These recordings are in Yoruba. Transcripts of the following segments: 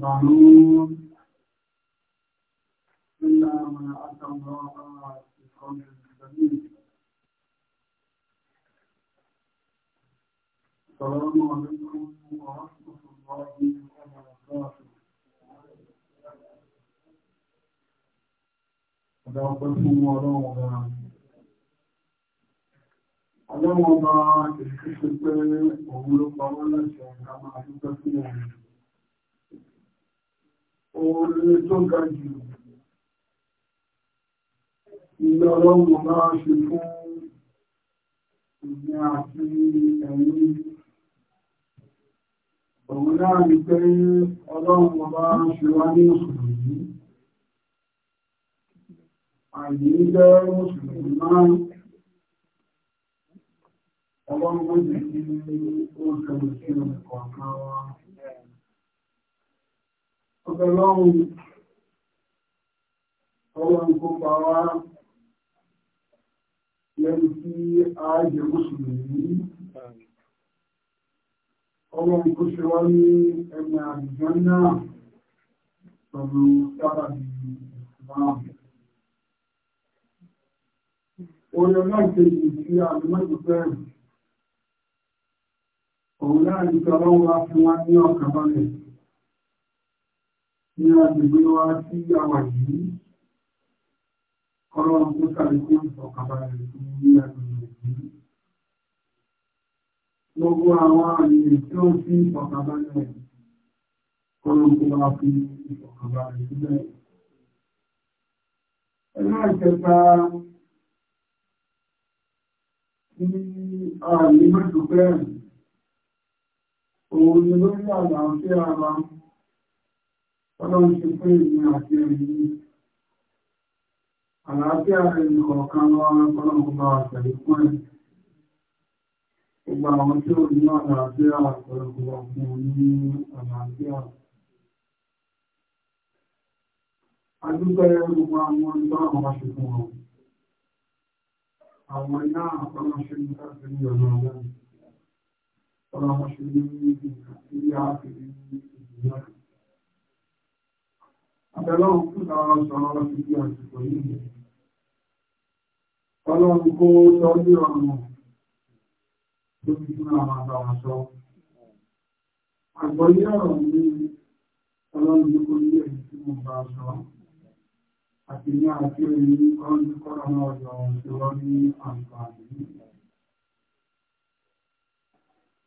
السلام عليكم ورحمة الله وبركاته. أنا أقول لكم أنا أنا أنا أنا أنا أنا أنا أنا أنا أنا oore tó ga jù ilé ọlọ́run máa ṣe fún ìgbìn àti ẹ̀yìn òun náà ní pé ọlọ́run bá ṣe wá ní mùsùlùmí àyí jẹ́ mùsùlùmí máa ọlọ́run ó jẹ́ kí ó ṣẹlẹ̀ sí ọ̀kan wa ọ̀pẹ̀lọ́run ọwọ́ ń kópa wá lẹ́nu tí a jẹ mùsùlùmí ọwọ́ ń kó ṣe wá ní ẹni àdìjọ́ náà pẹ̀lú sábàbí ìsìláàmù orí ọlọ́ìkejì tí a lè mọ́jú bẹ́ẹ̀ òun láàrín tí ọlọ́run wá fún wa ní ọkàn balẹ̀ ní agbègbè wa tí àwà yìí ọlọ́run tó sàlékún ìfọ̀kànbalẹ̀ fún ní agbègbè yìí gbogbo àwọn àyè tí ó fi ìfọ̀kànbalẹ̀ ọlọ́run tó bá fi ìfọ̀kànbalẹ̀ sílẹ̀ ẹlẹ́ẹ̀kẹta tí a mẹ́tò bẹ́ẹ̀ òun ni lórí àlàáfíà wa ọlọ́run ti pé ìrìn àti ẹ̀yìn àlàáfíà ẹni kọ̀ọ̀kan lọ́wọ́ ọlọ́run bá pẹ̀lú fún ẹ̀ gbogbo àwọn tí ó ní àlàáfíà ọlọ́run bá ní àlàáfíà adúgbẹ́ gbogbo àwọn ìgbà àwọn aṣòfin wọn àwọn iná ọlọ́run ṣe ní káàkiri ọ̀nà ọlọ́run ọlọ́run ṣe ní ìgbà tí ìgbìyànjú Àbẹ̀lọ́run fún àwọn ọ̀sọ̀rọ̀ ọ̀sọ̀ ìdí àsìkò yìí. Ọlọ́run kó sọ ní ọ̀run tó fi fún àwọn àbáwọn sọ. Àgbọ̀yé ọ̀rọ̀ ní ọlọ́run ní kó ní ẹ̀yìn tí mo bá sọ. Àti ní àti ẹ̀yìn ọdún kọ́ra náà yọ ìṣòro ní àǹfààní.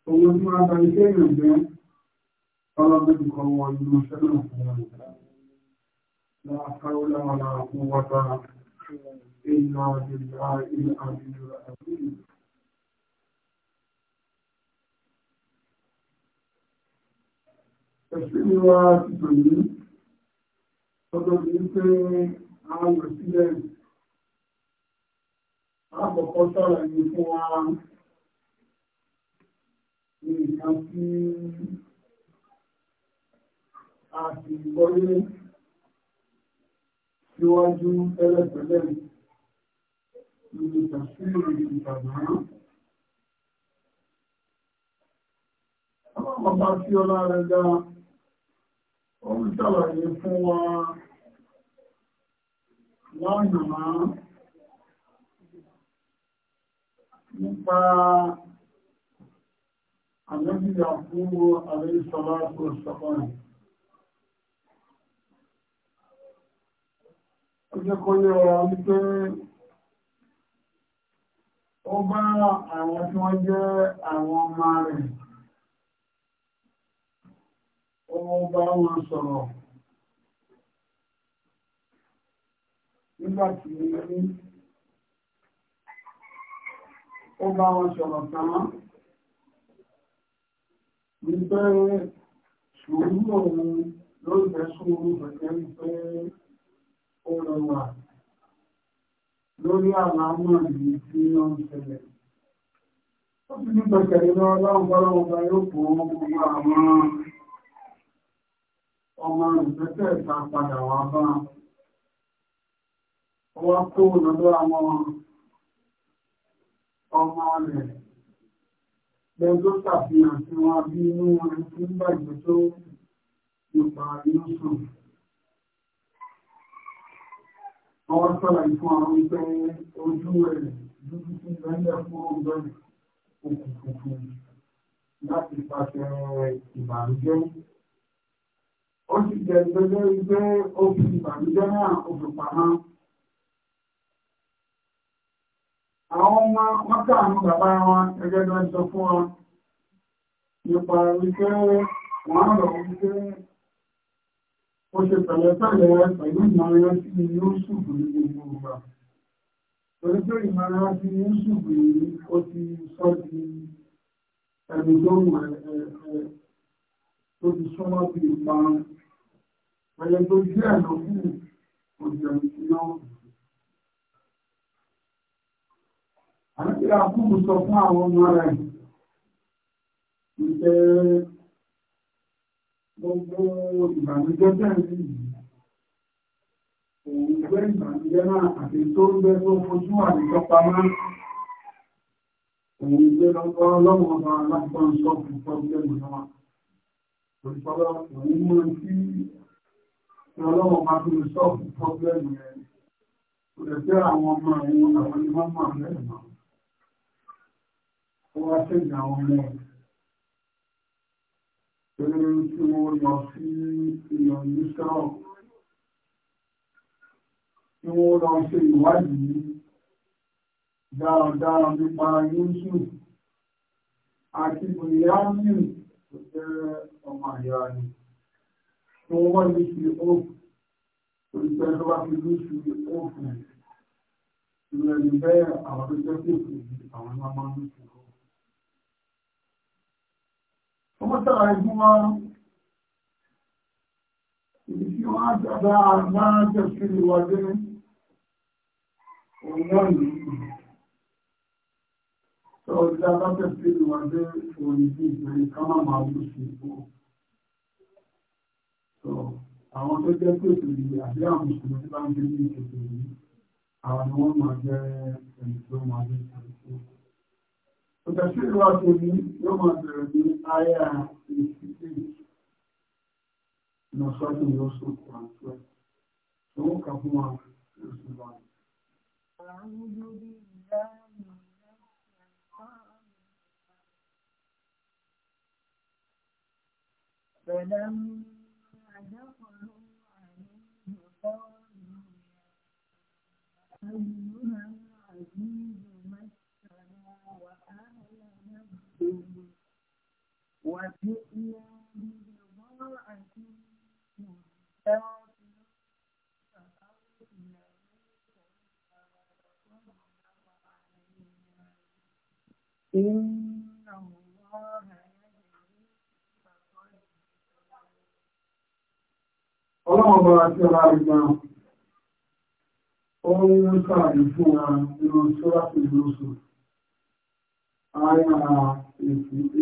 Owó tí wọ́n bá iṣẹ́ ìrìnjẹ́ ọlọ́run ti kọ́ wọ inú sẹ́lẹ̀ fún ọ̀rọ̀. لا حول ولا قوة إلا بالله العلي العظيم Ẹ̀ṣẹ́ wa ti tò ní, ọdọ́ ní pé àwọn ìrọ̀sílẹ̀ àkọ́kọ́ sọ̀rọ̀ ní fún wa ní ìkan tí a síwájú ẹlẹ́gbẹ̀lẹ́rì ní ìtàṣírí ìtàgbọ́n. Àwọn ọba tí ọlá rẹ̀ dá, ó ń ṣàlàyé fún wa lánàá nípa àlẹ́bíyà fún àlẹ́ ìṣọ́lá tó ṣọ́kọ̀rìn. ó jẹ́ kó yé wa wípé ó bá àwọn tí wọ́n jẹ́ àwọn ọmọ rẹ̀ ó bá wọn sọ̀rọ̀ nígbàtí ó bá wọn sọ̀rọ̀ tán wípé sùúrù òun ló pé ó rẹwà lórí àwọn amúrànlẹ̀ tí wọ́n ń ṣẹlẹ̀. Ó ti ní pẹ̀sẹ̀lẹ̀ lọ láwọn bọ́lọ́wọ́ bá yóò fún gbogbo àwọn ọmọ ìfẹ́sẹ̀ ìta padà wá bá. Ó wá kó lọ́dọ̀ àwọn ọmọ rẹ̀. Lẹ́gbẹ́ ṣàfihàn tí wọ́n bí inú wọn tí ń bàjẹ́ tó nípa inú sùn. Àwọn sọ́làyé fún àwọn ìpẹ́ ojú rẹ̀ dúdú sí ìrẹ́lẹ̀ fún ọgbọ́n òkùn funfun láti pàṣẹ ìbànújẹ́. Ó sì jẹ́ ìgbẹ́gbẹ́ ìgbẹ́ òkùn ìbànújẹ́ náà òkùn pàmá. Àwọn ọmọ mọ́tà àwọn bàbá wọn ẹgbẹ́ lọ sọ fún wọn nípa wípé wọ́n lọ wípé ó ṣe pẹ̀lẹ́pẹ̀lẹ́ pẹ̀lú ìmọ̀ràn sí Yúsùfù ní gbogbo ìgbà torí pé ìmọ̀ràn sí Yúsùfù yìí ó ti sọ di ẹni tó wù ẹ tó ti súnmọ́ bí ìparun pẹ̀lẹ́ tó díẹ̀ ló kù kò jẹ́ ìṣúná. àti àkókò sọ fún àwọn ọmọ rẹ̀ ìjẹ́ gbogbo ìbànújẹ́ bẹ́ẹ̀ ní òun gbé ìbànújẹ́ náà àti tó ń gbé tó fojú wà ní tọpamá òun gbé lọ́wọ́ ọlọ́wọ́ ọba alágbọ́n sọ́ọ̀fù pọ́blẹ́mù náà olùsọ́lọ́ òun mú sí ọlọ́wọ́ máa fi sọ́ọ̀fù pọ́blẹ́mù rẹ̀ kò lè àwọn ọmọ pé kí wọ́n lọ sí ìlọ ìlúṣọ́ kí wọ́n lọ ṣe ìwádìí dáadáa nípa yíṣù àti bùnyámì tó jẹ́ ọmọ àyà rẹ̀ tó wọ́n ní sí òkú tó jẹ́ tó bá fi ní sí òkú bẹ́ẹ̀ àwọn tó jẹ́ kéèkì Ọmọ tàà ẹgbùn wọn, ìdí tí wọ́n á jàbá máa jẹ́ sí ìwàdé òun náà yìí. Sọ ìjàbá jẹ́ sí ìwàdé òun ìdí ìgbẹ̀rẹ̀ ká máa máa lù sí ìpò. Sọ àwọn tó jẹ́ pé òṣèlú àbí àwọn mùsùlùmí tí bá ń gbé ní ìṣèlú àwọn ni wọ́n máa jẹ́ ẹni tó máa lù sí ìpò. Òtẹ̀sílù àtòrí yóò máa bẹ̀rẹ̀ ní àyà ìsìnkú ìnàṣọ́tò yóò sókò àtúwà. Tó ń kà fún wa lóṣù lọ. فلما دخلوا عليه قالوا يا أيها العزيز وجئنا ببضاعة مزجاة إن الله يجري Ọlọ́run bá ti ọlá ìgbà ó ń sàrí fún wa nínú ṣọ́rọ̀ ìlú oṣù, ààrẹ ààrẹ ìfìdí.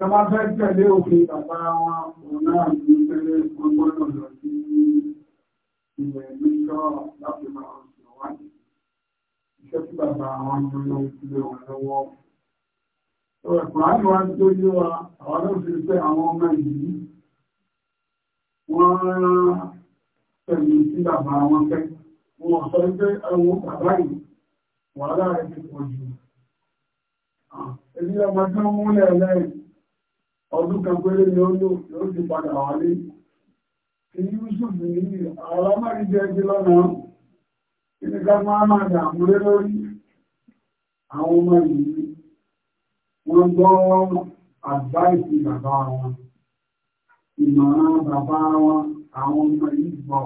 tó fẹ́ tẹ̀lé òfin bàbá wọn òun náà ní tẹ̀lé wọn lọ sí ilẹ̀ lóṣọ́ láti máa sọ wá iṣẹ́ tí bàbá wọn ní ló ń tilé wọn lọ́wọ́. Ẹ̀kọ́ àti wá tó yé wa àwọn ló fi pé àwọn ọmọ yìí wọ́n tẹ̀lé sí bàbá wọn fẹ́. Wọ́n sọ pé ẹwọ́ bàbá yìí wàhálà rẹ̀ ti pọ̀ jù. Èyí ọmọ ń múlẹ̀ lẹ́yìn ọdún kan péré ni ó lò ló ti padà wálé tí Yusuf ní alámọ́rí jẹ́ ti lọ́nà kíni ká máa máa dàmúlé lórí àwọn ọmọ yìí wọ́n gbọ́ àdváìsì bàbá wọn ìmọ̀ràn bàbá wọn àwọn ọmọ yìí gbọ́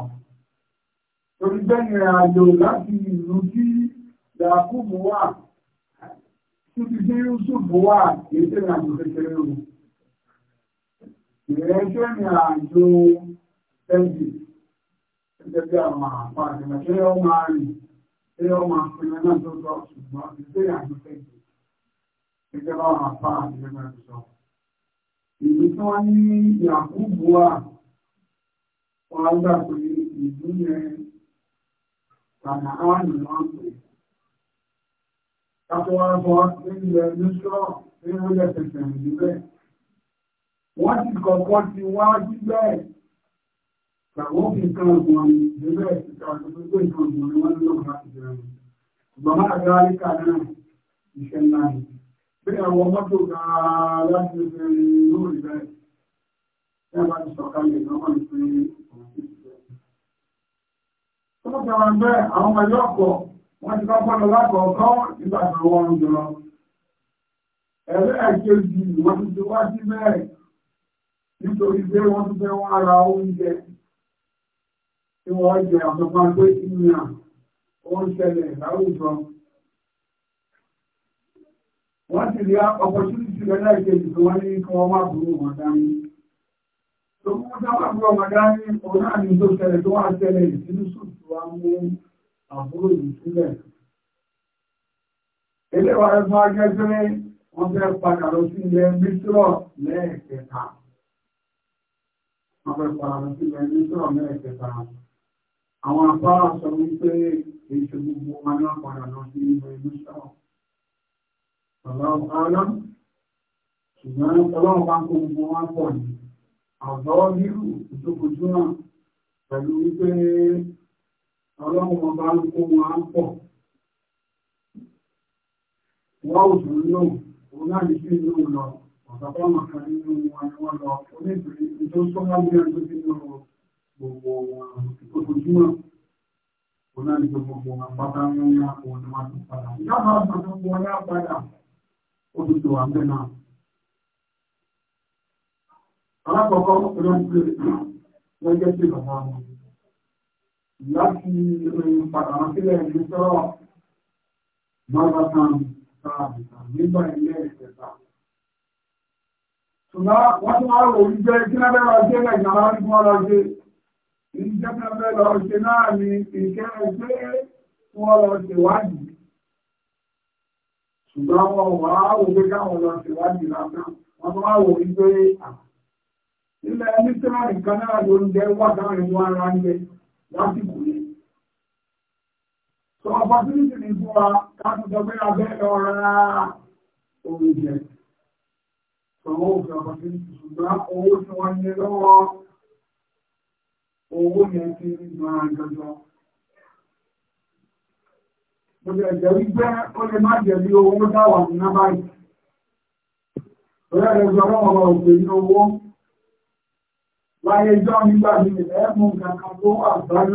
torí bẹ́ẹ̀ àjò láti ìlú tí Yakubu wà tó ti dé Yusuf wà ètè ìrìnàjò kékeré wọn ìrẹ́jọ́ ni àjò ẹgbì ẹgbẹ́ bí àwọn àpàdé ṣe yọ máa rìn ṣe yọ máa pinnu náà tó sọ ṣùgbọ́n ìgbé àjò ẹgbì ẹgbẹ́ bá àwọn àpàdé ẹgbẹ́ sọ. ìlú tí wọ́n ní na wà wọ́n á gbà pé ìlú wọ́n ti kọ̀kọ́ ti wá sí bẹ́ẹ̀ ṣàwọn fi kan ọ̀gbọ̀n ìbẹ̀rẹ̀ ìṣàkóso ìkan ọ̀gbọ̀n ni wọ́n lò láti jẹun ṣùgbọ́n máa gbá ríkà náà iṣẹ́ ńlá ni bí àwọn mọ́tò kan láti ṣe lórí bẹ́ẹ̀ ṣé bá ti sọ̀kalẹ̀ lọ́wọ́ ní pé òun ti ṣe. tó jọra bẹ́ẹ̀ àwọn ọmọ ẹ̀yọ́ ọ̀pọ̀ wọ́n ti kọ́kọ́ lọ lákọ̀ọ́kọ́ nígbà tí wọ́n ń jọ ẹ̀rẹ́ ẹ̀kejì wọ́n ti ti wá sí bẹ́ẹ̀ nítorí pé wọ́n fẹ́ wọ́n ara oúnjẹ tí wọ́n jẹ àtọ́pá pé ìyà òun ṣẹlẹ̀ láwùjọ. Wọ́n sì rí opportunity lọ́lá ìkejì tó wọ́n ní kí wọ́n má burú wọn dání. Tó kúkú sábà burú ọmọ dání, òun náà ní tó ṣẹlẹ̀ tó wá ṣẹlẹ̀ ìsinú sùtù wa mú àbúrò yìí sílẹ̀. Ilé wa ẹ̀fọ́ agẹ́gbẹ́ wọ́n fẹ́ padà lọ sí ilẹ̀ Mísírọ̀ lẹ́ẹ̀kẹta wọ́n fẹ́ fara ní sílẹ̀ ní sọ̀rọ̀ mẹ́ẹ̀kẹta àwọn apá sọ wípé èso gbogbo wọn náà padà lọ sí inú inú sọ̀rọ̀ bàbá ọ̀hánà ṣùgbọ́n ọlọ́run bá ń kó gbogbo wọn pọ̀ ní àbọ̀ rírù ìjókòjú náà pẹ̀lú wípé ọlọ́run bá ń kó wọn pọ̀ wọ́n ò dùn lóhùn òun ọ̀sọ̀kọ́ màkàn nínú wọn ni wọ́n lọ oníbìrin tó sọ́mọ́ bí ẹgbẹ́ nínú gbogbo wọn ojoojúmọ́ òun náà ní gbogbo wọn pátá ní wọn òun ni wọn ti padà ìjọba ọ̀sán tó wọ́n yá padà ó ti tò wà mẹ́ náà. alákọ̀ọ́kọ́ rẹ́ńpẹ́ lọ́jọ́ sí bàbá wọn láti padà wọn sílẹ̀ ní sọ́rọ̀ mọ́bàtàn sáàbùkà nígbà ilé ìṣẹ̀ta. ṣùgbọ́n wọ́n tún máa wò lọ ṣe náà bẹ́ẹ̀ lọ ṣe wò pé káwọn lọ ṣèwádìí lásán wọ́n tún náà ló ń jẹ́ wà ara ń jẹ sọ ọ̀pọ̀ ní àwọn òṣàbà tí ṣùgbọ́n owó tí wọ́n ní lọ́wọ́ owó yẹn ti máa jọjọ. Mo lè jẹ́ wípé ó lè má jẹ̀ bí owó dáwà ní nábàáyì. Ọ̀rẹ́ rẹ̀ sọ lọ́wọ́ ọ̀rọ̀ òpè ní owó. Láyé jọ́ nígbà mi ẹ̀ẹ́mù kankan bá ní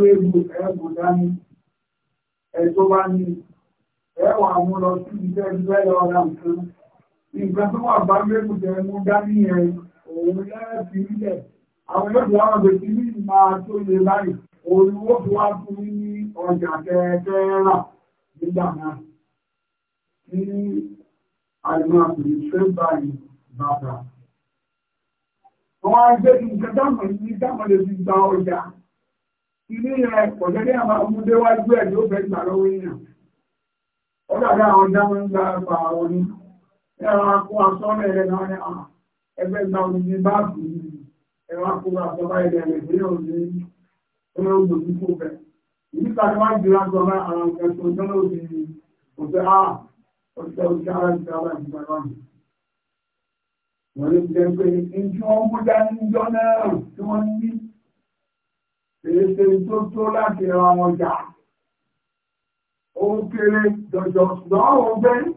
ẹ̀wà mú sí iṣẹ́ ìgbẹ́ lọ́ra nǹkan. nǹkan tó wà bá mẹ́kùnjẹ mú dání ẹ̀ òun lẹ́ẹ̀fì ilẹ̀ àwọn yóò wá ọ̀gbẹ̀ tí ní ìmá tó lè láì òun ó fi wá fún ní ọjà kẹ́ẹ̀kẹ́ rà nígbà náà tí àìmọ̀ àpèrè nke báyìí nke àwọn agbé nǹkan dámọ̀ ní dámọ̀ lè fi gba ọjà ilé rẹ̀ àwọn ọmọdé ẹ̀ fẹ́ gbà gba àwọn ẹwà kó asọ́lẹ̀ rẹ̀ náà ní àà ẹgbẹ́ gba òní báàbù ní ẹwà kó asọ́lá ilẹ̀ rẹ̀ ní òní olóògbòmí kó bẹ̀. ìdí kan wá jìlá sọ bá àwọn nǹkan tó jọ́ lóde òfé a òṣìṣẹ́ òṣìṣẹ́ ara ti ara ti bá wà ní. wọ́n lè jẹ́ pé ìjú ọmọ dání jọ náà tí wọ́n ní èéṣe tó tó láti ra wọn jà. ó kéré jọjọ ṣùgbọ́n òun bẹ́ẹ̀.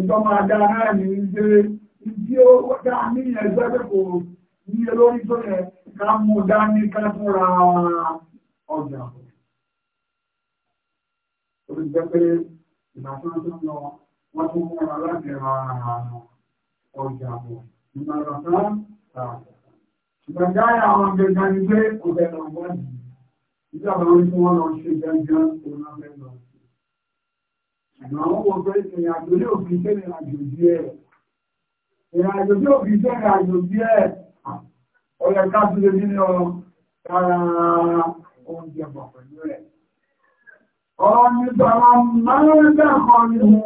ìtọ́ máa dá náà ní ilé ìdí ó dá ní ẹgbẹ́ pé kò ní olórí tó yẹ ká mú dání ká fúnra ọjà. Orí jẹ́ pé ìgbà tó ń lọ wọ́n tún múra láti ra ọjà bọ̀. Ìgbàlá kan ìgbàjá àwọn gẹ̀gẹ̀ ni pé ọ̀bẹ̀ lọ́wọ́ yìí. Ìjọba orí tí wọ́n lọ ṣe gẹ́gẹ́ òun náà fẹ́ lọ ṣùgbọ́n àwọn wo pé ìrìn àjò ní òfin ṣe ìrìn àjò díẹ̀ ìrìn àjò tí òfin ṣe ìrìn àjò díẹ̀ ọ̀yẹ̀ ká tún lè nínú ara oúnjẹ pọ̀ pẹ̀lú rẹ̀ ọ̀rọ̀ ní bàbá máa ń dàkọ́ nínú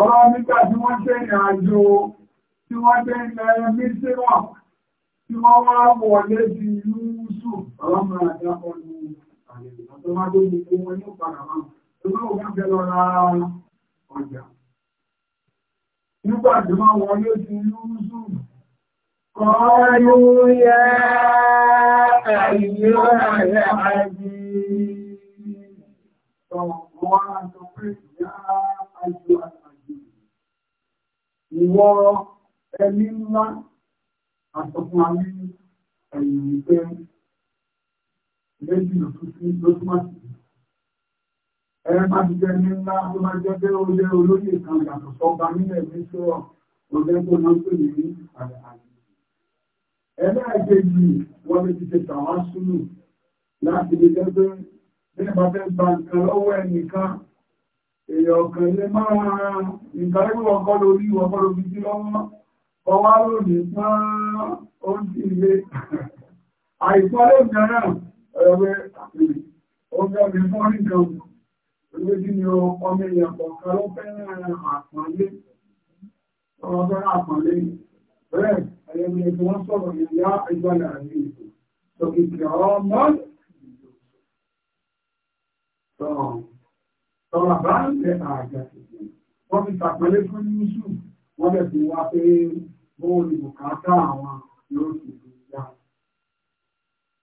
ọ̀rọ̀ nígbà tí wọ́n ṣe ìrìn àjò tí wọ́n jẹ́ ilẹ̀ mísíràn tí wọ́n wá wọlé sí Yúúsù ọlọ́mọ àjábọ̀ ní Tó bá tó ní kí wọ́n ní ìpadà máa. Tó bá wọ́n fẹ́ lọ ra ọjà. Nígbà tí wọ́n wọlé ti lúúsù. Kọ́ọ̀lù yẹ ẹ̀yìn rẹ̀ pé ìyá àjọ àjọ. Ìwọ ẹni ńlá àtọ̀kùn àmì ẹ̀yìn ìfẹ́ méjì òtútù lójúmọ́ sí. Ẹ má ti jẹ́ ní ńlá tó máa jẹ́ pé ó jẹ́ olóyè kan yàtọ̀ sọ́ba nílẹ̀ ní sọ́ọ̀ ọjọ́ tó máa ń pè ní àlẹ́ àlẹ́. Ẹlẹ́ẹ̀kejì wọ́n lè ti ṣe tàwa súnù láti lè jẹ́ pé bí ẹ bá fẹ́ gba nǹkan lọ́wọ́ ẹnìkan èèyàn kan lè máa nǹkan lẹ́gbẹ̀ẹ́ ọkọ lórí ọkọ lórí sí lọ́wọ́ ọwá lónìí pọ́n ó ń sì lé àìsàn lónìí ẹ̀rọ̀wẹ́ ọjọ́ mi mọ́ rí gan ẹgbẹ́ tí ni ọmọ èèyàn kọ̀ọ̀kan ló fẹ́ràn àpọ̀lé ọmọ fẹ́ràn àpọ̀lé bẹ́ẹ̀ ẹ̀yẹ̀mí ẹ̀kọ́ wọ́n sọ̀rọ̀ ìyá ìgbàlẹ̀ àti ìbò tòkìtì ọ̀rọ̀ mọ́ sọ̀rọ̀ bá ń tẹ àjà wọ́n fi tàpẹ́lẹ́ fún yusuf wọ́n bẹ̀ fi wá pé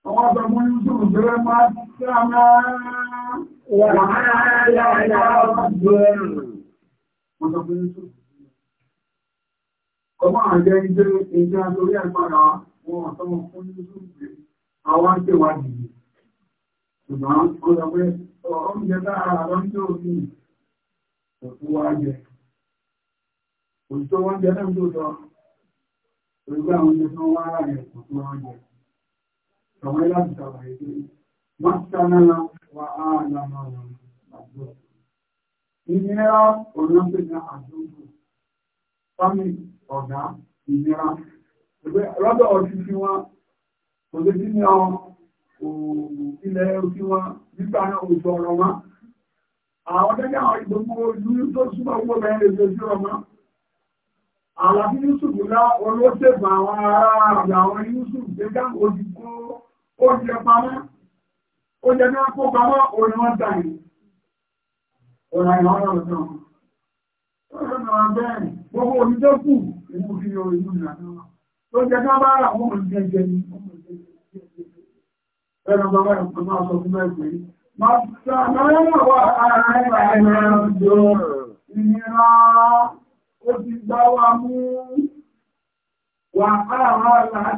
Àwọn ọmọ ìjẹ́ ìjẹ́ àtorí àgbàrá wọn àtọ́mọ̀ fún Yúsùn àwọn ń tèwà dìde. Ṣùgbọ́n ó sọ pé oúnjẹ lára lọ́jọ́ òní òkú wá jẹ. Òṣìṣọ́ wọ́n jẹ náà lóòótọ́. Òṣìṣọ́ àwọn kama yadda sabayi masana wa alama wa àjọ ìnira ọ̀nàpẹ̀lá àdúgbò fámi ọ̀gá ìnira ẹgbẹ́ lọ́dọ̀ ọtí tí wọ́n kò sí ní ọ ilẹ̀ tí wọ́n nígbà náà oṣù ọ̀rọ̀ wọn àwọn tẹ́lẹ̀ àwọn ìgbòmọ̀ ojú tó súnmọ́ owó mẹ́rin lè sí ọmọ àlàbí Yusuf lá olóṣèlú àwọn ará àwọn Yusuf tẹ́lẹ̀ ojú kúrò oúnjẹ pamọ́ oúnjẹ náà kó pamọ́ orin wọn dà ní ọ̀rọ̀ ìwọ̀n ọ̀rọ̀ náà ọ̀rọ̀ náà bẹ́ẹ̀ gbogbo oníjẹ́ kù ìwọ̀n fi yọ inú ìlà náà oúnjẹ náà bá rà wọ́n mọ̀ jẹjẹ ní ẹ̀rọ bàbá ìpọ̀ máa sọ fún ẹgbẹ́ Ìnira ó ti gbá wa mú wà áàrá àtàrà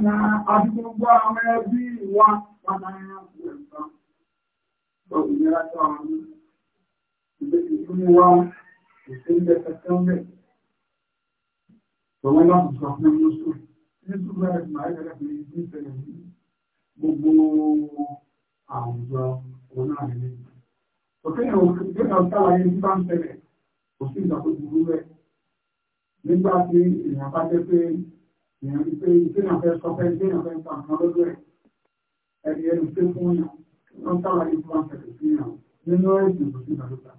àti gbogbo àwọn ẹbí wa pàtàkì ẹ̀sán. Ọ̀gbìnrin láti àwọn ọmọ ìgbésí fún wa ìṣẹ́lẹ̀ sẹ́kẹ́ńdẹ̀. Tọ́wọ́n láti sọ fún ọmọ sọ, ní ṣùgbọ́n ẹ̀sìn àìkẹ́kẹ́ fi ní ìṣẹ̀lẹ̀ yìí gbogbo àwùjọ ọ̀nà àìlẹ́. Òkè ìrìn òkè ìtàlàyé ní bá ń tẹ̀lẹ̀, kò sí ìgbà tó burú rẹ̀. Nígbà tí èèyàn bá jẹ́ pé èèyàn wípé ìpínlẹ̀ fẹ́ sọ fẹ́ ìpínlẹ̀ fẹ́ pa àwọn lọ́dọ̀ ẹ̀ ẹ̀rí ẹni tó fún yàn wọ́n sábà ní fún àṣẹ sí yàn nínú ẹ̀sìn kò sí ìbàlúta.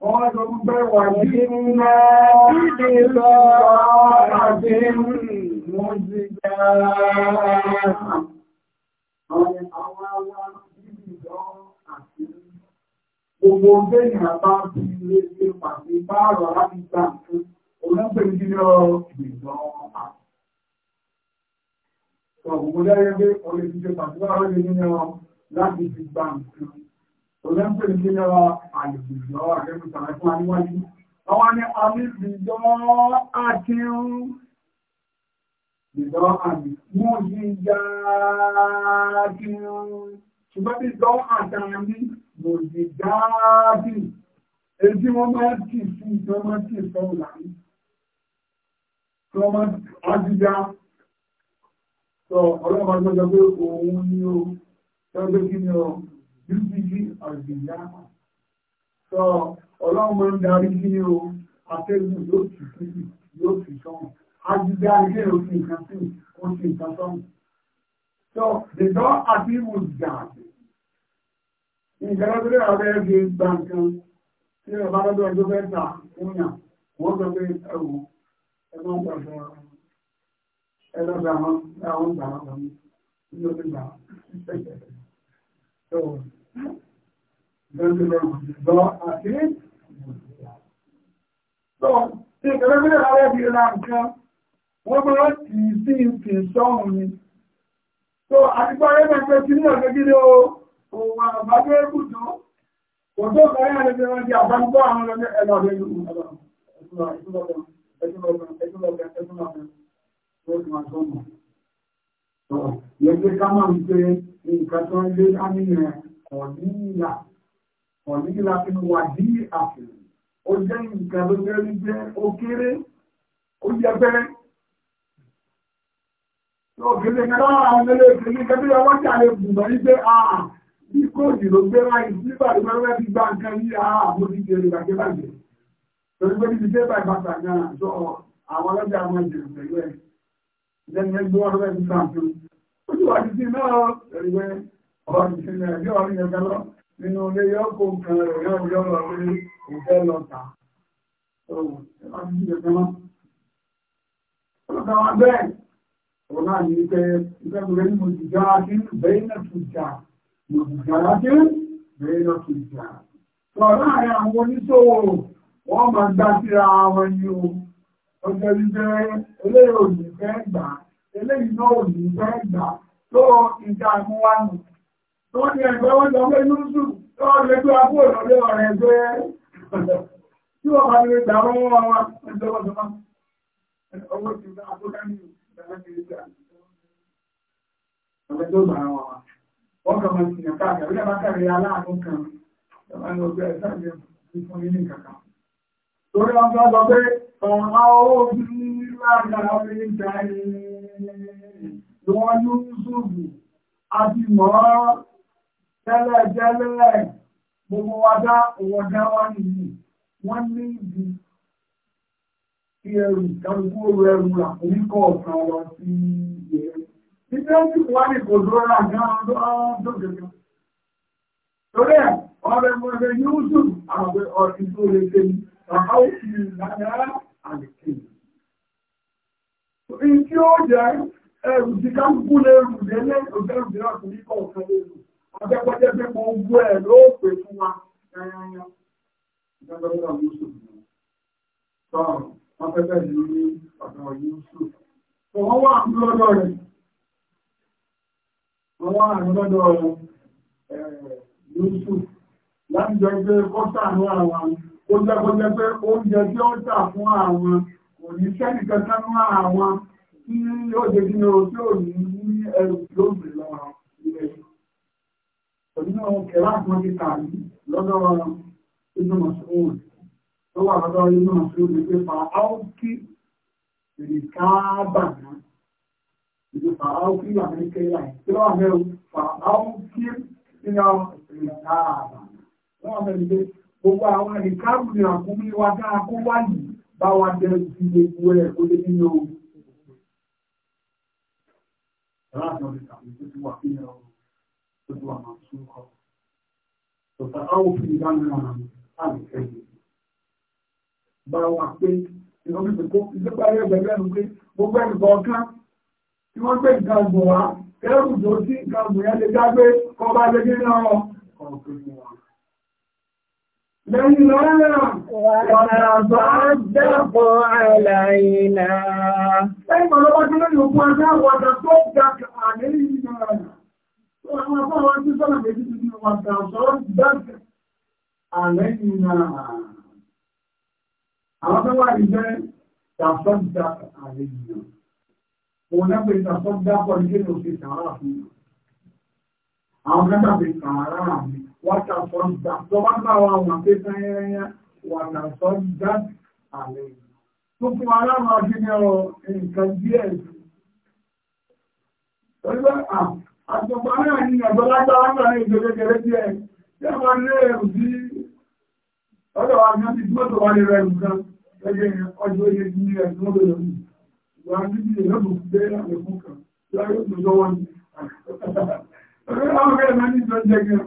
Wọ́n wá sọ fún pé wà ní iná ìdí lọ àti mú sí gbà. Àwọn àwọn àwọn bíbí ìjọ àti gbogbo bẹ́ẹ̀ ni àbá fi lé ṣe pàṣẹ báàrọ̀ láti gbà fún. Láti fi gba nǹkan. Olẹ́m̀pẹ̀ ní kí lọ́wọ́ àìsìnjọ́ àrẹ́mùsàrẹ́ fún àníwájú. Àwọn ni a ní ìjọ́ àti ń ìjọ́ àmì. Mú yí já kí ń ṣùgbọ́n ìjọ́ àtàrí mò yí já bí. Èdí wọ́n máa ti fún ìjọ́ máa ti sọ́ọ̀lá yìí lọ́mọ ajíjá sọ ọlọ́mọ ajíjá pé òun ni ó tẹ́gbẹ́ kí ni ó ucg àjíjá sọ ọlọ́mọ ń darí kí ni ó atẹ́gùn yóò fi sí yóò fi sọ́hùn ajíjá ilé òfin nǹkan sí ó fi nǹkan sọ́hùn sọ dèjọ́ àti ìwòjà nǹkan lọ́dún rẹ̀ ọ̀rẹ́ gbé gbàǹkan tí ọba lọ́dún ọjọ́ fẹ́ ẹgbẹ́ ń gbàgbọ́ wọn ẹgbẹ́ gbà wọn gbà wọn gbà wọn wọn ní ló ń gbà wọn. Lọ àti lọ tí ìkẹ́lẹ́ mílẹ̀ láwọ́ di ra nǹkan wọ́n máa tì í sí ìpì sọ́hùn ni. So àtìgbọ́ ayé máa pẹ́ sí ní ọ̀gẹ́ gírí o, òun àbájọ́ ẹ̀kùtù, kò tó kọ́ ayé àlejò wọn di àbájọ́ àwọn ọlọ́gbẹ́ ẹ̀lọ́gbẹ́ ìlú ọlọ́run. Yẹ́gbẹ́ ká máa ń pé nǹkan tó ń lé áníyàn ọ̀níyà, ọ̀níyà fi ń wà dí àfihàn. Ó jẹ́ nǹkan ló jẹ́ rí jẹ́ ó kéré, ó jẹ́ bẹ́rẹ́. Ògèlè kẹ́lá àwọn ilé ìgbèlè kẹ́bí ọwọ́ tí a lè bùnbọ̀ ní pé àà bí kóòdì ló gbé láì nígbà tó bẹ́rẹ́ fi gbá nǹkan yí àà àbójútó ìrìnàjò bàjẹ́ torí pé níbi débà ìbàtà náà jọ àwọn ọlọ́jà àwọn ìjìnlẹ̀ pẹ̀lú ẹ̀ lẹ́nu ẹgbẹ́ wọn lọ́wọ́ ìfúnfà fún ó ti wà títí náà ẹ̀rìwẹ́ ọ̀rọ̀ ìṣẹ̀lẹ̀ ẹ̀bí ọ̀rọ̀ yẹn gan lọ nínú ilé yọ́kọ̀ kan rẹ̀ yọ́rọ̀ yọ́rọ̀ lórí ìfẹ́ lọ́ta ọlọ́kàwà bẹ́ẹ̀ ọ̀rọ̀ náà ní pé ìfẹ́kùnrin mo ti já sí bẹ́ẹ̀ náà tún jà mo ti já sí bẹ́ẹ̀ náà tún jà sọ̀rọ̀ láàrin àwọn oníṣòwò wọ́n ma gbá síra wọn ni o ọjọ́ ìjẹ́ eléyìí ò ní fẹ́ gbà eléyìí náà ò ní fẹ́ gbà tó ìjà ìmúwánu tó ní ẹgbẹ́ wọ́n jọ pé lóṣù tó ọ̀rẹ́ tó abúrò lọ́lé ọ̀rẹ́ pé tí wọ́n bá lè gbà wọ́n wọ́n wá ẹjọ́ wọ́n sọ́mọ́ owó ti gbà tó dání ìgbàlẹ́ ti gbà ọ̀rẹ́ tó gbà wọ́n wá wọ́n kàn Torí wọn tó lọ pé ọ̀rọ̀ ogun lára orí ìdáyé ni wọ́n ní ṣùgbù àti mọ́ tẹ́lẹ̀jẹ́lẹ̀ gbogbo wádá òwòdá wá nìyí wọ́n ní ìdí kí ẹrù kálukú ẹrù rà oníkọ̀ sí ìgbèrè. Torí ẹ̀, ọ̀rẹ́ mọ̀rẹ́ yóò dùn àwọn ọ̀rẹ́ tó lè dé ní ọ̀há òfin ìlànà àlèkè. Ìyí tí ó jẹ́ ẹrù tí ká ń gún lérù lélẹ́ òjẹ́ òmìnira kò ní kọ̀ ọ̀kan lérù. Ọjọ́pọ̀jẹ́ pé mo ń gbọ́ ẹ̀ ló pè fún wa. Ìjọba ló wà ní oṣù tó. Sọ wọn fẹ́ bẹ́ẹ̀ ní ọ̀dọ̀ yìí oṣù. Sọ wọ́n wà ń lọ́dọ̀ rẹ̀. Wọ́n wà lóṣù láti jẹ́ pé kọ́tà ní àwọn ó jẹ́ kó jẹ́ pé oúnjẹ tí ó tà fún àwọn kò ní sẹ́ni kankan ní àwọn tí ó jẹ́ kí ni o tí ò ní ní ẹrù tí ó gbé lọ ilẹ̀ ònínú kẹlá kan ti kà ní lọ́dọ̀ ìlànà ìtaàbà wọ́n bẹ̀rẹ̀ pé gbogbo àwọn ìkárùn-ún àkúnmí wa dáa kó wà yìí bá wa jẹ́ ti gbogbo ẹ̀ kó lé nínú ohun. Ráàdùn ọ̀dẹ̀ tàbí tó ti wà fún ẹ̀rọ tó ti wà máa tún kọ́. Tòtà áwọ̀ fi ìdánilá àmì kẹ́yìn. Bá wa pé ìrọ̀lẹ́ ìpẹ́kọ́ لنا وتصدق علينا كما لو كنا نقول وتصدق علينا وما فهو أنت سنة بيجي وتصدق علينا هذا هو إذا تصدق علينا ونبي تصدق الجن في تعافينا àwọn mẹ́ta ti kààrà àmì wátàṣọ́ dá tó bá bá wa wọn pé sáyẹ́rẹ́yẹ́ wàtàṣọ́ dá àlẹ́ tó fún aláwọ̀ akínyẹ̀rọ nǹkan díẹ̀ sí orílẹ̀ àtọ̀pọ̀ náà ní ẹ̀gbọ́ lágbára náà ní ìjọ kékeré díẹ̀ tí a máa lé ẹ̀rù sí ọ̀dọ̀ wa ní ìdúró tó wà lè rẹ̀ nǹkan gẹ́gẹ́ ọjọ́ oyè ní ẹ̀sùn lọ́dọ̀ lọ́dún ìwà títí ìlọ́dún gbé àlékún kan lọ́dún tó wọ́n ní Àwọn mẹ́ta ṣe sàárá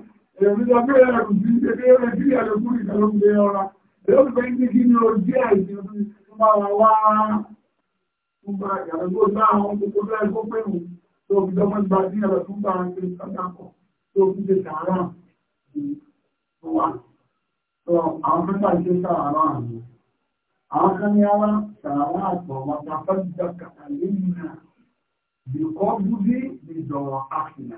àmì. Àwọn kan ní ara sàárá àtọ̀ wọn ta fẹ́ jẹ́ kàtàlé nìyà. Bìkọ́ bú bí ìjọ̀rọ̀ àfìnà.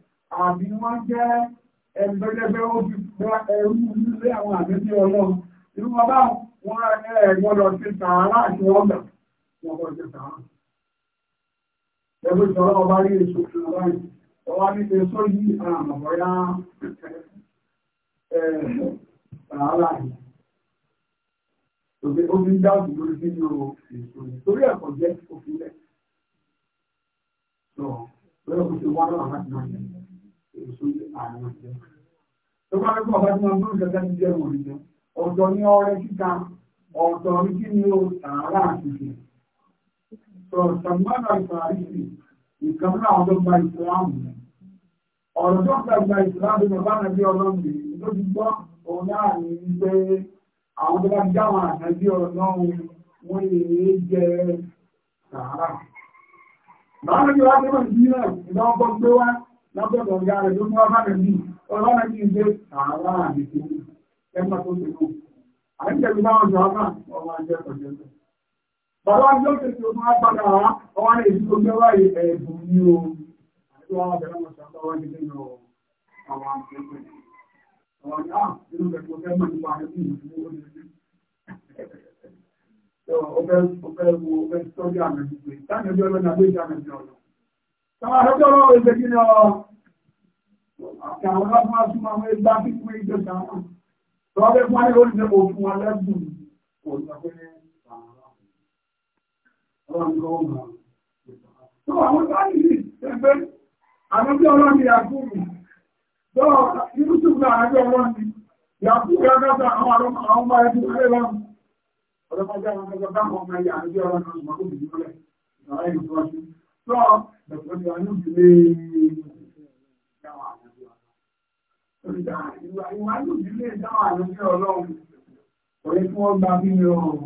àbí wọ́n jẹ́ ẹgbẹ́gbẹ́ ojú ẹrú nílé àwọn àgbẹ́bí ọlọ́run irú wọn bá wọn ẹ̀gbọ́dọ̀ ti sàárà àti ọgbà wọn bọ́ ti sàárà ẹgbẹ́ ìṣọ́rọ̀ ọba rí èso fún ọba yìí ọba ní èso yìí àmọ̀bọ̀yá sàárà yìí òbí omi dáàbò lórí nínú èso yìí torí ẹ̀kọ́ jẹ́ òfin lẹ̀ lọ́wọ́ lọ́wọ́ kò ṣe wá lọ́wọ́ láti máa yẹn èso àwọn ìjẹ́. Tó bá rí bọ̀bá tí wọ́n tó ìjọba ti jẹ́ òun ìjẹ́. Ọ̀dọ̀ ní ọrẹ kíta, ọ̀dọ̀ ní kí ni ó tààrà àtìkè. Sọ̀rọ̀ Sàmúlánà Ìfàríṣì, ìkan náà ọdún gba ìsìláàmù. Ọ̀rọ̀ tó gba ìgbà ìsìláàmù ní bàbá nàbí ọlọ́run tó ti gbọ́ òun náà ní pé àwọn tó bá lọ́gbọ̀dọ̀ ìyá rẹ̀ ló mú wá bàbá mi ọlọ́run kì í gbé àwọn àmì tó wù ẹ má tó ti kù àìjẹ̀lú báwọn jọ ọmọ ọmọ ajẹ́ ọjọ́ bàbá ló ti tó máa padà wá ọwọ́ ní ìdíkò gbé wáyé ẹ̀bùn ní o àti wọn bẹ̀rẹ̀ wọn sọ ọwọ́ ní nínú àwọn àmì Àwọn ni á ah, fẹ́ mọ̀ nípa ẹ̀kọ́ ìlú ó lè rí. Ọ̀fẹ́ wo ọ̀fẹ́ sọ́jà mẹ́jọ pé, táyà ọjọ́ ọlọ́nà gbé ìjà ọ̀nà. Àwọn àrọ́jọ́ ọlọ́run ìgbẹ́ kí ni ọ̀rọ̀ àwọn ọlọ́pàá súnmọ́ àwọn ẹgbà pípín ìjọba náà. Tọ́wọ́bẹ́ fún ayé orí ìjọba òfin wa lẹ́gbùn kò lọ pé ọlọ́run kọ́ ọmọ. Tó àwọn sáàlì yìí ẹgbẹ́ àrọ́jọ́ ọlọ́run yàgùrù. Tọ́wọ́ irú ṣùgbọ́n àrọ́jọ́ ọlọ́run yàgùrù yàgàtà àwọn ọmọ ẹgbẹ́ ọlọ́run. Ọlọ́pàá jẹ́ àwọn ọmọ ẹgbẹ́ ọlọ́run from the Quran of the Ìwà yóò dílé dáwà lórí ọlọ́run, orí fún ọgbà bí i ọrùn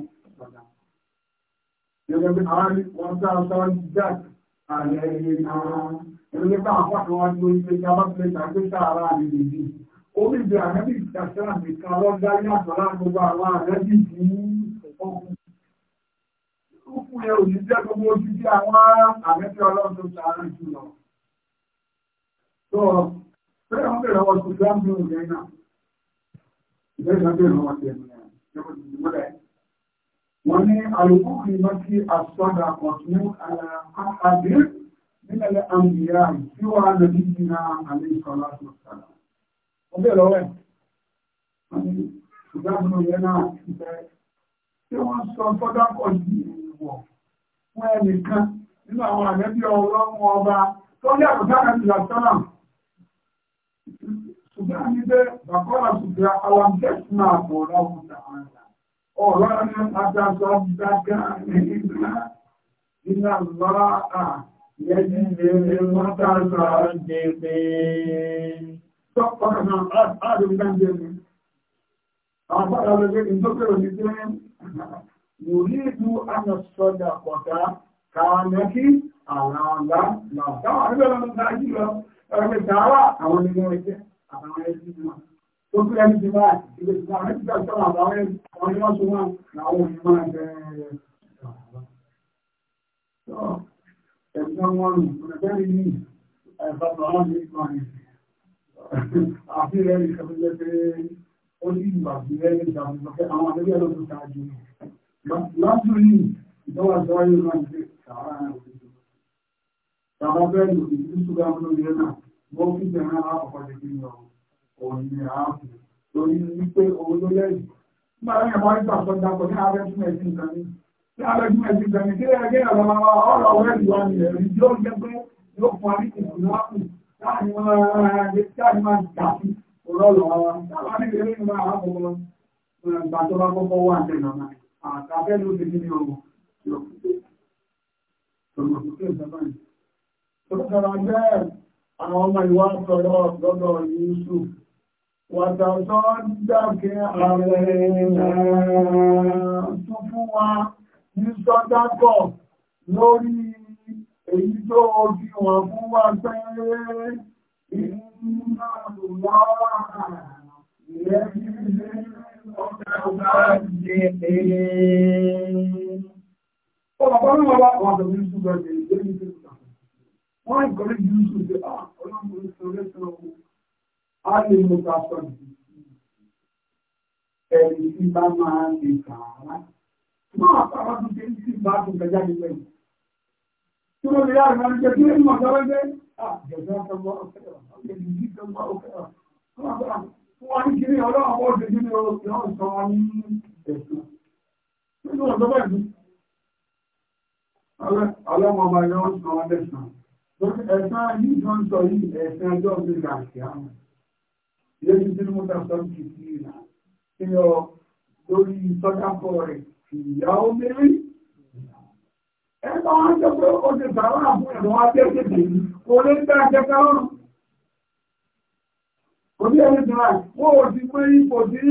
ọ̀dá. Gẹ́gẹ́ bí àwọn wọn sáà sáà jíjá ààrẹ ẹ̀yẹ náà, ẹ̀rọ lẹ́gbà àwọn àwọn àti orí pé ká bá ti lè tàbí sáàrà àdìdì yìí. Ó lè bẹ̀rẹ̀ àrẹ́bì ìtàṣẹ́ àmì kan lọ́gbà yàtọ̀ láàrín gbogbo àwọn àrẹ́bì yìí kúkú yẹn ò ní jẹ́ gbogbo ojú bí àwọn àmẹ́fẹ́ ọlọ́run tó ṣàárẹ̀ jù lọ. Tó ọ, pé wọ́n bèèrè ọwọ́ tó dá mi ò rẹ̀ náà. Ìbéèrè náà bèèrè ọwọ́ tẹ̀ mí wọ́n ní àlùkò ìmọ̀ sí àsọ́dà ọ̀tún àbí nílẹ̀ àmìyà tí wọ́n á lọ níbi na àlẹ́ ìkọlá tó sára. Wọ́n bèèrè ọwọ́ ẹ̀. Wọ́n ní ṣùgbọ́n àwọn ọ̀yẹ́ náà ti bẹ̀rẹ̀. Tí wọ́n sọ fọ́dà kọ̀ yìí pọ̀ fún ẹnìkan nínú àwọn àlẹ́bí ọlọ́run ọba tó ní ṣùgbọ́n ní bàkọ́lá ṣùgbọ́n ọ̀rọ̀ adájọ́ dágá yòrídù ànàsọ́dà kọ̀tà kàánẹ́kí àlàálá náà. Táwọn àríwẹ̀ lọ́nà dájú lọ, ẹgbẹ́ tààrà àwọn nínú ẹgbẹ́ àtàwọn ẹgbẹ́ tí wọ́n. Tó kí ẹni ti máa ìgbé tí wọ́n ti gbà sọ́nà àwọn ẹgbẹ́ tí wọ́n sọ wọn làwọn òní máa jẹ ẹ̀sán wọn nù, ọ̀nàbẹ́ni ní ẹ̀fà tọ́lá ní ìkànnì. Àfi rẹ̀ ní ìṣẹ́fẹ́ ó ní ìgbà sí rẹ̀ ní ìdàmú lọ́kẹ́ àwọn àdébíyàn ló tó ṣáájú. Látúrí ìjọba ìjọba yóò máa ń gbé sàárà náà lójú. Sàárà bẹ́ẹ̀ lò ní ṣúgà lórí ẹ̀ náà, wọ́n fi jẹ náà àkọ́kọ́ lè gbé lọ òun ni ààbò. Lórí wípé òun ló lẹ́yìn. Nígbà tí ẹ̀wọ̀n ń gbà sọ́jà pọ̀ ní abẹ́ tún ẹ̀sìn kan ní. Ní abẹ́ tún ẹ̀sìn kan ní, kí lè gé ọ̀rọ̀ máa ọ̀rọ̀ ọ̀rẹ́ ìwà ni ẹ̀rí yóò jẹ́ pé yóò fún wa ní ìdùnnú àpò láàrin wọn ara ẹgbẹ́ tí a máa ń tà sí òrọ̀ lọ́wọ́. Táwọn àdéhùn ẹ̀rí ni máa wà kọ́kọ́ lọ. Ìgbà tó bá kọ́kọ́ wà tẹ̀lé ọ̀nà àtàbẹ́ ló ti ní ọmọ àwọn ọmọ ìwà sọ̀rọ̀ lọ́dọ̀ yíṣù wàtàtọ́ dákẹ́ ààrẹ tó fún wa ní sọ́dákọ̀ lórí èyí tó fi wọ́n fún wa pẹ́rẹ́ ìrìnàlùwọ́ ìrẹ́bí Wọ́n ìkọ̀lẹ́ yìí ń ṣe ọlọ́pùnrin sọ̀rọ̀ sọ̀rọ̀ a lè mú ká sọ̀rọ̀ ẹni tí bá máa ń lè kààrá. Máa pàrọ̀ tó ṣe ń sì bá tó kẹjá ní pẹ̀lú. Tí wọ́n lè yára máa ń jẹ́ kí ẹni mọ̀ sọ́rọ̀ jẹ́ àjẹ̀dá kan wá ọ̀fẹ́ wọ́n ní kiri ọlọ́run ó ṣe nínú ìran sọ ní ẹ̀sùn nínú ọ̀dọ́ bẹ́ẹ̀ ọlọ́run ọba yóò sọ wọn lẹ́sàn ẹ̀sán yìí tó ń sọ yìí ẹ̀sán ẹjọ́ sí ìlà àti àmì ilé tí tí mo ta sọ kì sí ìlà kí ni ọ lórí sọ́dápọ̀ rẹ̀ ìyá ó mérí ẹ̀sán wọn jẹ́ pé ó ti sàrọ̀ àbúrò wọn òbí ẹni jùlá wọ́n ò ti pé ipò tí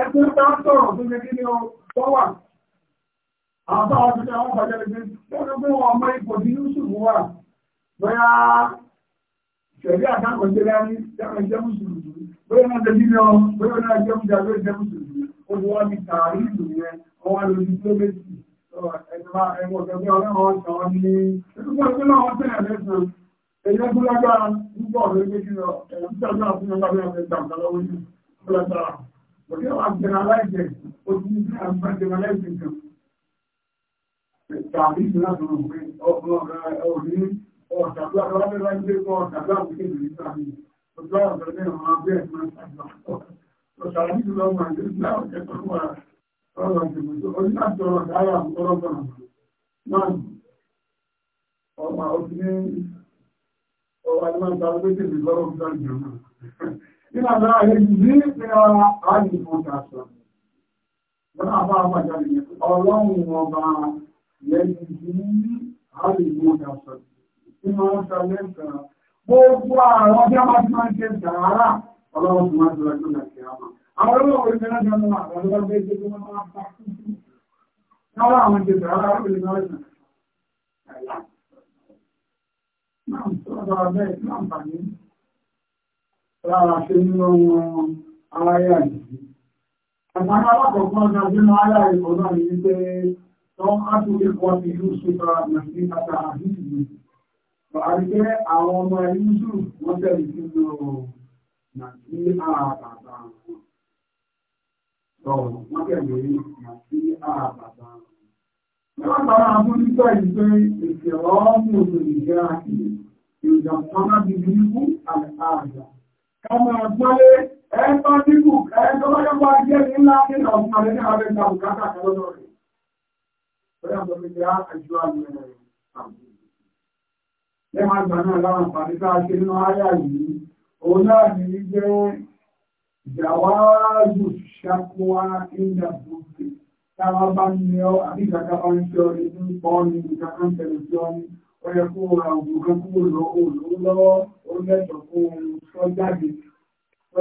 ẹgbẹ́ bá sọ̀rọ̀ tó jẹ́ kí ni ọ wà àwọn àwọn ti àwọn pàjẹ́ lẹ́gbẹ́ lọ́dọ̀ pé wọ́n ọmọ ipò tí Yusuf wà bóyá ṣẹ̀rí àtàkọ̀jẹ́ lárí jẹ́mọ̀ jẹ́ mùsùlùmí bóyá náà jẹ́ kíni ọ bóyá náà jẹ́ mùsùlùmí jẹ́ mùsùlùmí ó ti wá ní tààrí ìlú yẹn wọ́n wá lórí tó èyàn tó lágbára púpọ̀ lórí méjì lọ ẹ̀yàn tó lágbára fún ọgbà bí ọmọ ìgbà lọ́wọ́ ní ọlọ́gbára òkè wà jẹrà láìjẹ ojú ní àgbà jẹrà láìjẹ kan tàbí ìgbìlá tó rò pé ọ̀rí ọ̀tàgbà tó wáyé láìjẹ kọ́ ọ̀tàgbà tó kéde ní sàmì ojú àwọn ọ̀tàgbà tó máa bẹ́ẹ̀ máa sàgbà ọ̀tàgbà tó lọ máa jẹ́ sí àwọn ọ̀tàgbà tó wà ọ̀rọ̀ ìgbìmọ̀ ojú láti ọ̀rọ̀ dáyà ọ̀rọ̀ Ina da ahìrì ní ìpínlẹ̀ ààrùn ìfọ́nkàṣà. Wọ́n àbá àbájá lè ọlọ́run ọba lẹ́yìn sí ààrùn ìfọ́nkàṣà. Iná ń sọ lẹ́sàn. Gbogbo àwọn ọjọ́ máa ti máa ń ṣe sàárà ọlọ́run ti máa ń sọ̀rọ̀ ìjọba kí a máa. Àwọn olóòwò ìgbẹ́lẹ́ jọ máa àwọn ọlọ́gbẹ́ ìgbẹ́ tó máa ń pa kúkú. Káwọn àwọn ìjọba náà tọ́lọ́dọ̀ abẹ́ náà bà ní lára ṣe ní ohun aráyà yìí. Àgbàdo alákọ̀ọ́kọ́ ọjà sínú aráyà ìkọ̀ náà ní wípé wọ́n á tún lè kọ́ ti Yusuf àti Tata Àdìsí. Bàbá jẹ́ àwọn ọmọ Yusuf wọ́n tẹ̀lé sínú Nàìjíríà bàbá wọn. Wọ́n tẹ̀lé Nàìjíríà Látara àmúrísà ìgbẹ́ ìfẹ̀rọ mọ̀lù ìgbẹ́ àti ìjàm̀tọ́lá bíbí ikú àjà. Kàmà àgbọ́lé ẹgbà dínkù ẹgbọ́lẹ́gbà jẹ́ nílá nílá ọ̀pàdé ní ààrẹ ìgbà bùkátà kọlọ́dọ̀ rẹ̀. Bẹ́ẹ̀ bọ̀ mi jẹ́ àjọ àmì ẹ̀rẹ̀ àmì. Lẹ́mà àgbà náà láwọn àǹfààní tá a ṣe nínú áyà yìí, òun náà ní í jẹ́ ìjàwáàjù ṣàkóhá ìjàmbùkì káwá bá ń lé ọ àbí ìgbàgbà bá ń ṣe ọ inú pọ́ ní ìgbà kan o sí ọ ní ó yẹ kó ra òògùn kan kúrò lọ́wọ́ olówó lọ́wọ́ ó lẹ́tọ̀ọ́ kó sọ jáde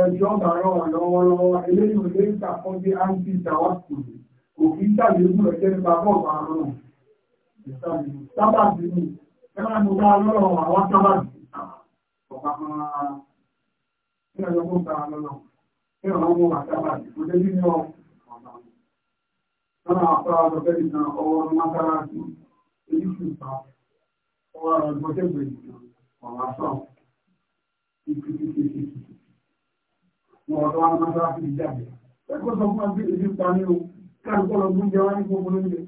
ẹjọ́ bá rọ̀ wà lọ́wọ́lọ́wọ́ eléyìí ò lè ń ṣàkóso àǹtí ìdáwà kùnú kò kí ń ṣàléébù ẹ̀jẹ̀ nípa bọ́ọ̀ bá rọrùn sábàbí ni ẹ máa mú bá lọ́rọ̀ àwọn sábàbí ọ̀pá máa ń ṣe ẹ̀yọ́ kó bá lọ́rọ̀ kí ọ̀rọ̀ mú wà sábàbí Tọ́nà àpárá ọ̀dọ̀fẹ́ ìtàn ọwọ́ mátàrá sí oríṣìíta ọwọ́ ara gbọ́tẹ̀gbẹ̀ ìtàn ọ̀rọ̀ àṣọ ìpìtìtìtì. Wọ́n ọ̀dọ́ wa mátàrá sí ìjáde. Ẹgbẹ́ sọ fún ẹgbẹ́ ìdí pa ní o, káàkiri ọ̀gbọ́n oúnjẹ wá ní gbogbo oúnjẹ.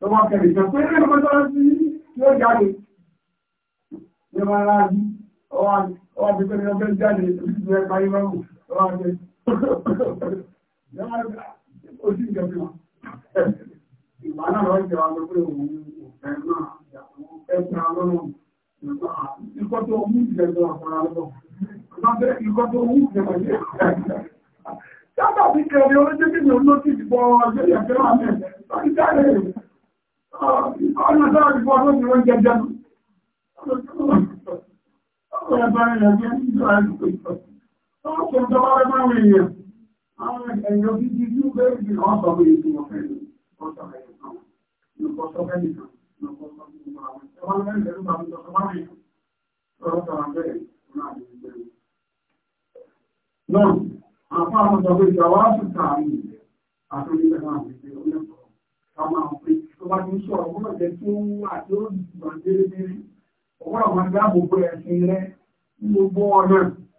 Tọ́wọ́ kẹrì kan pé ẹgbẹ́ mátàrá sí yóò jáde. Ní ọmọ ara rí, ọwọ́ àti pẹ̀lú ọgbẹ́ jáde, oríṣìí ó sì jẹ́ bí wọn. Ìgbà náà lọ jẹ́ wa pé òun òfẹ́ náà yàtọ̀ ẹgbẹ́ ọlọ́run. Ikọ́ tó mú ìjẹ́ lọ àpárá lọ́wọ́. Ikọ́ tó mú ìjẹ́ lọ sí Sábà bí kẹrin olóṣèlú kí ni olóṣèlú ìbọn ọjọ́ ìyàfẹ́ wà mẹ́. Sọ́ni jáde ọ̀nà sára ìbọn ọdún ìwọ̀n jẹjẹ nù. Ọ̀pọ̀ ẹ̀bá rẹ̀ yẹn jẹ́ ìjọ àìsàn àwọn ẹ̀yọ́ gidi tí ó bẹ̀rù bí wọ́n sọ pé ètò ọ̀fẹ́ ni wọ́n sọ pé ètò ọ̀fẹ́ ni wọ́n sọ pé ètò Náà, àpá àwọn ọ̀dọ́ pé ìjọwọ́ àtúntà àmì àti onígbẹ̀rẹ̀ àmì ìgbẹ̀rẹ̀ olóòkọ̀. Àwọn àwọn pé tó bá ti ń sọ̀rọ̀ gbọ́nà jẹ́ tí ó wà tí ó gbọ̀n dé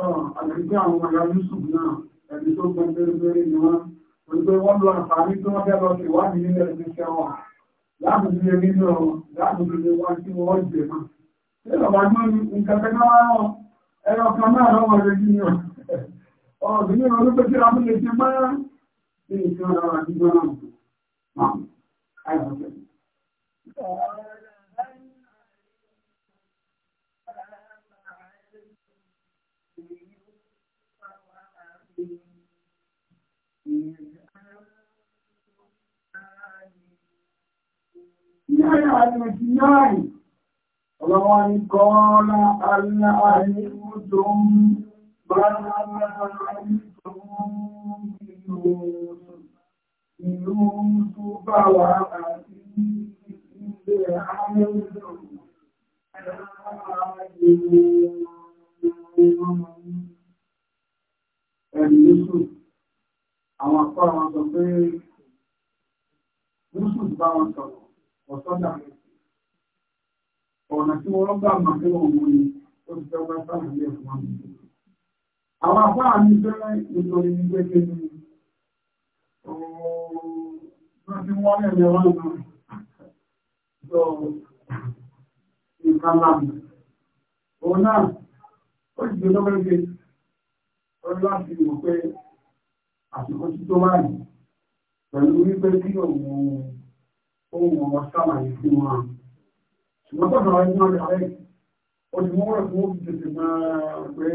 àtẹ̀sí àwọn ọmọ Yusuf náà ẹni tó gbọ́n bẹ́rẹ̀bẹ́rẹ̀ ni wọ́n wípé wọ́n lọ àǹfààní tó wọ́n fẹ́ lọ sí ìwádìí nílẹ̀ ti ṣẹ́wọ̀n láti fi ẹni lọ láti fi lè wá sí wọ́n jẹ náà. ṣé bàbá gbọ́n ní nǹkan kan náà rán ẹ̀rọ kan náà rán wọn lójú ni ọ̀rọ̀ sí ní ọdún tó kíra mú lè ṣe máa ní ìṣẹ́ ọ̀rọ̀ àdúgbò náà. 29 ọlọ́wọ́ ní kọ́ọ́lá aláàrínkùtùn bá aláàrínkùtùn ìlú tó bá wà àti ilé àárẹ́sùn Ẹ̀rìn Yíṣù, àwọn akọ́ àwọn sọ pé Yíṣù bá wọn sọ̀rọ̀ ọ̀sọ́dà ọ̀nà tí wọ́n bá máa fẹ́ wọn wọ́n ni ó ti fẹ́ wọ́n sáà ní ẹ̀fọ́ wọn. Àwọn afáà ní fẹ́rẹ́ nítorí ní gbẹ́gbẹ́ ni wọ́n ti wọ́n lẹ̀ náà lọ nǹkan lánàá. Òun náà ó sì gbé lọ́wọ́ gbé láti mọ̀ pé àsìkò tí tó pẹ̀lú wípé kí òun ohun ọ̀wọ̀ sàlàyé fún wa ṣùgbọ́n tó sọ̀rọ̀ nínú ọjà rẹ̀ ó ti mú rẹ̀ fún òbí tètè máa pé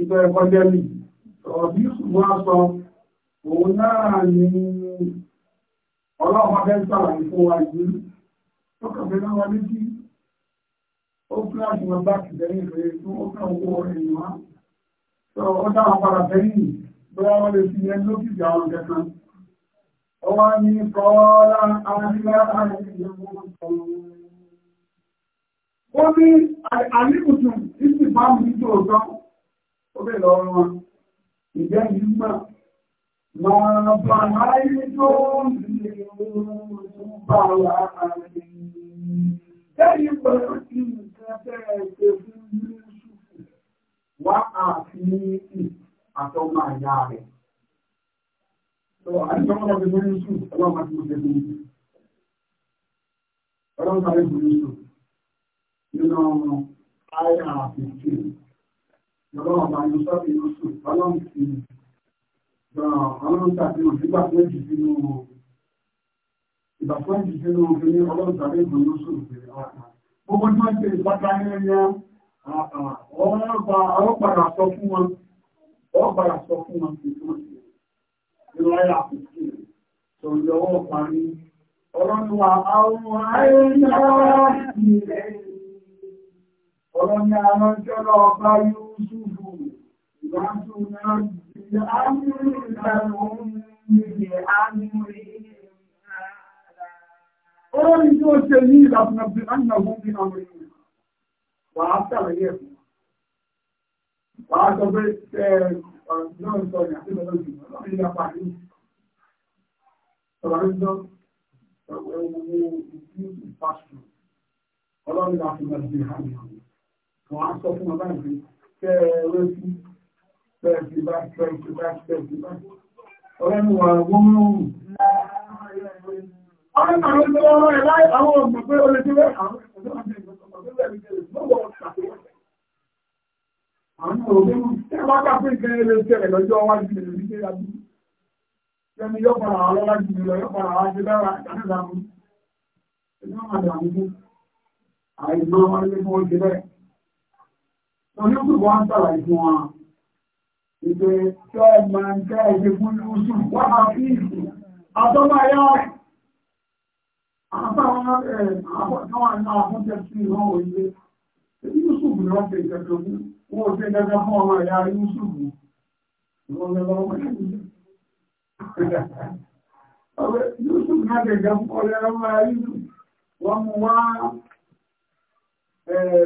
ìgbà ẹ̀kọ́ jẹ́ mi ọ̀bí ṣùgbọ́n a sọ òun náà ni ọlọ́run abẹ́ sàlàyé fún wa yìí tó kàfẹ́ náà wọlé sí ó kíláàsì wọn bá kìdẹ́yìn rẹ̀ tó ó kàn owó rẹ̀ tó ó dáhùn padà sẹ́yìn bóyá wọ́n lè fi ẹni lókìkì àwọn kẹsàn-án wọ́n ní kọ́ọ́lá àríwá Ó ní àríkùtùn títí bá mú tó ọ̀tọ́, ó bè lọ wọn, ìjẹ́ yìí mọ̀, máa bà láyé tó ń lè oòrùn bá wà àrí. Jẹ́yìn pẹ̀lú kí nǹkan tẹ́ẹ̀ẹ́ fún ní ṣùkú wá àfihàn àtọ́mà ìyá rẹ̀ àìsọ́kọ̀ọ́ ti lórí ìṣù ọlọ́run àti ìṣẹ́ fún ìṣù ọlọ́run sáré fún ìṣù nínú ir15 ọlọ́run bá yóò sọ́bí ìṣù ọlọ́run ti ọlọ́run tàbí òṣìgbà tó jù sínú ìgbà tó jù sínú obìnrin ọlọ́run sáré fún ìṣù gbogbo tí wọ́n ti ìpátá yẹnyẹ ọlọ́run padà sọ fún wọn ọlọ́run padà sọ fún wọn náírà fífì tó lọ́wọ́ parí ọlọ́run wa àwọn ayélujára ìrẹ́ ọlọ́run lọ ní ọlọ́run ó ṣe ní wàá sọ pé ọ̀rọ̀ sọ ní àti ìbẹ̀rẹ̀ òjì ọlọ́run yìí apá yìí sọ̀rọ̀ àìsàn ẹ̀wọ̀ ìdí ìfàṣù ọlọ́run láti máa di àmì àmì wọ́n á sọ fún ọba ìgbé kẹ́ ẹ rẹ́sí pẹ̀sì bá pẹ̀sì bá pẹ̀sì bá ọlọ́run wà wọ́n rọrùn. ọlọ́run àwọn ọmọ ẹ̀láì àwọn ọmọ pé olè ti rẹ̀ àwọn ọmọ àwọn òbí mú ṣé wọ́n ká pé ìkẹyẹ lè ṣẹlẹ̀ lọ́jọ́ wájú lè rí ṣe yàgbé lẹ́nu yóò padà wá lọ́la jù lọ yóò padà wá ṣe lára ìdánilá mú ẹgbẹ́ wọn àti àmúkú àìmọ́ wọn lé fún oúnjẹ bẹ́ẹ̀ wọn ní kùkù wọn sàlàyé fún wọn ìpè tí ọ máa ń tẹ́ ẹgbẹ́ fún lóṣù wọn máa fi ìsìn àtọ́mọ ẹ̀yà rẹ̀ àtàwọn ẹ̀ àwọn àfúnjẹ sí ìwọ̀n òye èyí lóṣù ni wọ́n ti ìjẹ́jọ́ fún wọ́n ṣe gẹ́gẹ́ fún ọmọ ìyá yúúsùfù wọ́n gẹ́gẹ́ ọmọ ìyá yúúsùfù náà gẹ́gẹ́ fún ọmọ ìyá yúúsùfù wọ́n mú wá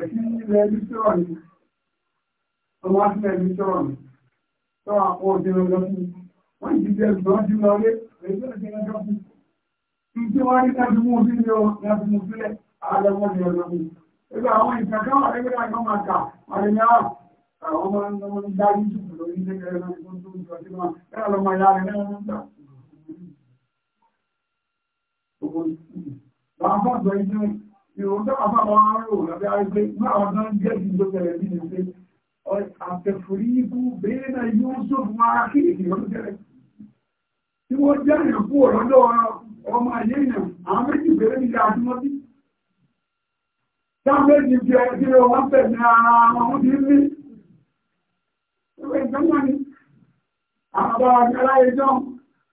sí ilẹ̀ wọ́n wá sílẹ̀ lítírọ̀nì tó àpọ̀ òṣèrè ìgbọ́n jù lọ lé ẹgbẹ́ òṣèrè lọ fún Ẹgbẹ́ àwọn ìkàkọ́ ẹgbẹ́ àwọn màkà, àrẹ̀yà àwọn ọmọ ọmọ dárí jùlọ lórí ilé ẹ̀rọ ìgbọ́n tó ń jọ sí wọn, ẹ̀rọ lọ́mọ ìyá rẹ̀ náà ń gbà. Bàbá ọ̀dọ́ ìjọ ìròyìn tó bàbá wọn á rò lábẹ́ àrígbé náà ọ̀dọ́ ń jẹ́ ìjọ tẹ̀lẹ̀ bí i ṣe àtẹ̀fòrí ikú bẹ́ẹ̀ náà yóò sófin wọn á kí ìdìyàn tẹ̀lẹ̀. Tí wọ́n jẹ́ ìrìnkú ọ̀rọ̀dọ̀ ọmọ ayé yẹn, àwọn méjì bẹ̀rẹ̀ Sáàmẹ́jì bí ẹgbẹ́ wọn pẹ̀ ní ara wọn bí ní. Ìwé ìgbẹ́mọ̀ ni, àbábá ọjọ́lá ẹjọ́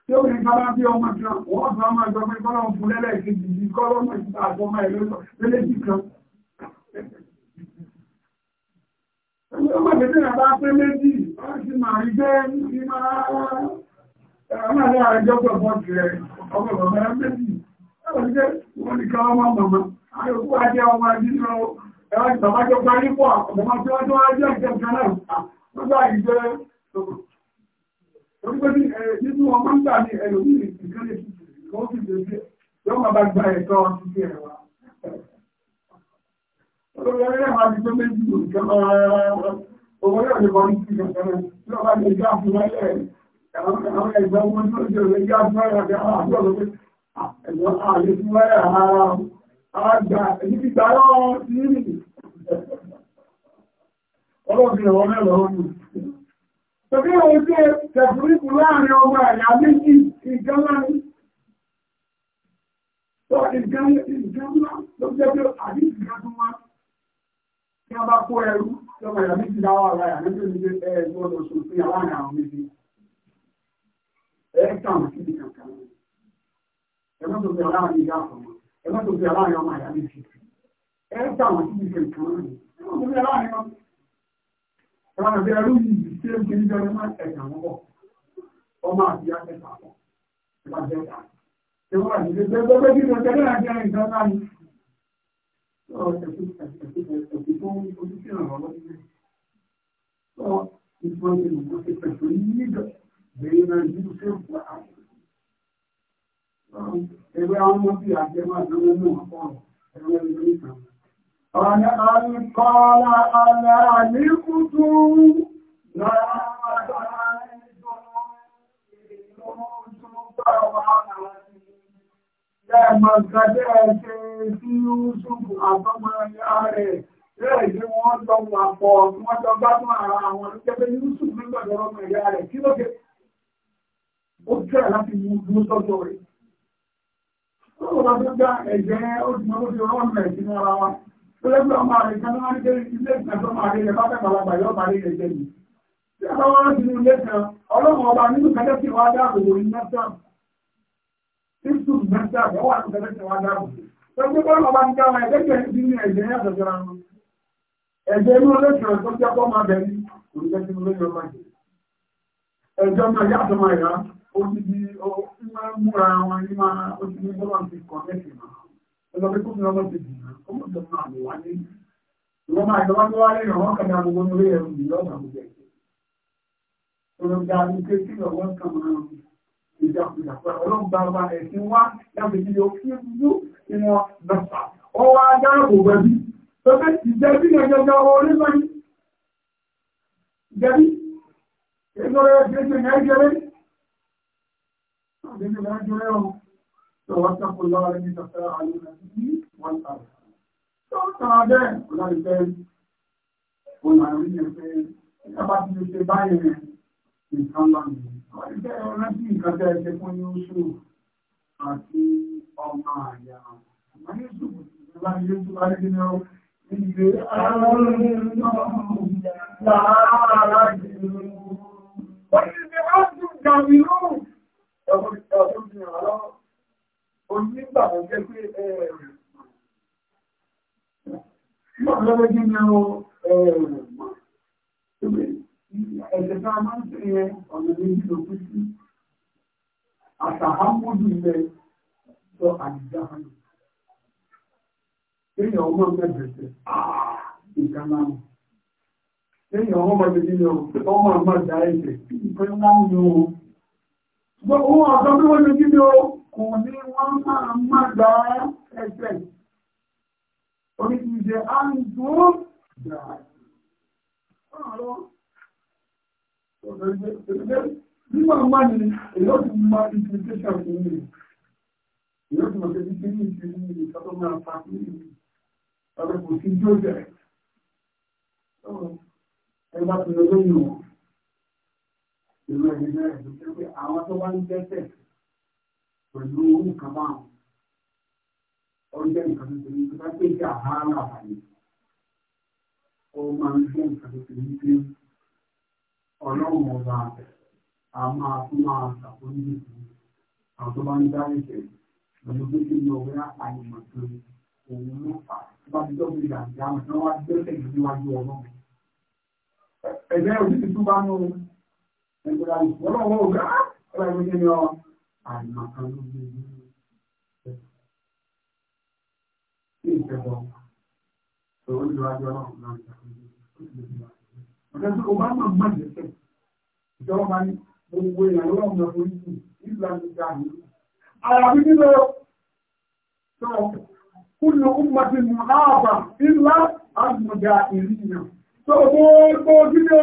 tí ó rí bára bí ọmọ jọ, wọ́n bá máa jọ pé bọ́lá fún lẹ́lẹ́ ìkejì yìí kọ́lọ́mù ìgbà àgbọ́mọ ìlú lẹ́lẹ́jì kan. Ẹgbẹ́ ọmọ ìgbẹ́ náà bá pé méjì, wọ́n sì máa rí jẹ́ ní máa rárá. Ẹgbẹ́ ọmọ ìgbẹ́ àjọpọ̀ bọ́ Orígbé ní nínú ọmọ ń gbà ní ẹlòmí ìkẹ́lẹ̀ tó fi lè ṣe yọ́ máa bá gba ẹ̀tọ́ ọdún sí ẹ̀wà. Olórí ẹ̀rẹ́ máa di pé méjì lò ìkẹ́lọ́ owó yóò lè bọ́rí sí ìkẹ́lẹ̀ tí ó bá lè gbá fún ẹlẹ́ ẹ̀rọ ẹgbẹ́ owó tó lè gbá fún ẹlẹ́ ẹ̀yọ́ ààrẹ fún wẹ́rẹ̀ ara àgbà èyí ti gbà lọ́wọ́ sí rí ọlọ́bìn ọ̀rọ̀ mẹ́lọ ọdún tẹ̀bí ohun tí tẹ̀fúríkù láàrin ọgbà ẹ̀yà méjì ìjọba ní tó ìjọba ló jẹ́ pé àdíjì kan tó wá tí wọ́n bá kó ẹrú lọ́gbà ẹ̀yà méjì dáwọ́ ara ẹ̀yà méjì ní ẹgbọ́dọ̀ sòfin aláàrin àwọn méjì ẹ̀ẹ́kàn àti ìkàkàn ẹ tó fi aláàrin ìyá àfọmọ ẹ má tó fi aláàrin ọmọ àyà méjì ẹ gbà tó fi aláàrin ọmọ ẹ má tó fi ẹrú yìí ìdí tí ó ń kiri jọ ní ọmọ ìyá ẹ̀ka bọ̀ ewé ọmọ bí àjẹmọ́ ìdánwò mú ọ̀pọ̀ ẹ̀rọ ìlú nìkan. ọ̀nà àǹkọ́lá ọ̀nà àníkùtù náà Lẹ́ẹ̀mọ̀ ìgbàjẹ́ ẹ̀ṣẹ́ sí Yúúsùfù àtọ́mọ ẹ̀yà rẹ̀ lẹ́ẹ̀ tí wọ́n jọ wà pọ̀ wọ́n jọ gbádùn ara àwọn ìjẹ́bẹ́ Yúúsùfù nígbàjọ́ ọmọ ẹ̀yà rẹ̀ kí lókè. Ó kẹ́ láti mú ìdúró sọ́jọ́ rẹ̀. Ó wà tó gbá ẹ̀jẹ̀ ojúmọ́ tó fi ọwọ́ mẹ́rin sínú ara wa. Tó lẹ́gbẹ́ ọmọ rẹ̀ kan wá ní pé ilé ìgbàgbọ́ máa rí ẹ̀bá fẹ́ balàgbà yóò bá rí ẹ̀jẹ̀ yìí. Tí a bá wá sí ilé kan, ọlọ́run ọba nínú kẹ́kẹ́ sí wa dáàbò wò ní mẹ́ta. Tíṣù mẹ́ta ẹ̀ wà ní kẹ́kẹ́ sí wa dáàbò. Tó gbé bọ́ọ̀lù ọba ní káwọn ẹ̀jẹ̀ kẹ́ nínú ẹ̀jẹ̀ yàtọ̀ síra wọn. Ẹ̀jẹ̀ inú ilé kan odidi múra wọn ní máa odidi bọ́lá ti kọ̀ lẹ́sìn náà ẹlọ́pẹ́ tó fún ọmọ ti dì náà ó mọ̀ tó máa lò wá ní ìwọ máa ìjọba tó wá lẹ́yìn ọwọ́ kan ní agogo ní orí ẹ̀rù yìí lọ́gbà gbogbo ẹ̀jẹ̀ olùdarí ní kéjì lọ́wọ́ kan máa ń ìjàkújà pẹ́ Àdébí máa jẹ́ ẹ̀rọ tó wá sápò lọ́wọ́ lẹ́ni tọ́ta àlọ́ àti wọ́n tà. Tó ń tàn bẹ́ẹ̀ kò láti fẹ́ òun àrí yẹn pé ìjábá ti ṣe báyìí rẹ̀ nìkan bá mi. Àwọn ìjẹ́ rántí nǹkan tẹ́ ẹ ṣe fún Yóṣù àti ọmọ àyà. Àmọ́ Yóṣù kò sì ṣe báyìí Yóṣù bá lé nínú ìgbé àwọn olóyún náà láàárọ̀ ìlú. Òṣìṣẹ́ wá tún gàmì lóhùn ẹ̀wọ̀n fi hàn lọ́wọ́ onígbà tó jẹ́ pé ẹ̀rù yóò lọ́wọ́ jẹ́ ní ọ ẹ̀rù ẹ̀jẹ̀ tá a máa ń ṣe yẹn ọ̀nà méjì ló pín sí ilẹ̀ sọ àdìjá hànú ọmọ mẹ́bẹ̀ẹ́ Gbogbo ọ̀dọ́ bí wọ́n lè jí ní o, kò ní wọ́n máa má gbà ẹ̀ṣẹ̀. Orí ti jẹ àìjú gbà. Nígbà máa ní èyí ó ti mọ implication fún mi. Èyí ó ti mọ̀ pé ní kí ní ìṣẹ́lú ìṣẹ́ tó máa pa sí ìlú. Ọ̀rẹ́ kò sí jójẹ̀. Ẹgbà ti lọ lóyún wọn ìlú ẹni náà ẹ̀dùn pé àwọn tó bá ń dẹ́sẹ̀ pẹ̀lú nǹkan bá wọn ó jẹ́ nǹkan tó tẹ̀lé tó bá pé kí àhárà àbàlẹ̀ ó máa ń jẹ́ nǹkan tó tẹ̀lé pé ọlọ́run ọba a máa tún máa ṣàkóso àwọn tó bá ń dá ìṣẹ̀ pẹ̀lú pé kí ni ọ̀wẹ́ àyèmọ̀ tó òun ló fà tó bá ti dọ́gbé ìgbà ìjà wọn wá dẹ́sẹ̀ níwájú ọlọ́run ẹ̀jẹ̀ òbí ti tún bá ń lọ ẹgbẹ́ra ìfọ́lọ́wọ́ ọ̀gá ọ̀rọ̀ ìgbẹ́ ni ọ àìmọ̀kan ló gbé ní ìjẹ̀bọ̀ tó ń lọ ajọ́ náà ọ̀gá tó bá mọ̀ mọ̀ jẹ́sẹ̀ ìjọba máa ní gbogbo èèyàn lọ́wọ́ ọ̀gá fún ìlú ìlú àti ìjà ní àyàfi nílò tó kúlù ọmọdé mọ̀ náà bà ìlú àti ìjà ìlú náà tó gbogbo ojúlé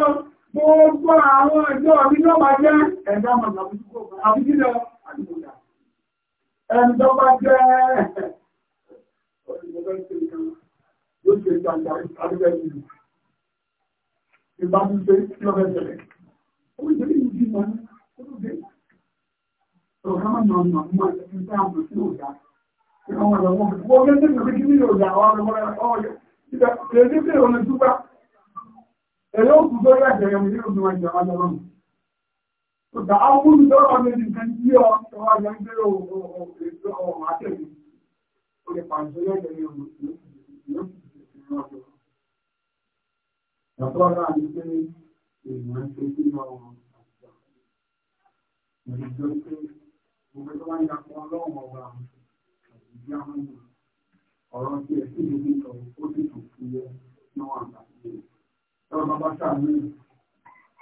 Gbogbo àwọn ẹjọ́ mi ló bá jẹ́ ìbámúṣe kí lọ́fẹ́ tẹ̀lẹ̀. Ó ń tẹ̀lé ìdí mọ́ ní olóògbé. Ọ̀gá máa máa máa máa ti ń sáàmù sí òdá. Ìwọ̀n ọ̀gá wọ́n gẹ́gẹ́ tẹ̀lé kí ní òdá wà lọ́wọ́ ọ̀yọ́ ẹ̀yọ́ òkú tó rí àjẹyẹ mi nínú ìwọ̀n ìjọba lọ́rùn. Ọ̀dà àwọn olùdọ́rọ̀ mi ní nǹkan tí ọ ìjọba yọ ń gbé ọ̀hún àtẹ̀lé. Ó lè pàṣẹ lẹ́yìn ẹ̀yọ́ òkú. Ìyàtọ̀ ọ̀la ni pé èèyàn ń ṣe sí ọ̀rọ̀ àṣà. Ìjọ pé gbogbo tó bá ń ya fún ọlọ́run ọba àti ìyá ọ̀rọ̀ tí ẹ̀ sì ní ìtọ̀ ó sì tún fi yẹ náà àgbà ọ̀rọ̀ bàbá sàánú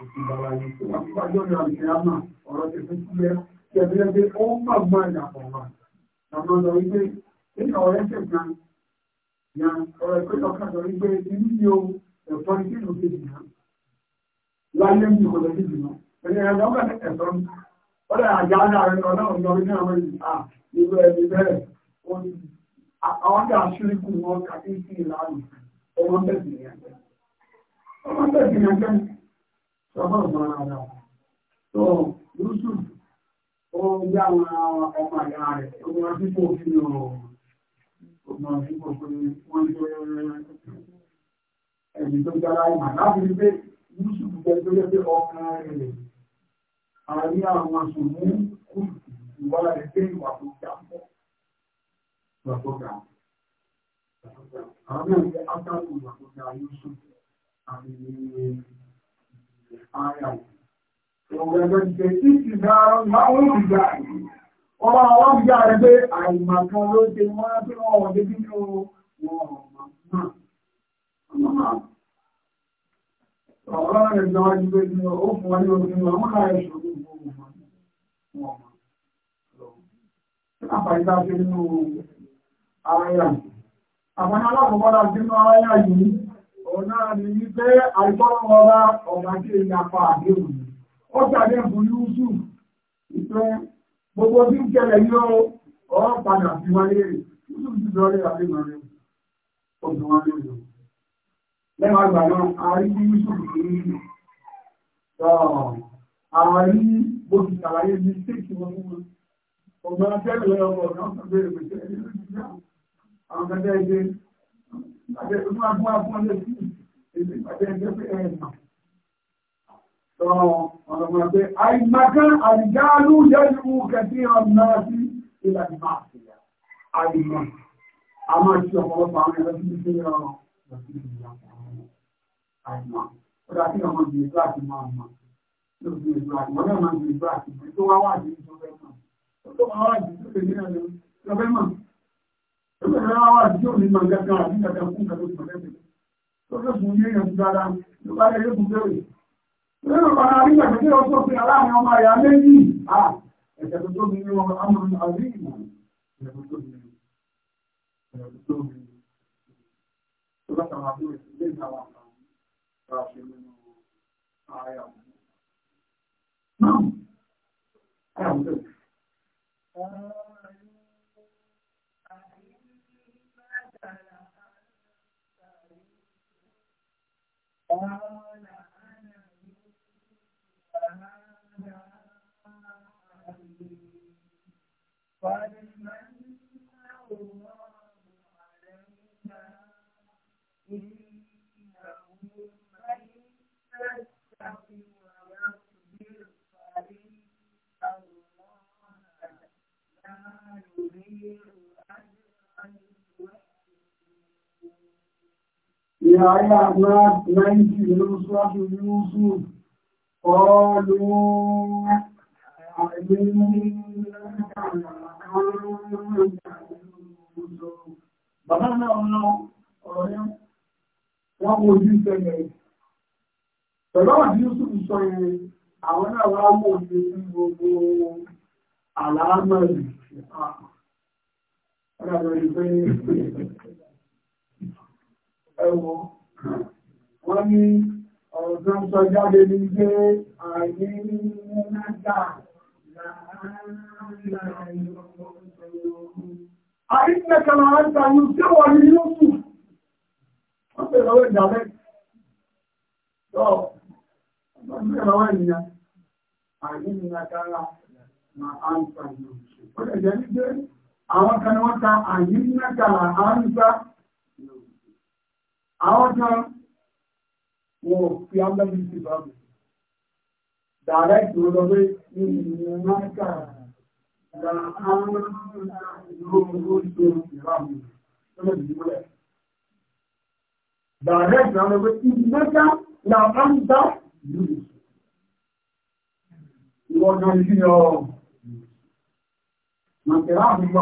ìtìbàlà yìí tó wà pípa lórí àmìyàmà ọ̀rọ̀ ti fi sílẹ̀ tí ẹ̀mí ẹgbẹ́ ó ń bà gbọ́n ìdàpọ̀ wà àmọ́ lọ wípé nínú ọ̀rẹ́ ṣẹ̀ kan ya ọ̀rọ̀ ìpínlẹ̀ ọ̀kan lọ wípé inú ni o ẹ̀fọ́ ní kílò kejì náà láyé ní ìkọ̀lẹ̀ kejì náà ẹ̀yẹ ẹ̀dá ọ̀gá ní ẹ̀fọ́ ọ̀rẹ́ àjà àárín ọlọ́run lọ ní àwọn ìlà ìlú ẹni bẹ́ẹ̀ àwọn àṣírí kù wọn kàkí sí ìlànà ọmọ bẹ́ẹ̀ ọmọ bẹ́ẹ̀ bí ẹgbẹ́ ṣọmọ ọmọ ara tó lóṣù ó yá àwọn ọmọ àyà rẹ̀ ó ní wọ́n dípò fún ọmọ dípò fún wọ́n tó ẹni tó jára ìmọ̀ láti rí pé lóṣù jẹ́ tó yẹ pé ọkùnrin rẹ̀ àrí àwọn aṣòmú kù ìwọ́lá rẹ̀ pé ìwà tó jà pọ̀ ìwà àwọn mẹ́rin ìwà tó jà lóṣù Ọba àwọn ìjà rẹ̀ pé àìmàkan ló ṣe wọ́n tí wọ́n wọ̀n dé nínú wọn ọ̀nà náà. Ọ̀rọ̀ rẹ̀ jọ wájú pé ní ó fún wọn ní ogun wọn wọ́n láì ṣòro gbogbo wọn. Lápàá ìdá ọ̀nà ni wípé àìgbọ́nwọ́lá ọ̀nà tí èyí apá àdéhùn ó tàbí ẹ̀bùn yúúsù ìpẹ́ gbogbo tí ń kẹlẹ̀ yóò ọ́ padà fi wáyé yúúsù ti lọ́rẹ́ àdéhùn ọdún wọn lóòrùn lẹ́wọ̀n àgbà náà akẹ́lẹ̀ lọ́wọ́ ìpàdé tó máa gún agún ọdún sí èdè ìpàdé ẹgbẹ́ pé ẹ mà. Sọ ọ̀rọ̀ mọ̀ pé àìmọ̀kan àìgáàlú yẹ́nu kẹ̀kí ọ̀nà sí ilẹ̀ ìmọ̀ àṣìyà. Àìmọ̀ a máa ṣe ọ̀pọ̀lọpọ̀ àwọn ẹ̀rọ tí ó ṣe ọ̀rọ̀ lọ sí ìlú àìmọ̀. Ó dá sí ọmọ ìgbésí àti máa mọ̀. Lóògbé ìgbà ìwọ́n náà máa ń gbé ìgbà àti ìgbésí tó wá wà ní ìjọba ẹ̀mọ̀. Ó tó máa wà ní ìjọba ẹ̀mọ̀ rawa yóò ní màá gàgà àbí gàgà fún gàgà tó tẹ̀lé tó fẹ́ fún yé yẹn dára ló bá yẹ kó bẹ̀rẹ̀ lórí ọ̀pá àrí gàgà tí wọ́n tó fi aláàrin ọmọ àyà méjì à ẹ̀jẹ̀ tó tóbi ní wọn àmọ́ àrí ìmọ̀ ẹ̀jẹ̀ tó tóbi ní ẹ̀jẹ̀ tó a ṣe nínú àyà wọn. Náà قال من الله علينا إنه من يتقي ويصبر فإن الله لا يضيع ìhàyà náìjí ló sọ́jú yúúsù ọlú Bàbá náà ọ̀nà ọ̀rẹ́ wọ́n mú ojú ìfẹ́lẹ̀. Pẹ̀lú sọ yẹn, àwọn náà wá mú ojú gbogbo àlàámọ̀ ìrìn. Ọ̀rẹ́ àjọ ẹ̀wọ̀ wọ́n ní ọ̀rọ̀ tó ń sọ jáde ní pé ààyè ní mẹ́ta Àìsẹ́kẹ̀lá àìsànú tí wọ́n ní yóò tù. Wọ́n pè lọ́wọ́ ìdàmẹ́. Tọ́, wọ́n pè lọ́wọ́ ènìyàn. Àìsẹ́kẹ̀lá àìsànú. Ó lè jẹ́ ní pé àwọn kan wọ́n ta àìsẹ́kẹ̀lá àìsànú àwọn kan wọn ò fi ámbẹ́lì sí bábù dàrẹ́kì ló lọ pé ní ìlú máìkà ìlà àwọn ìlú ìṣe ìbámu lọ́dọ̀ ìdíbọ̀lẹ̀ dàrẹ́kì ló lọ pé ìlú máìkà làwọn ń bá ìlú ìṣe ìwọ̀n náà ìṣe ọ̀ màtẹ̀lá àbúgbà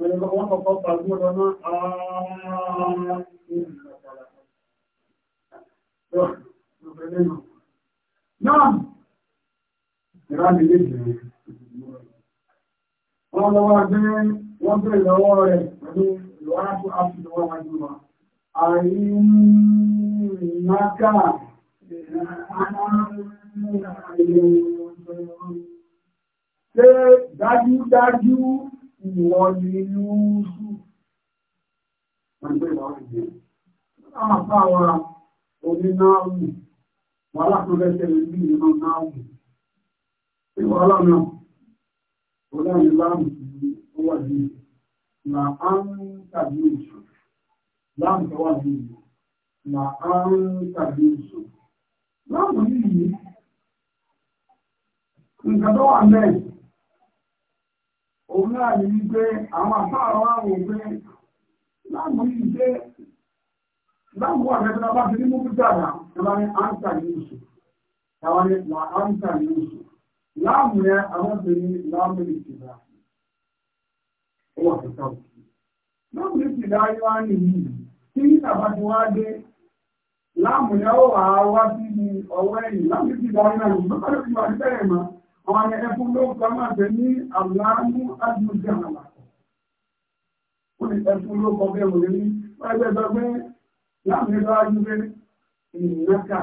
Wọ́n kọ̀kọ́ pàgbọ́rọ̀ náà ààrùn ìrìnlẹ̀ náà. Ìrànlẹ̀ lè Wọ́n lọ́wọ́ gbé wọ́n bèèrè lọ́wọ́ rẹ̀ pẹ̀lú ìwárásù àfihàn wájú wa. Àìyíká ṣe dájúdájú ìwọ ọzọ lúúsù pẹ̀lú ìwọ̀n Àfáwà orí náà wù, wà látọ̀lẹ́sẹ̀ ìlú ìran náà wù. Ìwọ́lá náà, ọlá ìlàmù sí ó wà ní ìlà àrùn tàbí ìṣù. Láàmù tó wà ní òun náà ní wípé àwọn àfáàrọ̀ wà wò pé láàmú yìí pé láàmú wà pé bá ti ní mú bí dàgbà ẹ ní áńtà ní oṣù táwọn ní wà áńtà ní oṣù yẹn àwọn ní ó wà tó ní yóò wá tí Àwọn akẹ́kẹ́ ló gbà máa bẹ̀ ní àlàámú àjùjẹ àmàlà. Ó lè ẹ̀fún ló kọ bẹ́ẹ̀ wòlé ní ẹgbẹ́ sọ pé láàmì ẹgbẹ́ ajúgbé ìnáka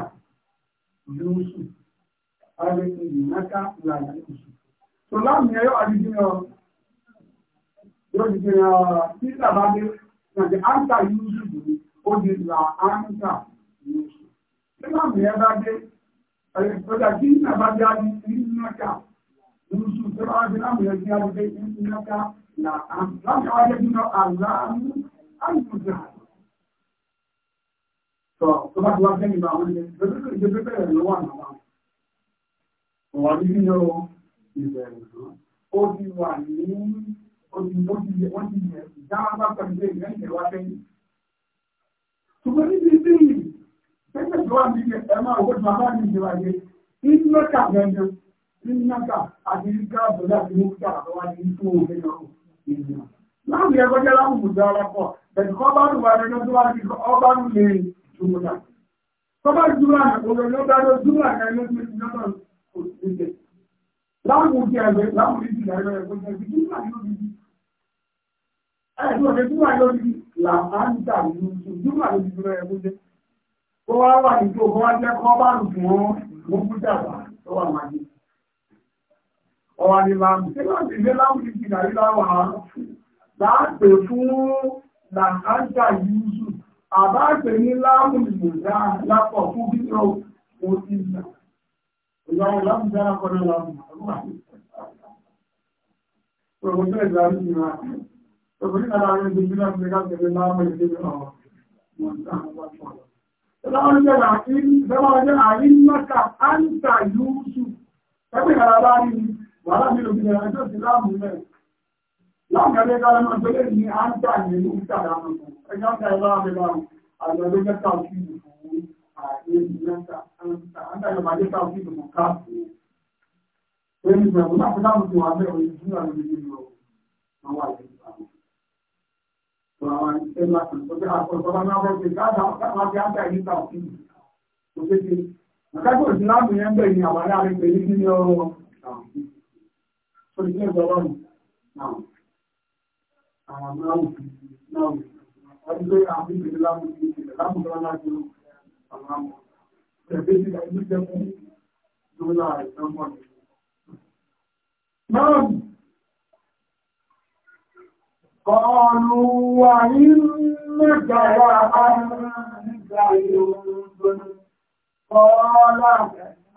lóṣù. Ààrẹ ìnáka làlá lóṣù. Tò láàmì ẹyọ àdíjú ni ọ. Yóò dìde tí bàbá dé, nàìjíríà áńtà lóṣù ó di là áńtà lóṣù. Tí láàmì ẹ bá dé, ọjà kí ní àbájá ní náka lóṣù tó bá wájú láwọn èèyàn ní àdúgbò ní náka láti wájú nínú àlámú àìsùnjà tó tó bá ti wá sẹ́yìn bá wọn ní ìgbésẹ̀ ìgbésẹ̀ bẹ̀rẹ̀ ló wà náà wà ní nínú ìbẹ̀rẹ̀ náà ó ti wà ní ó ti ó ti yẹ wọ́n ti yẹ pépè tó wà níbi ẹ máa wọ́n tó bá ní ìjọba yẹ ìnáka gẹ́gẹ́ ìnáka àti ìka bọ̀dá àti mọ́kúta àtọwá ní ìfún òfin náà ìyá. láàbì ẹgbẹ́ jẹ́ láwọn òmùdó ara pọ̀ bẹ̀rẹ̀ kọ́ bá nù wà lẹ́jọ́ tó wà ní ọba nù lè jùmọ̀dá. tọ́ba jùmọ̀ àgbọ̀dọ̀ ló dá ló jùmọ̀ àgbẹ̀rẹ̀ ló ti lọ́tọ̀ òṣèlú. láwọn òkè àgbẹ̀ láwọn òkè àgbẹ̀ ẹ̀kọ́ jẹ́ bí jùmọ̀ àgbẹ̀ ló ti tó wá wà ní tó wá jẹ́ kọ́ bá rù fún wọn mú bújàpá tó wà máyé ọwà ní láàmù tí wọ́n sì lé láàmù ti ti dàrí láwà láàpẹ̀ fún làkájà yíṣù àbáàpẹ̀ ní láàmù ìgbòdá lápọ̀ fún bí ó ó ti nà ìyàwó láàmù dára kọ́nà láàmù àbúrà Òṣèlú ìdarí ìrìnà, òṣèlú ìdarí ìrìnà, òṣèlú ìdarí ìrìnà, òṣèlú ìdarí ìrìnà, Ìfẹ́mọ́jẹ́ àìyíká àǹtà Yúúsù, ẹgbẹ́ ìrànlá bá rí wàhálà mílò bí ẹ̀rọ ẹjọ́ sí láàmù rẹ̀. Láàmù ẹgbẹ́ ìgbàlẹ́mọ̀ tó lè ní àǹtà ìlú ìtàdà mọ̀. Ẹjọ́ ń tẹ̀lé láàmù rẹ̀ àwọn ẹgbẹ́ mẹ́ta òfin ìfòwò àìyí mẹ́ta àǹtà ìlú ìtàdà mọ̀ káàkiri. Ẹni ìgbàlẹ́mọ̀ láti láàmù tó wà mẹ́ àwọn iṣẹ́ láti ìtọ́jú àkọsọ́lá náà wọ́n ti káàdà láti áńtà yìí ta òfin kò ṣe ṣe akẹ́kọ̀ọ́ ìsìláàmù yẹn bẹ̀rẹ̀ ní àwọn aráàlú pẹ̀lú kí ní ọrọ̀ sórí ilé ìjọba nù àwọn aláwọ̀ náà ọdún pé àwọn ìpínlẹ̀ láàmú ti ìpínlẹ̀ láàmú tó lọ́la jù àwọn àmọ̀ ẹ̀fẹ́ ti ìlú jẹ́ fún dọ́là ìtọ́mọ̀ náà قالوا وإنك وأنت يوسف قال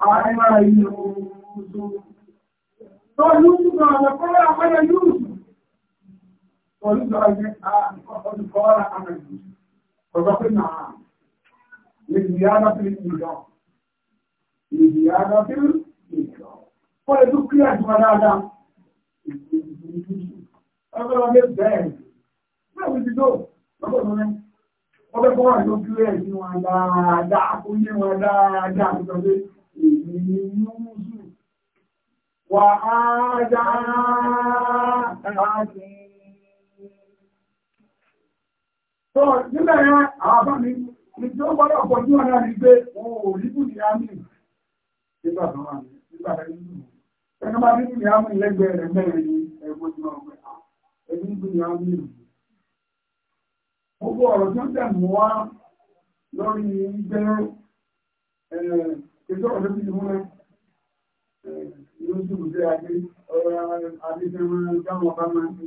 أنا يوسف قال يوسف أنا قال أنا يوسف قال يوسف قال أنا يوسف فقال نعم لزيادة الإيجاب لزيادة الإيجاب قال يوسف كيف ماذا ọgbọ́n ọdẹ bẹ́ẹ̀ bẹ́ẹ̀ mi ti tó lọ́pọ̀ tó mẹ́ wọ́n fẹ́ fọ́wọ́n àjọ kí rẹ̀ sí wọn dáadáa kó yé wọn dáadáa tó sọ pé èmi ni yúúsù wà á dáadáa tó nígbà yẹn àwọn àbá mi ní tí wọ́n náà ní pé wọn ò rí bù ní tó wà ní bù ẹni tó yà ń Gbogbo ọ̀rọ̀ tó ń tẹ̀mú wá lórí jẹ́ ètò ọ̀rọ̀ tó ti múlẹ̀. Yóò ṣe àti ọ̀rọ̀ àdéhùn táwọn ọba máa ń fi.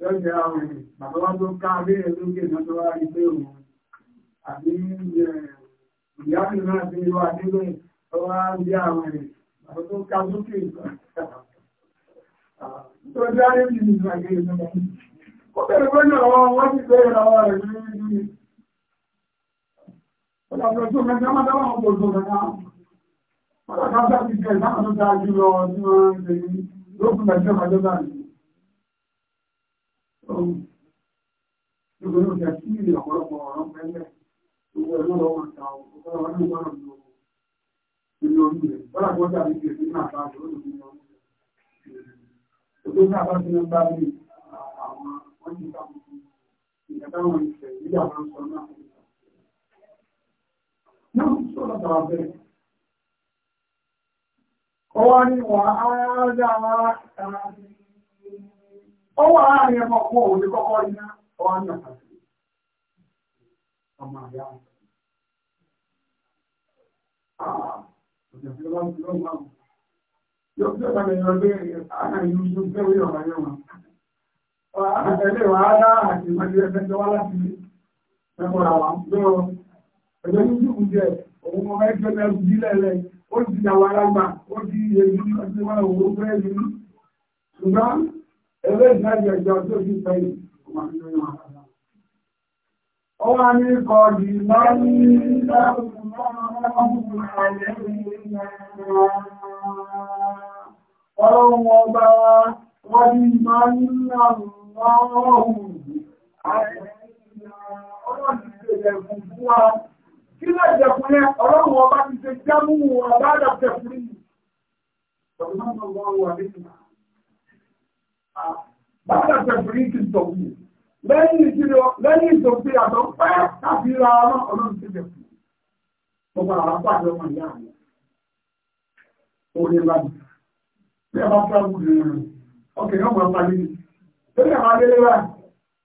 Lọ́jọ́ àwọn èèyàn, bàbá wa tó ká abẹ́ ẹ̀ lókè náà tó wá tó jẹ́ ní ìlú ìgbàgbé ìlú ó bẹ̀rẹ̀ lórí ọ̀rọ̀ wọ́n ti bẹ̀rẹ̀ lọ́wọ́ rẹ̀ ní ìlú ọ̀làpẹ̀ tó mẹ́ta máa dáwọn ọkọ̀ tó mẹ́ta ọ̀làpẹ̀ tó ti jẹ́ ìdáhùn tó dáa jù lọ tí wọ́n ń ṣe ní lókùn mẹ́ta máa jọ dáa Ìgbèrò ìjà sí ìrìn ọ̀pọ̀lọpọ̀ ọ̀rọ̀ pẹ́lẹ̀ tó wọ́n lọ́wọ́ ọ̀tà ọ̀pọ̀lọpọ̀ ọdún wọ́n lọ́wọ́ ìlú orílẹ̀-èdè. Bọ́lá kọjá ní ìgbèrè ní Gbogbo náà bá ti ń bá mi àwọn wọ́n ti bá mi. Ìjọba wọn ìfẹ̀ yìí àwọn sọ náà. Ọwọ́ ni wà á dá wa ẹ̀rọ. Ọwọ́ àárín ẹ̀mọ́ kún òun ní kọ́kọ́ iná. Ọwọ́ ní ọ̀sán sí. Ọmọ àyà. Ah, ọ̀sẹ̀ tí wọ́n ti lọ́wọ́ àwọn yóò fẹ́ bá lẹ́yìn ọgbẹ́ àná ìlú tó fẹ́ wí ọ̀rọ̀ ayé wọn. Ẹgbẹ́ wàhálà àti ìmọ̀lẹ́ ẹgbẹ́ tó wá láti ẹgbẹ́ ra wa. Ẹgbẹ́ ní ìlú jẹ òun ọmọ ẹgbẹ́ mẹ́rù dílẹ̀ lẹ̀ ó di ìyàwó alágbà ó di èyí ọdún wọn òwò fẹ́ yìí ní. Ṣùgbọ́n ẹgbẹ́ ìdájọ́ ìjọ tó fi fẹ́ yìí kò máa ń lóyún wa. Ó wá ní kọ́ di lọ́rùn ní ìdáhùn ọmọ ọmọ ọmọ ọlọ́run ọba wọ́n ní máa ń nà lọ́rùn ọlọ́run ti ṣẹlẹ̀ fún wa kí ọlọ́run ọba ti ṣe jámù ọba àdàbẹ̀kùn yìí Bàbá tẹ̀sìrí Lẹ́yìn ìṣirò, lẹ́yìn ìṣòfin pẹ́ tàbí ra ọlọ́run ti fún. Orin bí ẹ̀bá travel rẹ̀ ọkẹ̀ yóò máa parí ní lórí àwọn adélẹ́wà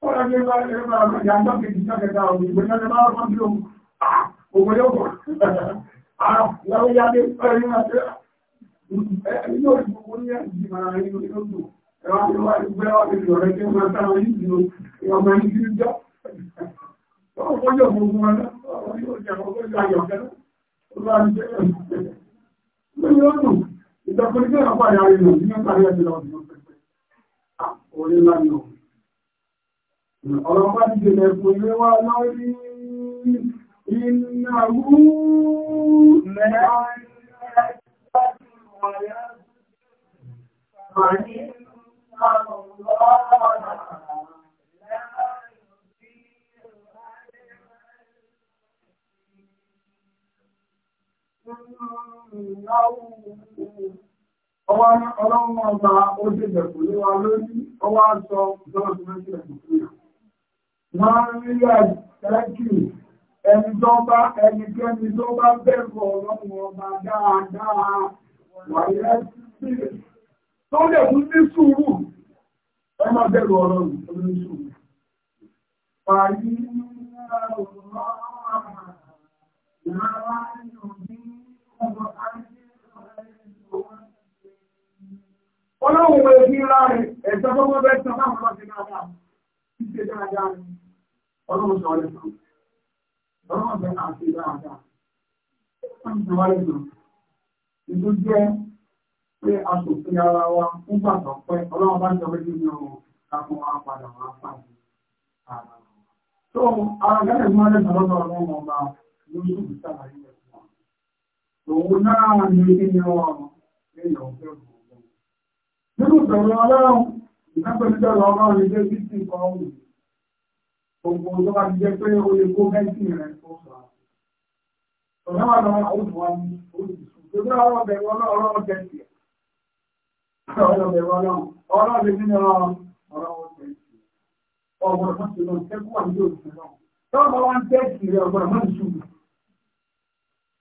ó rà ní ẹgbẹ́ ẹgbẹ́ àwọn ìyàjọ́ kejì sọ́kẹta ọ̀gbìn ìgbẹ́ náà máa fọ́n sí ohun ògbọ́n yóò pọ̀ àwọn ìyàdé ọ̀rẹ́ ní àti ẹ̀yìn òṣù wọn ní àjì máa rí ní oṣù ẹ̀wà ní wà ní gbé ọ̀rẹ́ ní ọ̀rẹ́ tí ó máa sáwọn yìí ní ọmọ ní kí jọ ọgbọ́n yóò fún wọn náà ọ̀rọ̀ yóò jẹ́ ọgbọ́n yóò ayọ̀ kẹ́ ìjọkùnrin tí wọ́n pàdé àrínà ní ọ̀pàdé ẹ̀sìn lọ́wọ́ ìjọ pẹ̀pẹ̀ orí ńlá ni ọ̀rọ̀ bá dìde lẹ́kùn ilé wa lórí ìnáwó mẹ́rin Àyíká ọ̀rọ̀ Ọwá ọlọ́run ọba ó dìbẹ̀ kò ní wa lórí, ọwá sọ Ẹni tó bá tó bá ọlọ́run ọba dáadáa wáyé tó lè fún ní sùúrù, ẹ máa ọlọ́run ní Ọlọ́run wo ẹbí ńlá rẹ̀ ẹ̀sọ́ fọ́mọ́ bẹ́ẹ̀ sọ máa wọ́n ti máa dáa. Ṣíṣe dáadáa ni ọlọ́run sọ ọlẹ́ fún. Ọlọ́run bẹ́ẹ̀ máa ṣe dáadáa. Wọ́n ti wáyé lọ. Ìlú jẹ́ pé aṣòfin ara wa ń gbà tó pẹ́ ọlọ́run bá ń sọ pé nínú kakọ́ wa padà wá pàdé Tó ara gẹ́gẹ́ bí wọ́n lọ́dọ̀ ọlọ́run ọba Yusuf sàlàyé òun Nínú ìṣòro ọlọ́run, ìfẹ́pẹ̀lújọ́ ọlọ́run ní David ti kọ ohun. Gbogbo tó bá jẹ́ pé ó lè kó mẹ́sìn rẹ̀ tó sọ. àwọn òṣùwà ní oṣù. Gbogbo àwọn ọbẹ̀rẹ̀ ọlọ́run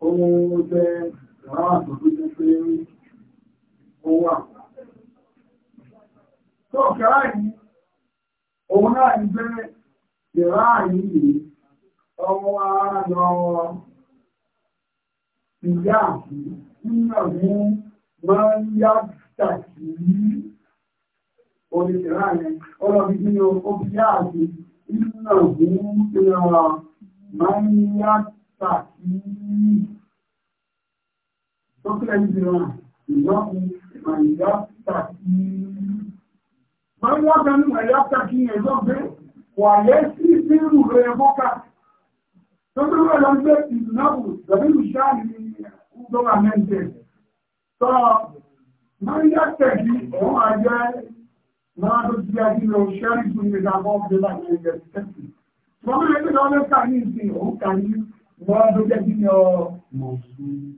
ó jẹ́ ìrànwọ́ tó jẹ́ pé ó wà. Tó kẹ́rà yìí, òun náà ń gbé ìrà yìí ọmọ ara lọ ìyá àti ìyàwó máa ń yá tàbí oníṣẹ́ra yẹn ọlọ́bí tí ó fi yá sàkíyì dókítà ìdìrán ìyọ́kù ìmọ̀ sàkíyì. Máa ń wọ́n kan ní ìmọ̀ ìyá sàkíyì ẹ̀zọ́ pé wà yẹ sí ìdírù rẹ̀ mọ́ká. Tóbi rẹ̀ lọ gbé ìnáwó tàbí ìṣáàlì ìjọba mẹ́jẹ. Sọ máa ń yá tẹ̀kí òun àjẹ́ máa tó ti yá kí lọ ṣẹ́rí fún ìgbàgbọ́ ọ̀gbẹ́ bá ìgbẹ́ tẹ̀kí. Wọ́n máa ń yẹ wọ́n ló jẹ́ kí ni ọ mọ̀ fún un.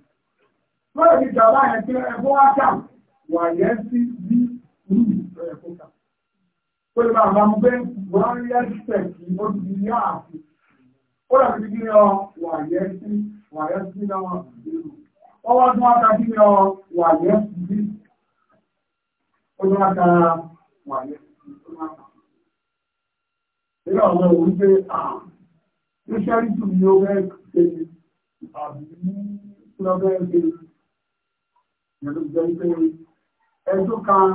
Lọ́rọ̀ ti jà láyẹ̀ pé ẹ̀kọ́ wá kà wà yẹ́ sí bí rú ẹ̀kọ́ kà. Ó lè máa bá mú pé wọ́n rí ẹ̀sẹ̀ kí ó ti di ní ààfin. Ó lọ sí kí ni ọ wà yẹ́ sí wà yẹ́ Ilé ọ̀rọ̀ òun pé àà. Ah, ṣẹ́rí tù ní ó bẹ́ẹ̀ ṣe àbí lọ́bẹ̀ ṣe ìrìnàjò pé ẹjọ́ kan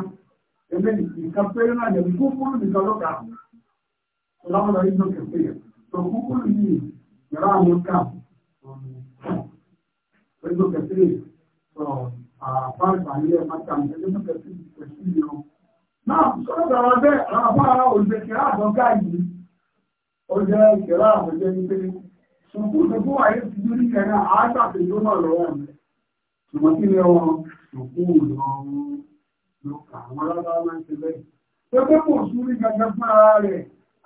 ẹgbẹ́ nǹkan pé náà lè kó fún nǹkan lọ́kà láwọn lọ ìjọ kẹfẹ́ tó kú kú yìí yàrá àwọn kà ẹjọ́ kẹfẹ́ sọ àfáàgbà ní ẹ̀ máta ẹjọ́ kẹfẹ́ kẹfẹ́ yìí o. náà sọ́dọ̀ àwọn bẹ́ẹ̀ àwọn afárá òṣèkè àbọ̀gá yìí ó jẹ́ ìkẹ́lá àwọn jẹ́ ní pé sùkúù tó kó wáyé ti dúró nígbà náà á gbàgbé ló náà lọ́wọ́ mi ṣùgbọ́n kí ni wọn sùkúù lọ́wọ́ ló kà àwọn alábàá máa ń ṣe bẹ́ẹ̀. pé pé kò sún ní gẹ́gẹ́ fún ara rẹ̀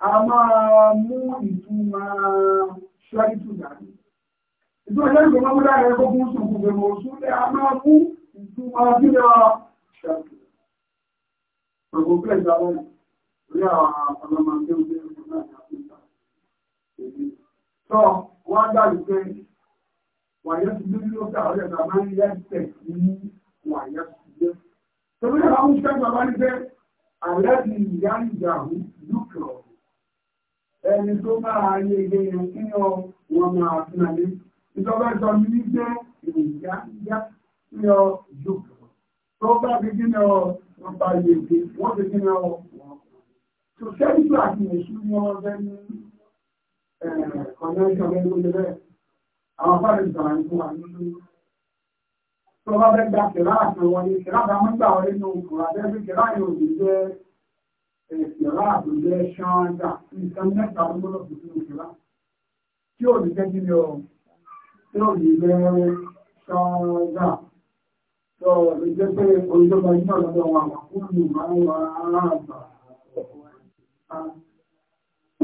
a máa mú ìtumọ̀ ṣáájú tó dàbí. ìtumọ̀ ṣáájú tó máa mú láàrin ẹ̀kọ́ fún sùkúù bẹ̀rẹ̀ mọ̀ sún lẹ́ a máa mú ìtumọ̀ kí ni wọn ṣáájú. Gbogbo pé ìjọba orí àwọn ọlọ́mọ wọ́n gbà wípé wàyẹ́ ti lórí ló kàwé ẹ̀ bàbá ń yẹ tẹ̀ sí wàyẹ́ ti lé. Torí ẹ̀ àwọn oṣù bàbá ní pé àlẹ́ ti ìyá ìyàwó lùkọ̀. Ẹni tó bá ayé ilé yẹn kí ọ wọn máa fún ayé. Ìjọba ìjọ mi ní pé ìyá ìyá ní ọ lùkọ̀. Tó bá fi kí ni ọ wọ́n bá yé ìgbé, wọ́n fi kí ni ọ wọ́n. Tòṣẹ́ financial regulation rẹ̀ àwọn fáwọn ìgbàlá ń fún wa nínú tó bá fẹ́ gba kẹ̀lá àti wọn ni kẹ̀lá bá mọ́gbà wọlé nínú kùrà tẹ́lẹ̀ kẹ̀lá yóò lè jẹ́ kẹ̀lá àtòjẹ́ ṣáńgà nǹkan mẹ́ta ló gbọ́dọ̀ fi sínú kẹ̀lá tí ò ní jẹ́ kí ni ọ tí ò ní jẹ́ ṣáńgà tó lè jẹ́ pé orílẹ̀-èdè náà lọ́dọ̀ wọn àkúrò máa ń wà á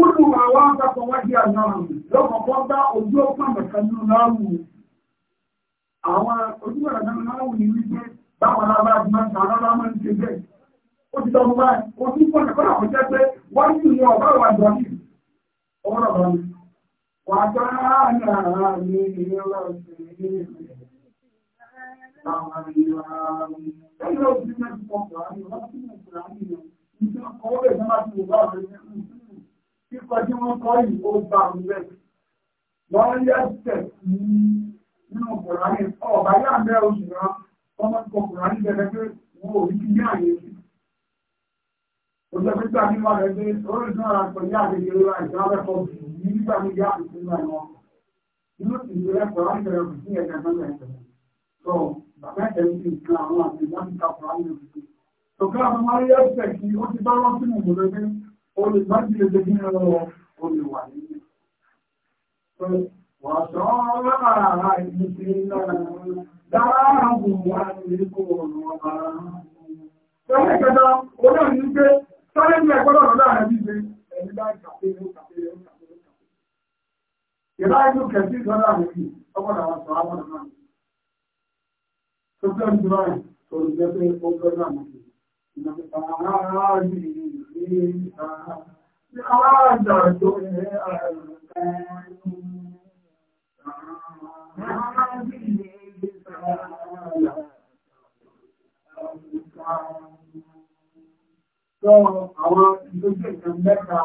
kúrò àwọn akẹ́kọ̀ọ́ wájú àná lọ́kọ̀ọ́kọ́ bá ojú ọ̀pọ̀nà kan ní láwù àwọn ojú ọ̀nà kan ní láwù ní wípé báwọn alábá ti máa ń ta alábá máa ń ṣe bẹ́ẹ̀ ó ti dọ́gbọ́n báyìí ojú ọ̀nà kan náà jẹ́ pé wọ́n sì ní ọ̀bá ìwà ìdọ̀bí ọwọ́ náà bá mi. wàtá náà ní ìrọ̀lẹ́ Àwọn ìwà ẹ̀yọ́ òṣìṣẹ́ ti pọ̀ pọ̀ àmì ọlọ́sìn ìpìlẹ̀ àmì ìyẹn. Ìjọba kọ̀wé ìjọba ti wò bá ọ̀rẹ́ nǹkan tí wọ́n kọ́ yìí ó bá ń bẹ̀. wọ́n yẹ tẹ̀ sí nínú kùránì ọ̀bá yà ń bẹ́ oṣù náà wọ́n máa ń kọ kùránì bẹ̀rẹ̀ pé wọ́n ò rí kí ní àyè sí. òṣèlú gbà nínú rẹ̀ pé orí náà ra pẹ̀lú àgbègbè wa ìjọba ẹ̀kọ́ bìí nígbà mi yá àbùkù náà wọn. inú ìgbéra kùránì bẹ̀rẹ̀ kù sí ẹ̀ka náà ẹ̀kọ́. sọ bàbá ẹ̀kẹ́ ń fi nǹkan àwọn àgbè láti ka kùránì olùgbàjì lè ní ọ̀rọ̀ olùwà nínú. Wàṣọ́ lára ìlú ti lára dáàbò wà ní kò ọ̀rọ̀ ọ̀bá. Ṣọ́lẹ̀ kẹta, ó náà ní pé sọ́lẹ̀ ní ẹ̀kọ́ lọ́rọ̀ láàrin So, àwọn ìdójú ìjọ mẹ́ta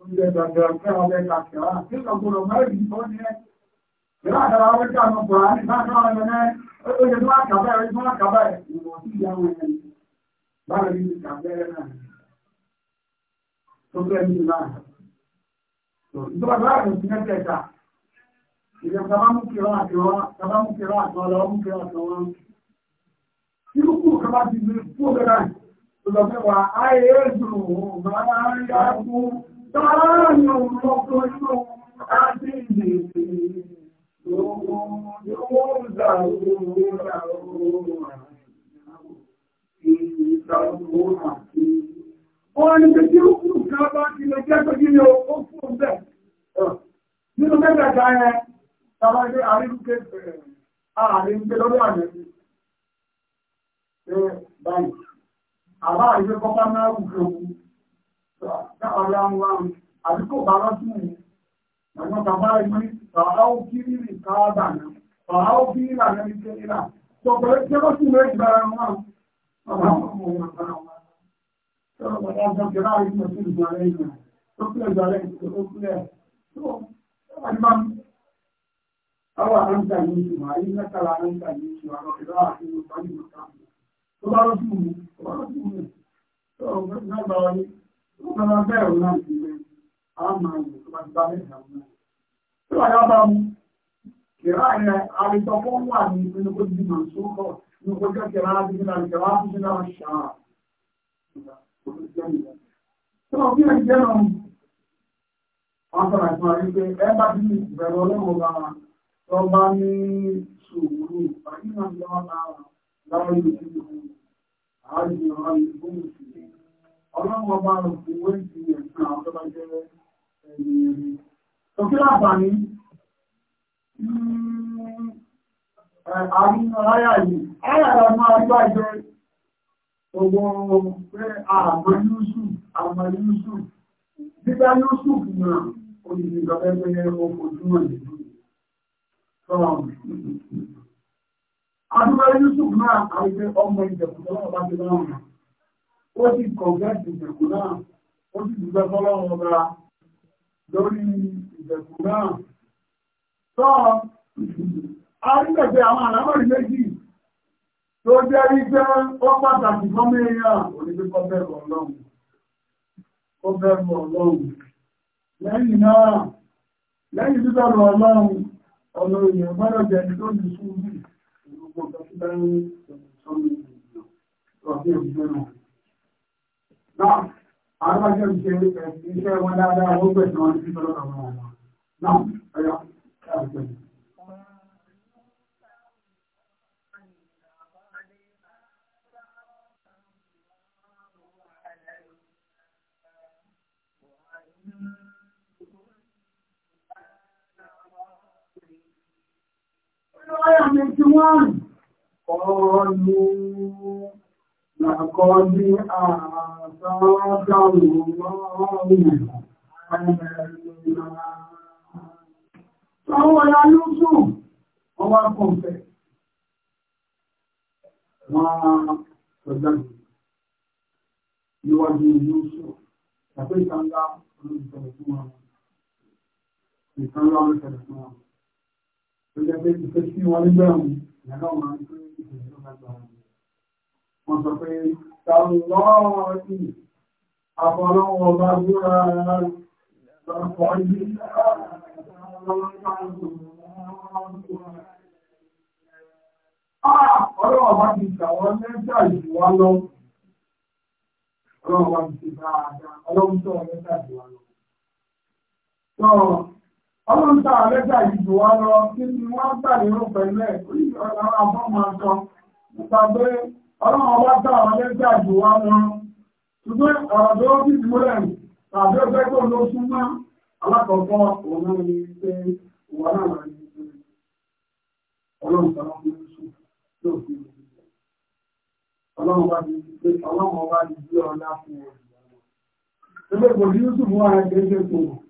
oúnjẹ ìdọ̀dọ̀ ọ̀kẹ́ ọ̀lẹ́ kàkẹ́wà tí ọgbọ̀rọ̀ mẹ́rin tó ní ẹ́. Ìlàkàrà ọwọ́ ìjọ àwọn ọkùnrin láti ọ̀rọ̀ ẹ̀mẹ́ ó tó yẹ tó wá kàbẹ̀ báwọn ní ìkàbẹ́rẹ́ náà tó fẹ́ ní ìlà ìjọba bá rẹ̀ sí mẹ́tẹ̀ẹ̀ta ìjọba tàbá mú kí rán àti wọn tàbá mú kí rán àti wọn lọ́wọ́ mú kí rán àti wọn tí ó kú kọba ti gbé fún ọ̀gẹ́dà ìjọba mẹ́wà ayé ẹ̀dùn òun bàbá ayé àkú dáhàní òun lọ́kọ́ inú àti ìdèkè lọ́wọ́ yóò dà òun dà òun Wọ́n ní pé tí ó kú ká bá ti lè jẹ́ pé nílé ó fún bẹ̀. Nínú mẹ́gbẹ̀ta ẹ, tàbá ilé àríkúké bẹ̀rẹ̀, ààrin ń gbé lọ́dọ̀ àmì. Ṣé báyìí, àbá àríwé kọ́kọ́ náà wù fún òkú. Ṣé ọ̀rẹ́ àwọn àríkò bá rántí mú. Àwọn bàbá ìmọ̀ ìfàá ó kiri ìkáàbà náà, fàá ó kiri ìlànà ìkẹ́ ìlà. Sọ̀pọ̀ مرحبا مرحبا كذلك مسؤول علينا أقلد عليك أقلد المهم أو أنت نيسما إنك لا أنت نيسما وإذا أخي مطلب مطلب ولا رسول ولا رسول نبالي ولا بيع نفسي من أما مطلب هم ولا بام كراهة على تقوى من كل منسوخ نقول كالقراءة من القراءة من الشعر Sọ́wọ́n bí ẹgbẹ́ náà wọ́n sọ̀rọ̀ ìfún àrí pé ẹ bá bí ìbẹ̀rù ọlọ́run bá tó bá ní ṣòwúrú àti náà ń lọ́wọ́ náà láwọn ìlú tí ó wù. Àárín ìrọ̀lá ìlú tó wù sí. Ọlọ́run ọba rò fún owó ìsìn ẹ̀sìn àwọn tó bá jẹ́ ẹ̀yìn ẹ̀yìn. Tòkí láǹfààní àrínà láyà yìí ayàrá máa gbá jẹ ọgbọ̀ pé àmà yúúsù àmà yúúsù gbígbá yúúsù náà olùdí ìgbàgbẹ́gbẹ́ ojúmọ̀ nìlú Adúgbà Yusuf náà àrígbé ọmọ ìjẹ̀kùn tó lọ́wọ́ bá ti lọ́wọ́. Ó ti kọ̀gẹ́ẹ̀tì ìjẹ̀kùn náà, ó ti dùgbẹ́ fọ́lọ́wọ́ bá lórí ìjẹ̀kùn a rí pẹ̀pẹ̀ àwọn àlámọ̀rí méjì tó jẹ́ wípé ó pàtàkì fọ́mọ èèyàn onígbé ọlọ́run kó ọlọ́run lẹ́yìn náà lẹ́yìn tó ọlọ́run ọ̀nà èèyàn gbọ́dọ̀ jẹ́ tó ní ìrúgbọ́n ìrọ̀bí náà. Lọ́yà mi ti wọ́n ọ̀lú làkọ́ ní àtàdàrù lọ́rùn Àwọn ọ̀la ló sùn, wọ́n wá kọ̀ọ̀fẹ́. Wọ́n sọ̀dọ̀dù níwájú ìlú sùn, tàbí ìtànlá olóòtú ìtànlá olóòtú ìtànlá tó jẹ́ pé ìfẹ́ sí wọn nígbà wọn ìyànà máa ń pé ìfẹ́ tó bá gbà wọn. wọ́n sọ pé tàlọ́ọ̀ ní àfọlọ́wọ́ bá búra lọ́pọ̀ yìí ti ṣàwọn mẹ́ta ah, ìwà lọ. Ọlọ́wọ́ bá ti ṣe bá àdá, ọlọ́wọ́ tó mẹ́ta ìwà lọ ọlọ́run ta àlẹ́gbà ìjò wá lọ kí ni wọ́n gbà nínú pẹ̀lú ẹ̀ oríṣi ọ̀nà àwọn ọmọ sọ nípa pé ọlọ́run ọba ta àlẹ́gbà ìjò wá lọ ṣùgbọ́n ọ̀rọ̀ tó fi múlẹ̀ tàbí ọgbẹ́ tó ló súnmọ́ alákọ̀ọ́kọ́ òun náà pé ìwà náà máa ní pé ọlọ́run sọ̀rọ̀ fún oṣù tó fi ọlọ́run bá ti pé ọlọ́run ọba ti gbé ọlá fún ọ̀rọ̀ ìgbà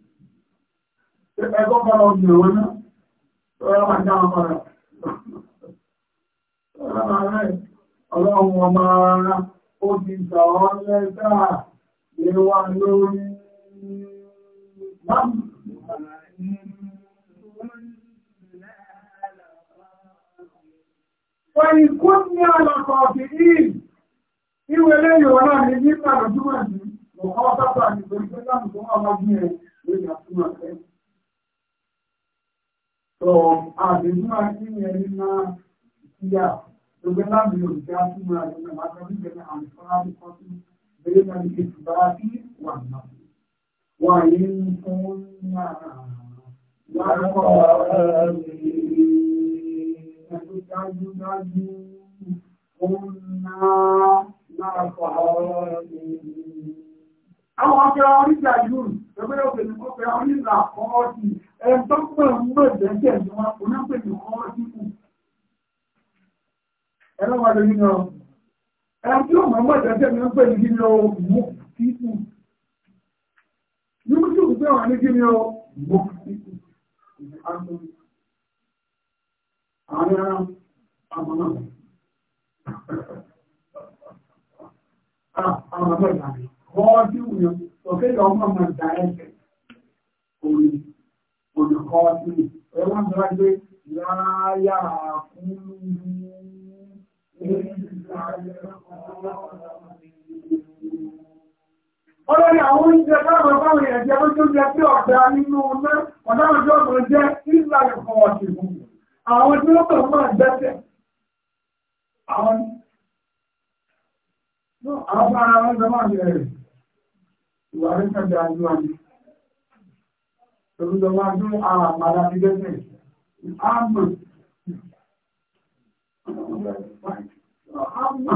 ẹgbọ́ padà òjì ìwé náà rọ́rọ́ máa já ọlọ́run ọmọ ara ó ti gbà ọ́ lẹ́tà lórí kó ní náà nípa ìjúmọ̀ sí ọkọ̀ ẹ̀ lórí So, àdìmúra kí ni ẹni máa kíyà gbogbo láti òjá fún ra ní ọmọ àtàrí ìgbẹ̀rẹ̀ àǹfààní àbíkọ́sí bẹ́ẹ̀ náà ti fi bá sí wà náà. Wà yìí ń fún yàrá lárúkọ ẹ̀rọ dájúdájú òun náà lárúkọ ẹ̀rọ àwọn akẹ́rọ oníjà yóò ẹgbẹ́ òkèlú kó fẹ́ oníjà kọ́ọ́ sí ẹni tó pẹ̀ ń gbé ìdẹ́jẹ́ ni wọn kò ní pè ní kọ́ọ́ sí kù. ẹ̀rọ wà lórí náà ẹni tí ó mọ̀ mọ́ ìdẹ́jẹ́ ni wọ́n pè ní kíni o mú sí kù. ní kí òkú pé wọ́n ní kíni o mú sí kù. àwọn ará àmọ́ náà. àwọn àmọ́ ah, náà kọ́ọ́dù yẹn òkè lọ mọ̀ mọ̀ dá ẹsẹ̀ òní òní kọ́ọ́dù yẹn ẹ wọ́n sọ pé láyà kúlù Ọlọ́ni àwọn oúnjẹ káàmà báwọn ẹ̀jẹ̀ ó tó jẹ tí ọ̀dá nínú ọ̀nà ọ̀dáwọn tí ọ̀dọ̀ jẹ́ ìlà ẹ̀kọ́ ọ̀sìn fún àwọn tí ó tọ̀ máa gbẹ́sẹ̀. Àwọn àwọn ará wọn jẹ máa ń rẹ̀ ìwà rẹ̀ tàbí àdúrà ní. Tòlúdọ̀ máa dún ara àpàdà ti gẹ́sẹ̀. Àmà. Àmà.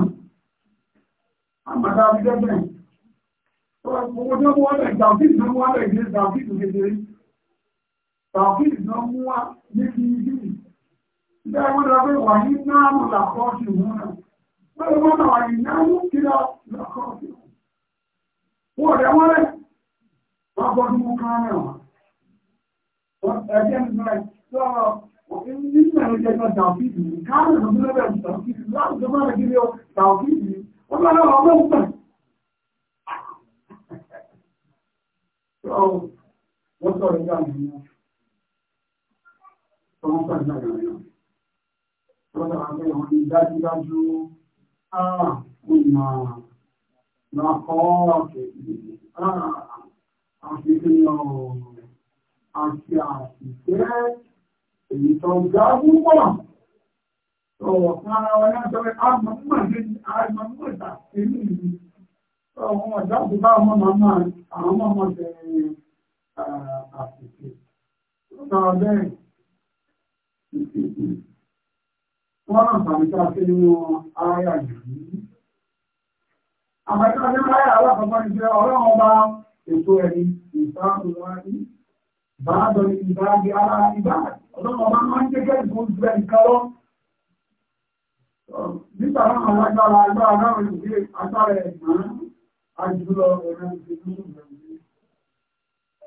Àmà dáa ti gẹ́sẹ̀. Owó tó mú wọ́n lẹ̀ tàbíìsì náà mú wọ́n lẹ̀ ní tàbíìsì kékeré. Tàbíìsì náà mú wá ní kí ní kí. Bẹ́ẹ̀ wọ́n dáa pé wà ní náà wọ́n ọ̀dẹ̀ wọ́n rẹ̀ wọ́n gbọ́dún mú kan rẹ̀ ẹgbẹ́ mi ọmọ pàdé àwọn akẹ́yọ̀ wọn ní ààrùn náà na porta, ah, anfitrião, um ah, ah, aqui a assistente, então já vou So, mana wani sọ pé a mọ̀ mọ̀ sí àìmọ̀ So, wọn wọ̀ jáde bá ọmọ màmá àwọn ọmọ ọmọ ṣe àṣìṣe. Sọ bẹ́ẹ̀, wọ́n rán sàmìta sí nínú ayà yìí. Àmọ́tíwájú láyé alákọ̀ọ́kọ́ ni pé ọlọ́run ọba ètò ẹ̀rí ìsáàmù wá ní bàádọ́ ní ìbáàgì ara ìbá. Ọlọ́run ọba máa ń jẹ́gẹ́ ìfún ju ẹnìkan lọ. Nígbà náà àwọn agbára agbára náà ń gbé agbára ẹ̀gbọ́n ajúlọ ẹ̀rọ ìṣèlú ìgbẹ̀rún.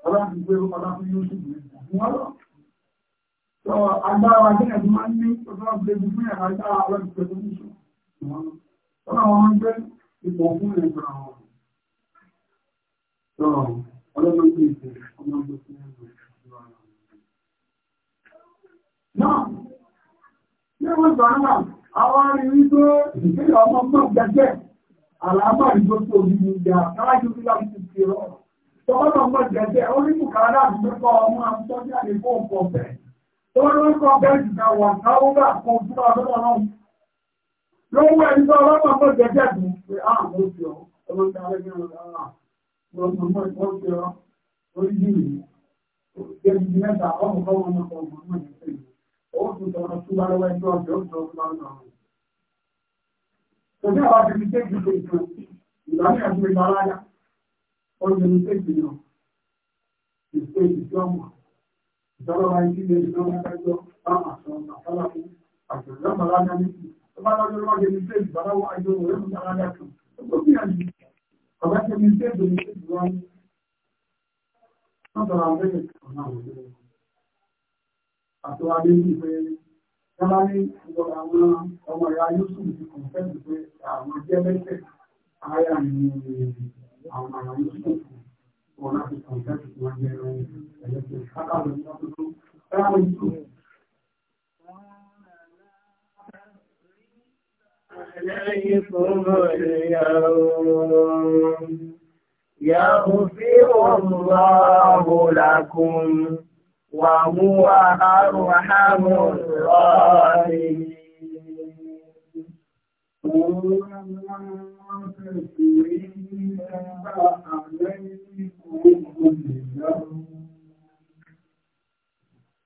Ọlọ́run gbé ọlọ́run yóò sì gbé ìgbẹ̀rún wọn lọ. Sọ agbára wa jẹ́ ẹ̀dùn máa ń ní ọjọ́ ipò fún ẹ̀rọ àwọn ọ̀rọ̀ ọlọ́gbọ́gbọ́ ìpè ọmọgbọ́ fún ẹ̀rọ àwọn náà ní wọ́n gbà náà àwọn arìnrìn tó ìpínlẹ̀ ọmọ gbọ́ gẹ́gẹ́ àlàáfà ìjọ tó omi ní ìjà káwájú bí láti ti fi rọ tọ́kọ́tọ̀ gbọ́ gẹ́gẹ́ ó ní bùkárà àdúgbò ọmọ àtúntọ́jú àdékò ọ̀pọ̀ bẹ́ẹ̀ tó ló ń kọ́ bẹ́ẹ̀ jù náà wà káwọ́ bá kó ojúbà ọlọ́run lọ́wọ́ ẹni tó ọlọ́pàá pọ̀ jẹ́jẹ́ dùn pé àwọn òṣì ọ́ ọmọ ń darí ní ọ̀rọ̀ ara lọ́mọ ìwọ́n ṣe ọ́ orí yìí jẹ́bi mẹ́ta ọmọ kọ́ wọn mọ́kọ́ ọmọ ọmọ yẹn sẹ́yìn ó tún tọrọ túbọ̀ lọ́wọ́ ẹni tó ọ̀sẹ̀ ó tún tọrọ lọ́wọ́ kò sí àwọn àti ṣe ìṣe ìṣe ìgbà ní àti ìgbà aláya ọ̀sẹ̀ ní ṣe ìṣe náà ìṣe ìṣe ọmọ ìjọba wa ń ṣe ìṣe ìṣe ọmọ ẹgbẹ́ ọmọ àti ọmọ àtàlà fún àti ìjọba aláya ní ìṣ bá lọ́jọ́ lọ́wọ́ ṣe ní ṣe ìgbàláwọ́ ayé òun yóò sára yàtọ̀ ó bí àyè ọ̀gá ṣe ní ṣe ìdòwò ṣe ìdòwò ayé wọ́n sọ̀rọ̀ àwọn ẹgbẹ́ ọ̀nà àwọn ọ̀dọ́ àtọ́wà lé ní pé yálà ní gbogbo àwọn ọmọ ìyá yóò ti kọ̀ǹfẹ́ǹsì pé àwọn jẹ́ lẹ́sẹ̀ ara ní àwọn ará yóò sùn wọn láti kọ̀ǹfẹ́ǹsì wọn jẹ́ ẹlẹ́sẹ̀ kákàlọ́ ní ọdún tó عليكم اليوم يغفر الله لكم وهو أرحم الراحمين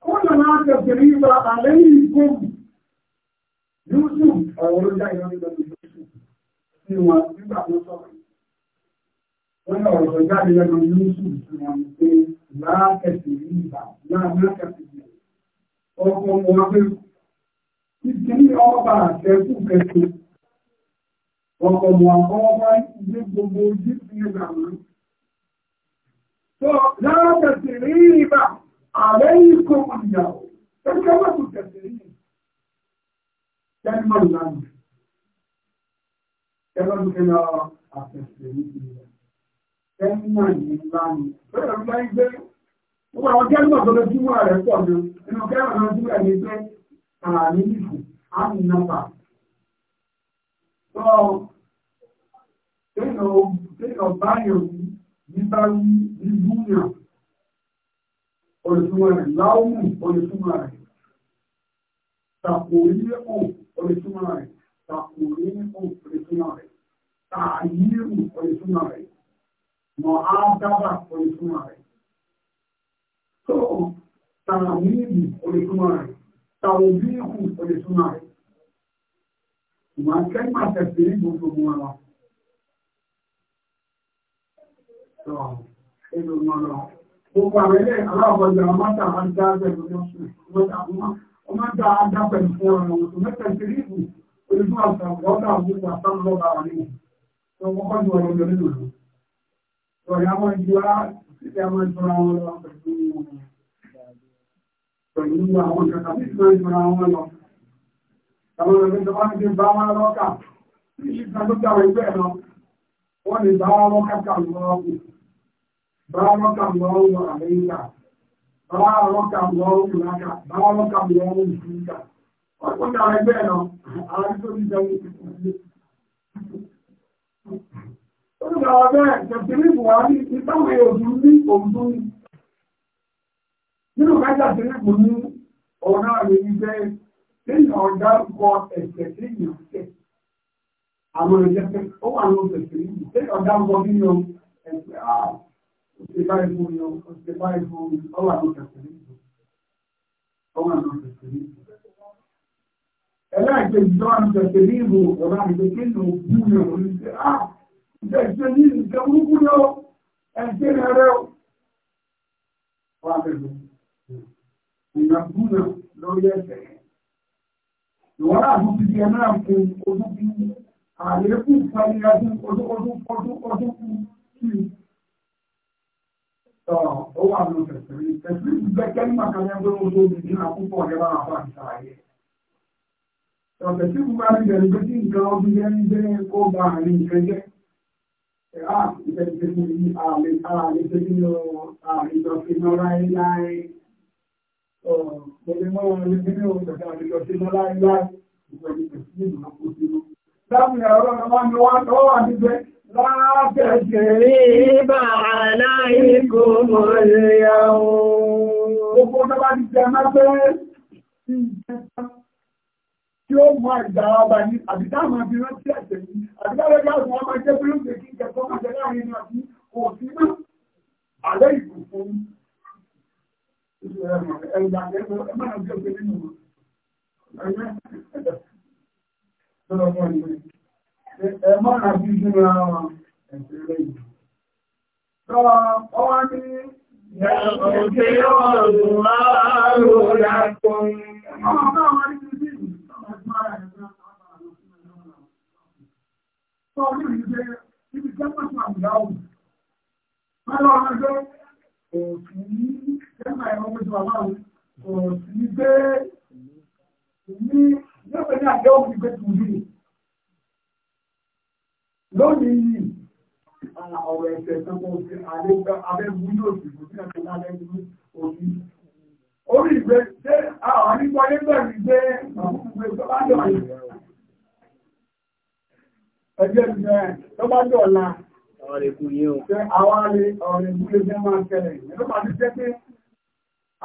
كل ما تقريبا عليكم Yúsù ọ̀rọ̀ já ìran nílò ní Yúsù sí wọn nígbà tó sọ̀rọ̀. Wọ́n ní ọ̀rọ̀ jáde lẹ́nu Yúsù sí wọn pé láàkẹ́sì rí ìgbà láàkẹ́sì rí. Ọkọ̀ ọmọ wọn pé títí ní ọba àtẹ́kù kẹ́kẹ́. Ọkọ̀ ọmọ àwọn ọba ilé gbogbo ojú sí ìgbà wọn. So láàkẹ́sì rí ìgbà àwẹ́ ìkọ̀ ìyàwó. Tẹ́lẹ̀mọ̀lù lánàá. Tẹ́lẹ̀mọ̀lù kí lọ àfẹ́sẹ̀ ní ìlú. Tẹ́lẹ̀mọ̀lù lánàá. Bẹ́ẹ̀ ló ń gbé. Gbogbo àwọn tẹ́lẹ̀mọ̀lù tó lọ sí wà rẹ̀ pọ̀ ní. Inú kẹ́rọ̀ náà sí ẹni pé àní nìkù, àmì nọ́mbà. Sọ kéèyàn báyọ̀ nígbà wí ní Búnyà. Olùsúnmọ̀ rẹ̀ láwùmù olùsúnmọ̀ rẹ̀. Tàkò ilé òkú olè túmọ̀ rẹ̀ takùnrin kù olè túmọ̀ rẹ̀ tààyírù olè túmọ̀ rẹ̀ mọ̀ ádábà olè túmọ̀ rẹ̀ tó tààmìlì olè túmọ̀ rẹ̀ tàòbíkù olè túmọ̀ rẹ̀ ìmọ̀ akẹ́kọ̀ọ́ àtẹ̀sẹ̀ gbogbo wọn lọ. Gbogbo àwọn ilé aláàbọ̀jà mọ́ta àti dáadẹ́ lórí ọ̀sùn, mọ́ta àbúmọ́ ọmọ dá ajá pẹ̀lú fún ọ̀rọ̀ àwọn ọ̀tún mẹ́ta ìṣeré ìbò ojú àṣà ọ̀dà àwùjọ àtàlọ́ba àríwọ̀ tó wọ́n kọ́ ju ọ̀rọ̀ ọ̀dọ̀ nínú rẹ̀. Ìrọ̀lẹ́ àwọn ìjọra títí àwọn ìjọra wọn lọ pẹ̀lú àwọn ìjọra tí ìjọra ìjọra wọn lọ. Àwọn ọ̀rọ̀ ìjọba ti bá wọn lọ́kà tí ìṣìkà tó dáwọ̀ ẹgbẹ́ lọ. Wọ́n lè bá wọn lọ́kà kà lọ́ọ̀kù. Bá wọn lọ́kà lọ́ọ̀kù àlẹ́ Báwọ́lọ́kà lọ́wọ́ ìlàkà, báwọ́lọ́kà lọ́wọ́ ìfúnkà. Ọ̀pọ̀ta ẹgbẹ́ ẹ̀nà, àwọn tó ti jẹun ìpínlẹ̀. Ó ní àwọn bẹ́ẹ̀ tẹ̀sílì Buhari ní táwọn èèyàn ní òǹdó ní. Nínú mẹ́ta tẹ̀sílì kò ní ọ̀nà rẹ̀ ní bẹ́ẹ̀ téèyàn ọ̀dá kọ ẹ̀sẹ̀ téèyàn tẹ̀. Àwọn ẹ̀jẹ̀ ó wà lóṣẹ̀ tẹ̀sílì, téèyàn ọ̀dá kọ bí se báyìí fún mi ó ṣe báyìí fún mi ó wà ní kẹsìrì ó wà ní kẹsìrì. ẹlẹ́ẹ̀kejì o wà ní kẹsìrì ìbò ọ̀rọ̀ o kí ni òkú mi ò ní ṣe á ṣe ṣe ní ìṣe burúkú ni ó ẹ̀ṣẹ̀ ní ẹrẹ́ ó wà bẹ̀rẹ̀ ìyàgbúnà lórí ẹ̀ṣẹ̀ ìwọ́n àbúkú ti a náà fún ojú bí àlékún fún ẹni ọdún ọdún ọdún ọdún ọdún kú kí ó wà ní tẹ̀sírí tẹ̀sírí ti jẹ́ kẹ́lí màkàlẹ́ pé ó lóbi ní àkúpọ̀ ọ̀gẹ́bà àbá ìsàlàyé tẹ̀sírí bá rí bẹ̀rẹ̀ pé tí nǹkan ọdún yẹn ń jẹ́ kó bá àárín jẹ́ ẹ̀há ìtẹ̀sírí fún mi àlè àlè tó لا تجريب عليكم اليوم Gbogbo ọjọ́ bá ti jẹ mẹ́fẹ́ tí ó mú àìdára bá ní àbídá àwọn abìnrin tí ẹ̀sẹ̀ yìí, àbídá lẹ́gbẹ́ àwọn ọmọ ẹgbẹ́ bí ó ṣe kí ìjẹ̀kọ́ máa jẹ láàrin ní ọdún kò sí mọ́ àlẹ́ ìkù fún ẹ̀yà ẹgbẹ́ ẹgbẹ́ nínú ọ̀rọ̀ ọmọ ìgbẹ́ ẹ mọ́ra bí i nínú ara wọn ẹ̀sẹ̀ rẹ̀ yìí. Sọ ọwá ní ìyàwó tí ó rùn máa rò yàtọ̀ Sọ orí ìgbẹ́ ibi jẹ́ pàtàkì àmìyàwó. Má lọ ọmọ ẹgbẹ́ òsì ní jẹ́mà ẹ̀rọ méjì wà láàrín òsì ní gbé ní yóò fẹ́ ní àjẹ́ òkú ìgbé tùú yìí lónìí yìí ọ̀rọ̀ ẹ̀sẹ̀ tó kọ́ sí abẹ́gbú yóò sì kò sí ẹ̀sẹ̀ lábẹ́gbú òní. orí ìgbé ṣé àwọn onígbọ́lé bẹ̀rù ìgbé ìgbé tó bá dọ̀ yìí. ẹgbẹ́ mi ẹ̀ tó bá dọ̀ la. ọ̀rẹ́ kù yé o. ṣé àwa lè ọ̀rẹ́ ìgbúlé jẹ́ máa ṣẹlẹ̀ ẹ̀ ló jẹ́ pé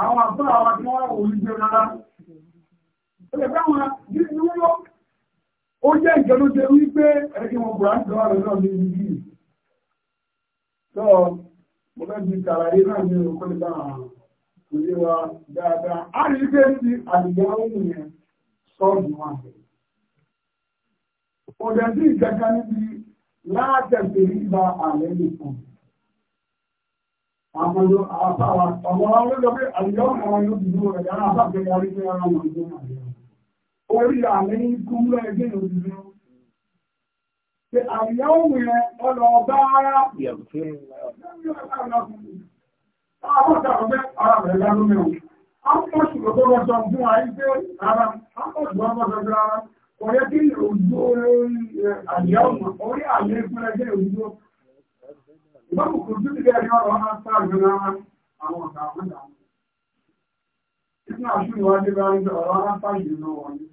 àwọn àbúrò àwọn tí wọ́n wò ó gbé rárá. ó lè fẹ́ wọn bí ó jẹ́ ìjọlójẹ wípé ẹ̀kí wọn bùrá jọ àrẹ náà ní ibi yìí tó mo fẹ́ di tààràyé náà ní òkúlé náà kò yé wa dáadáa a rí pé ti àlìyá ohun yẹn sọ́ọ̀dù wọn àgbẹ̀ kò dẹ̀ sí ìjẹta níbi látẹ̀sẹ̀ ríba àlẹ́ nìkan àwọn ọmọ àwọn olóògbé àlìyá ohun àwọn yóò dúró rẹ̀ yára bá bẹ̀rẹ̀ ara wọn ní àlìyá orí àwọn igun lẹ́gbẹ́ òdúdú. Ṣé àríyá òun rẹ̀ ọlọ ọba ara yẹ̀rù fẹ́ Ọ̀yẹ́ kí òjò lórí àyẹ́ ọmọ orí àyẹ́ ìpínlẹ̀ òjò. Ìgbọ́n kò tún ilé ẹ̀rí ọ̀rọ̀ ọ̀hán sáà gbẹ̀rẹ̀ àwọn ọ̀gá àwọn ìdáwọn. Ìgbọ́n àṣírí wájú bá ń jọ ọ̀rọ̀ ọ̀hán sáà gbẹ̀rẹ̀ wọn ni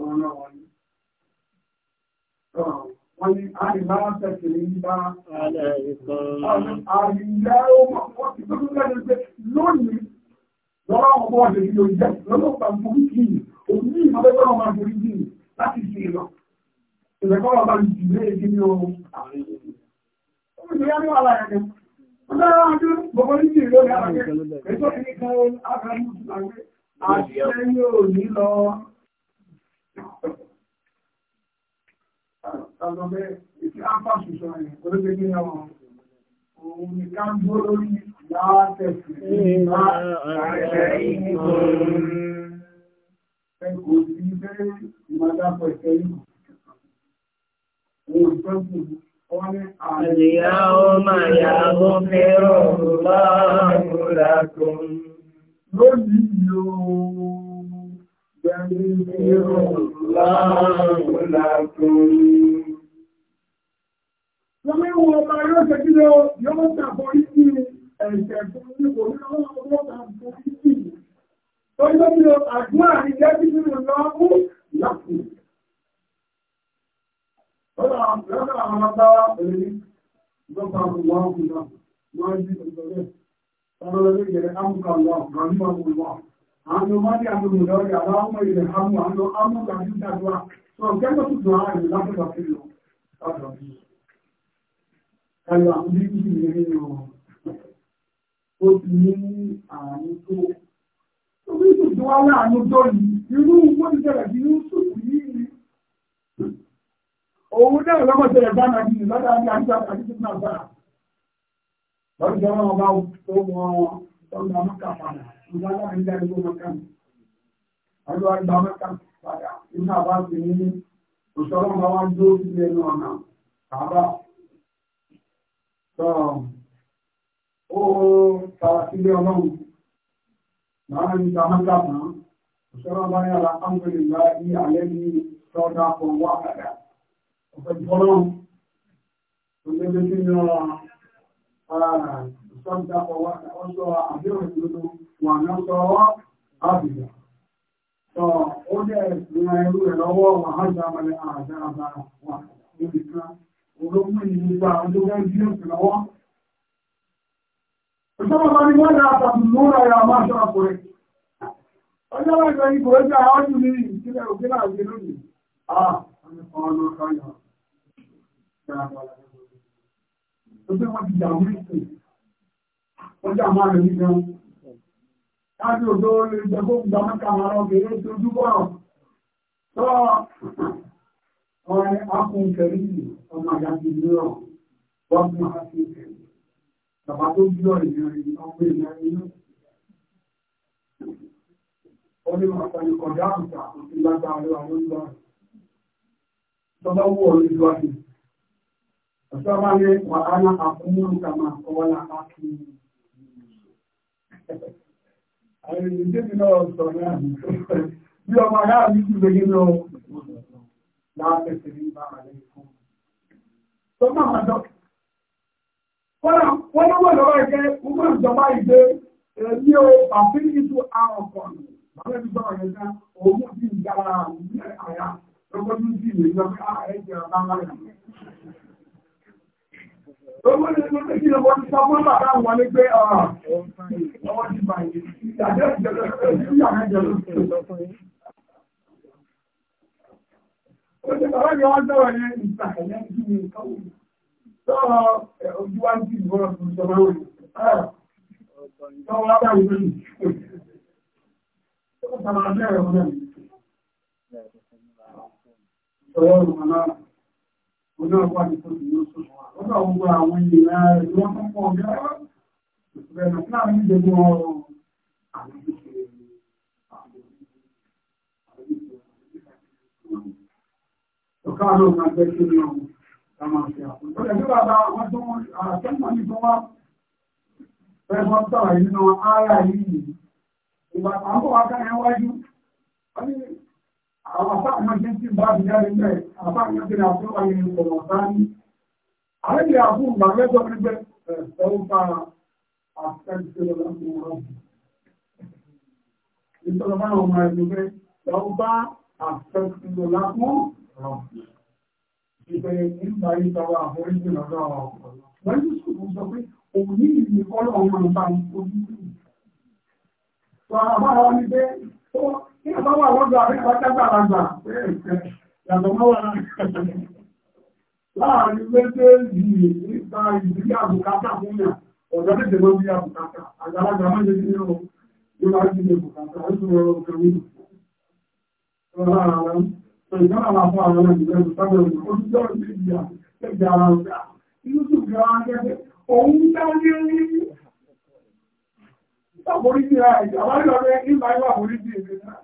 ọ̀rọ̀ náà wọ́n ní. Wọ́n ní àìlá tẹ̀sẹ̀ ní bá àìlá ọmọ wọ́n ti tó tún lẹ́nu pé lónìí lọ́wọ́ àwọn ọmọ ọ̀dẹ̀ yóò jẹ́ lọ́lọ́pàá forí kì í òní ìmọ̀lẹ́gbẹ́ ọmọ forí kì í láti ṣe lọ. Ìrẹ̀kọ́ ọba ìdílé kí ni ó àárín ìlú. Ó ń gbé wá láyé ni. Ó dára ọdún gbogbo ní ìlú ní àárín. Ètò ìníkan àgbà ní ìlú àgbẹ̀ àti ẹni ò ní lọ Àlọ́bẹ̀ ìtí àpàṣù sọ ẹ̀ orílẹ̀ ní àwọn òun ni ká ń gbó lórí láàtẹ̀sì nígbà àṣẹ ìgbò. Ẹ kò sí bẹ́ẹ̀ ìmọ̀dápọ̀ ìfẹ́ ìgbò. Òun يغفر الله لكم Lọ́mí wọn ọba yóò ṣe kí lọ yóò tàbọ̀ ìsì ẹ̀ṣẹ̀ fún ní kò ní ọwọ́ ọmọ tàbọ̀ ìsì. Tó yóò bí lọ àdúrà ní jẹ́bí nínú lọ́wọ́ lápù. Lọ́dọ̀ àwọn ọba èyí lọ́pàá fún wọn kùnà, wọ́n jí ìgbẹ̀rẹ̀. Tọ́lọ́lẹ́ عنده مالي عنده مداري اللهم يرحمه عنده أمر عزيز أدواء فكلمة الدعاء اللي لا تبقى له أدواء قال عمليك يمينه obìnrin àrùn tó orí ìdùnnú aláàánú dọ́ọ̀lì irú wọ́n ìjọba bí irú sùkú yìí òun náà lọ́mọ ìjọba bá náà nínú lọ́dọ̀ àti àti àti tó náà bá lọ́dọ̀ ìjọba wọn bá tó wọn lọ́dọ̀ àmọ́kà padà ìdájọ́ ń dá ìlú mọ́kàn. Ọjọ́ àgbà mọ́kàn padà iná bá ti ní òṣèlú bá wá dúró sí ẹnu ọ̀nà àbá. Sọ ó tara sílé ọlọ́run. Màá ní ìgbà mọ́kàn náà. Òṣèlú bá ní àlàkàmùlẹ̀ ìgbà ní alẹ́ ní sọ́dá kan wá padà. Ọ̀pẹ̀ ìfọ́lọ́run. Òṣèlú ti ní ọ̀rọ̀ ah, sọ́dá kan wá padà. Wọ́n sọ àdéhùn ìlú ونصر عبدا فأولى يسمعوا لو وهزم الأعداء وحده ولم يساعدوا يسمعوا فسمى قال ولا تظنون ìgbà ìbò ẹgbẹ́ àwọn ìlú ìpínlẹ̀ káàkiri òjò ìjẹgbó gbàmọ́ta àwọn obìnrin tó dúbọ̀ tó ọ̀rẹ́ akùnkẹ̀rí ọmọ àyàfi mìíràn wọ́n mú akùnkẹ̀rí bàbá tó bí ọ̀rẹ́ ìrìn ọmọ ìrìn inú ó ní àpàlẹ̀ kọjá àmìta àti lágbàáyé àwọn ìgbà tọ́bá wọ́ orí ìwádìí ọ̀sọ́bá ní wà á ná àkúmúrù kàmà kọ́wọ́lá ákùnrin Àwọn èdè tí náà sọ̀rọ̀ náà bí ọmọ náà ní ti gbégé lọ láàpẹ̀sẹ̀ ní bàbá lẹ́yìn fún. Tó máa máa dọ̀. Wọ́n ló wọ́n lọ́wọ́ ẹgbẹ́ ọmọ ìjọba ìgbé èmi o àfihàn tó àwọn kan. Bàbá mi sọ̀rọ̀ yẹn ká òun ti ń dára àwọn àyà lọ́gbọ́n tó ń Owó ní tó ní kí ló wọ́n ti sọ fún bàbá àwọn ní pé ah, ọwọ́ ti bà yìí. Ìjàdé ìjọba ìjọba ìjọba Oṣù bàbá mi wọ́n sọ̀rọ̀ ní ìgbà ẹ̀yẹ́ kí ni nǹkan wò. Sọ̀rọ̀ ojú wa ń kí ìgbọ́n ọ̀sùn sọ máa wò. Sọ̀rọ̀ wá bá mi lónìí. Sọ̀rọ̀ bàbá bẹ́ẹ̀ rẹ̀ wọ́n náà. Sọ̀rọ̀ ọ̀rùn màmá onáwà ní àwọn ènìyàn rẹ̀ ni wọ́n tún pọ̀ bí wọ́n ìṣẹ̀lẹ̀ náà fún àwọn ìdẹ́gbọ́n ọ̀rọ̀ àwọn ìṣẹ̀lẹ̀ ọ̀ká náà máa jẹ́ kí ni ọ̀hún ká máa ṣe àkóso ẹgbẹ́ bàbá wọn tó wọn àtẹ́kọ̀ọ́ ní tó wá fẹ́ bọ́ sọ̀rọ̀ nínú ara yìí ìgbà àwọn akẹ́kọ̀ọ́ wájú wọ́n ní àwọn afáàmọ́ jẹ́ sí bá bí jáde mẹ́ afáàmọ́ jẹ́ àfún àyè ìkọ̀mọ̀ sáání àwọn ìyá àfún ìgbà mẹ́jọ nígbẹ́ ẹ̀sẹ̀ ó bá àfẹ́sẹ̀ lọ́wọ́ wọn nítorí máa wọn máa ẹnu bẹ́ lọ́wọ́ bá àfẹ́sẹ̀ lọ́wọ́ wọn ìbẹ̀rẹ̀ nígbà ìtawà àforíjì lọ́dọ̀ àwọn ọ̀pọ̀lọ́ wọ́n ní sùkúrù sọ pé òun ní ìlú ọlọ́run máa bá ń fojú Kí ọ̀bá wà lọ́dọ̀ àríkọ̀ tágbàlagbà yàtọ̀ mọ́ wà láàrin méjèèjì nípa ìdílé àbùkátà fún yà ọ̀dọ́ tètè mọ́ bí àbùkátà àgbàlagbà méje ní o nípa ìdílé àbùkátà ó sì rọrùn òkè wí. Ìjọba àwọn afọ àwọn ọmọ ìgbẹ́ ìgbàgbọ́ ìgbàgbọ́ ìgbàgbọ́ ìgbàgbọ́ ìgbàgbọ́ ìgbàgbọ́ ìgbàgbọ́ ìgbàgbọ́ ìgbàgbọ́ àforíjì rẹ̀ àwárí ọ̀rẹ́ ìgbà ìwà àforíjì rẹ̀ náà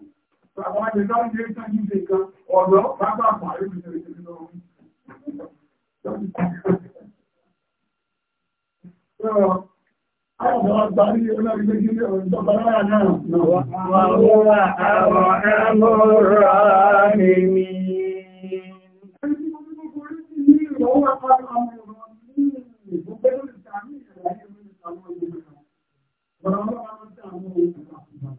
àwọn àjẹjọ́ ń gbé sáájú ṣe kan ọ̀dọ́ bàbá àpàrí ìrìnlẹ̀ ìrìnlẹ̀ ọ̀run Àwọn ọ̀gbà ní olórin méjì ní ọ̀dọ́gbà náà náà. Wọ́n wà àwọn ẹmọ́ra ní mi. Ẹni tí mo ní mo kò rí sí ní ìrọ̀wọ́ àpá àwọn ọ̀rọ̀ ní ìgbùgbẹ́ lórí ìtàmì ìrìnlẹ̀ Ọ̀rọ̀ ọlọ́wọ́ ló dá àwọn ohun ìgbà fúnra.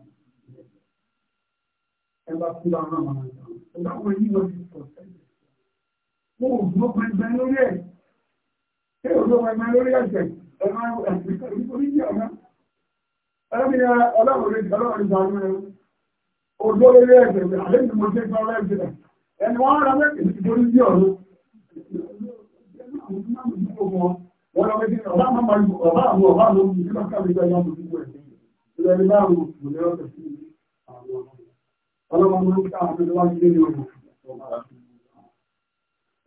Ẹ bá fúnra náà máa ń dán. Ọ̀gá wọn yìí lọ sí sọ sẹ́yìn. Mo ò gbọ́ pẹ́ńpẹ́ lórí ẹ̀. Ṣé o ló pẹ́ńpẹ́ lórí ẹ̀sẹ̀? wọ́n lọ́wọ́ bí ọba máa ń ọba àwọn ọba àwọn ọmọ ìlú ọ̀ká mi gbẹ́yà ọmọ ìlú ẹ̀sìn ìlú ẹni bá àwọn òṣèlú lẹ́yìn ọ̀sẹ̀ sí àwọn ọlọ́mọ ọmọ ìlú ká àwọn ìlú ilé ní ọmọ ìlú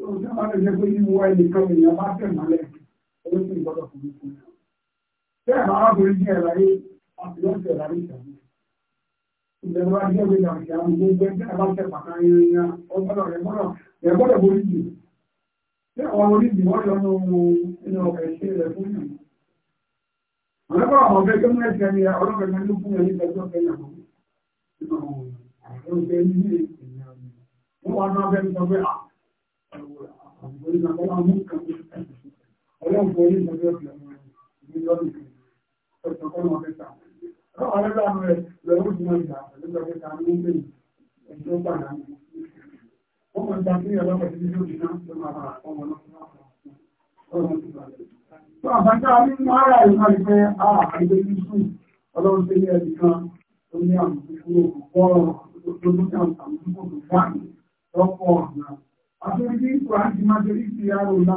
ọ̀sẹ̀ máa ń jẹ́ pé yíwọ ẹni kan èèyàn bá tẹ̀ mọ́lẹ̀ ọdún tí ìgbọ́dọ̀ fún mi fún yàrá bẹ́ẹ̀ máa ń borí díẹ̀ láyé àtìlọ́sẹ̀ láyé ìtàgé ìjọba jẹ́ pé àwọn ìyàwó gbogbo ẹgbẹ́ Ṣé àwọn onídìí wọ́n yọ ní ohun inú ọkọ̀ rẹ̀ fún yìí? Àlọ́pọ̀ àwọn ọ̀gá ẹgbẹ́ mẹ́ta ni ọlọ́pàá ẹgbẹ́ ló fún ẹni lọ́jọ́ kẹlẹ̀ àwọn ọ̀gá ẹni ní Wọ́n wá náà bẹ́ẹ̀ sọ pé àwọn ọ̀gbọ́n ìgbàgbọ́ Àwọn ọ̀rẹ́gbà rẹ̀ lọ́wọ́ ìgbìmọ̀ ìgbà pẹ̀lú ọjọ́ kẹta ní ìgbìmọ̀ ìjọba náà wọ́n tí ọlọ́pàá ti ní òjìná tó máa bá tó àbájá nínú ara ìmọ̀ ìfẹ́ àìgbé yíṣù tó ní tó ní àmùsùn òkùnkọ́ lọ́dún tí àmùsùn ní lọ́pọ̀ àti máa ń lọ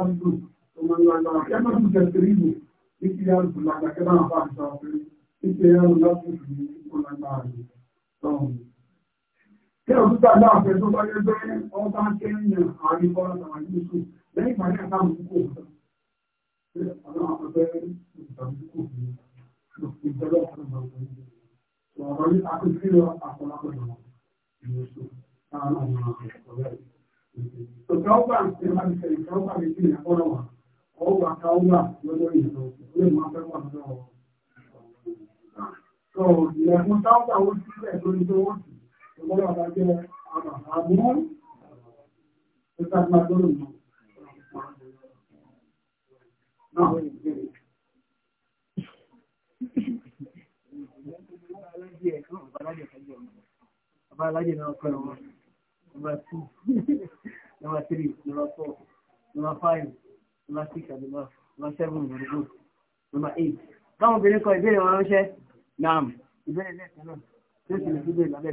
àgbà kẹ́kọ̀ọ́ tó tẹ̀sí ìlú ní ti yàrá Kí ọdún tó àdá àfẹ́ tó bá yẹ pé wọ́n bá ń ké ń yàn àárín bọ́lá tàwọn ìlú sùn lẹ́yìn ìpàdé àtàwọn ìlú kò wọ́n. Àwọn afẹ́ ìjọba ọ̀pọ̀lọpọ̀ ọ̀rọ̀ ní akọ̀sílẹ̀ àpọ̀lọpọ̀ ọlọ́run ọba jẹ́ àmọ́ ẹ̀ka máa gbọ́dọ̀ mọ́. Ọba alájẹ náà kọ́ lọ́wọ́. Number two, number three, number four, number five, number six, and number, number seven, number two, number eight. Káwọn obìnrin kan ìbéèrè wọn ránṣẹ́. Naam, ìbéèrè lẹ́ẹ̀kan náà. Tí ó sì lè fi bẹ́ẹ̀ lábẹ́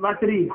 Batteria.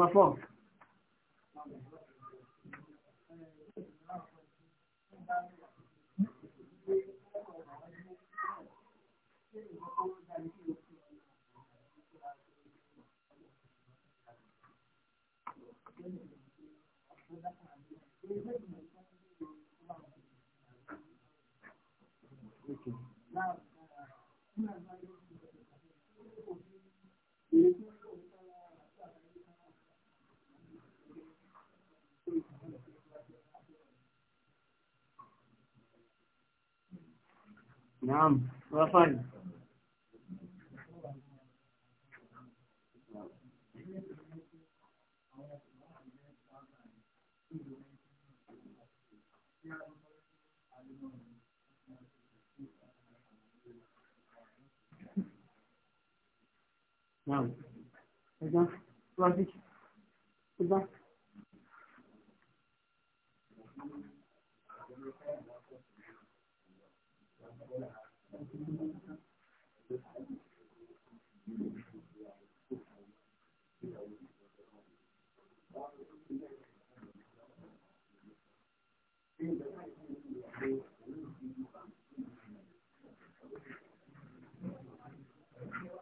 uma forma. نعم وصل نعم. إذا،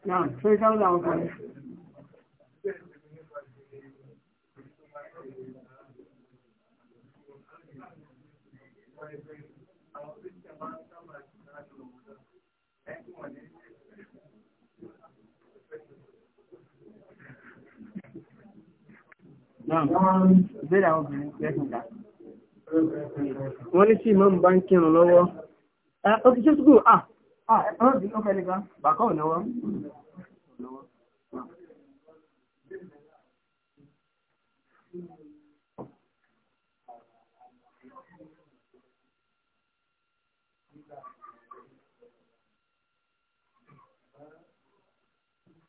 Náà, you. Ìbéèrè àwọn obìnrin lẹ́sìn dá. Wọ́n ní sí ìmọ̀ bá ń kírun lọ́wọ́. Ó ti ṣe ṣúgbù, ah, ah ọ̀rọ̀ ìdílọ́fẹ́ nìkan, bàkọ́ ò náwọ́.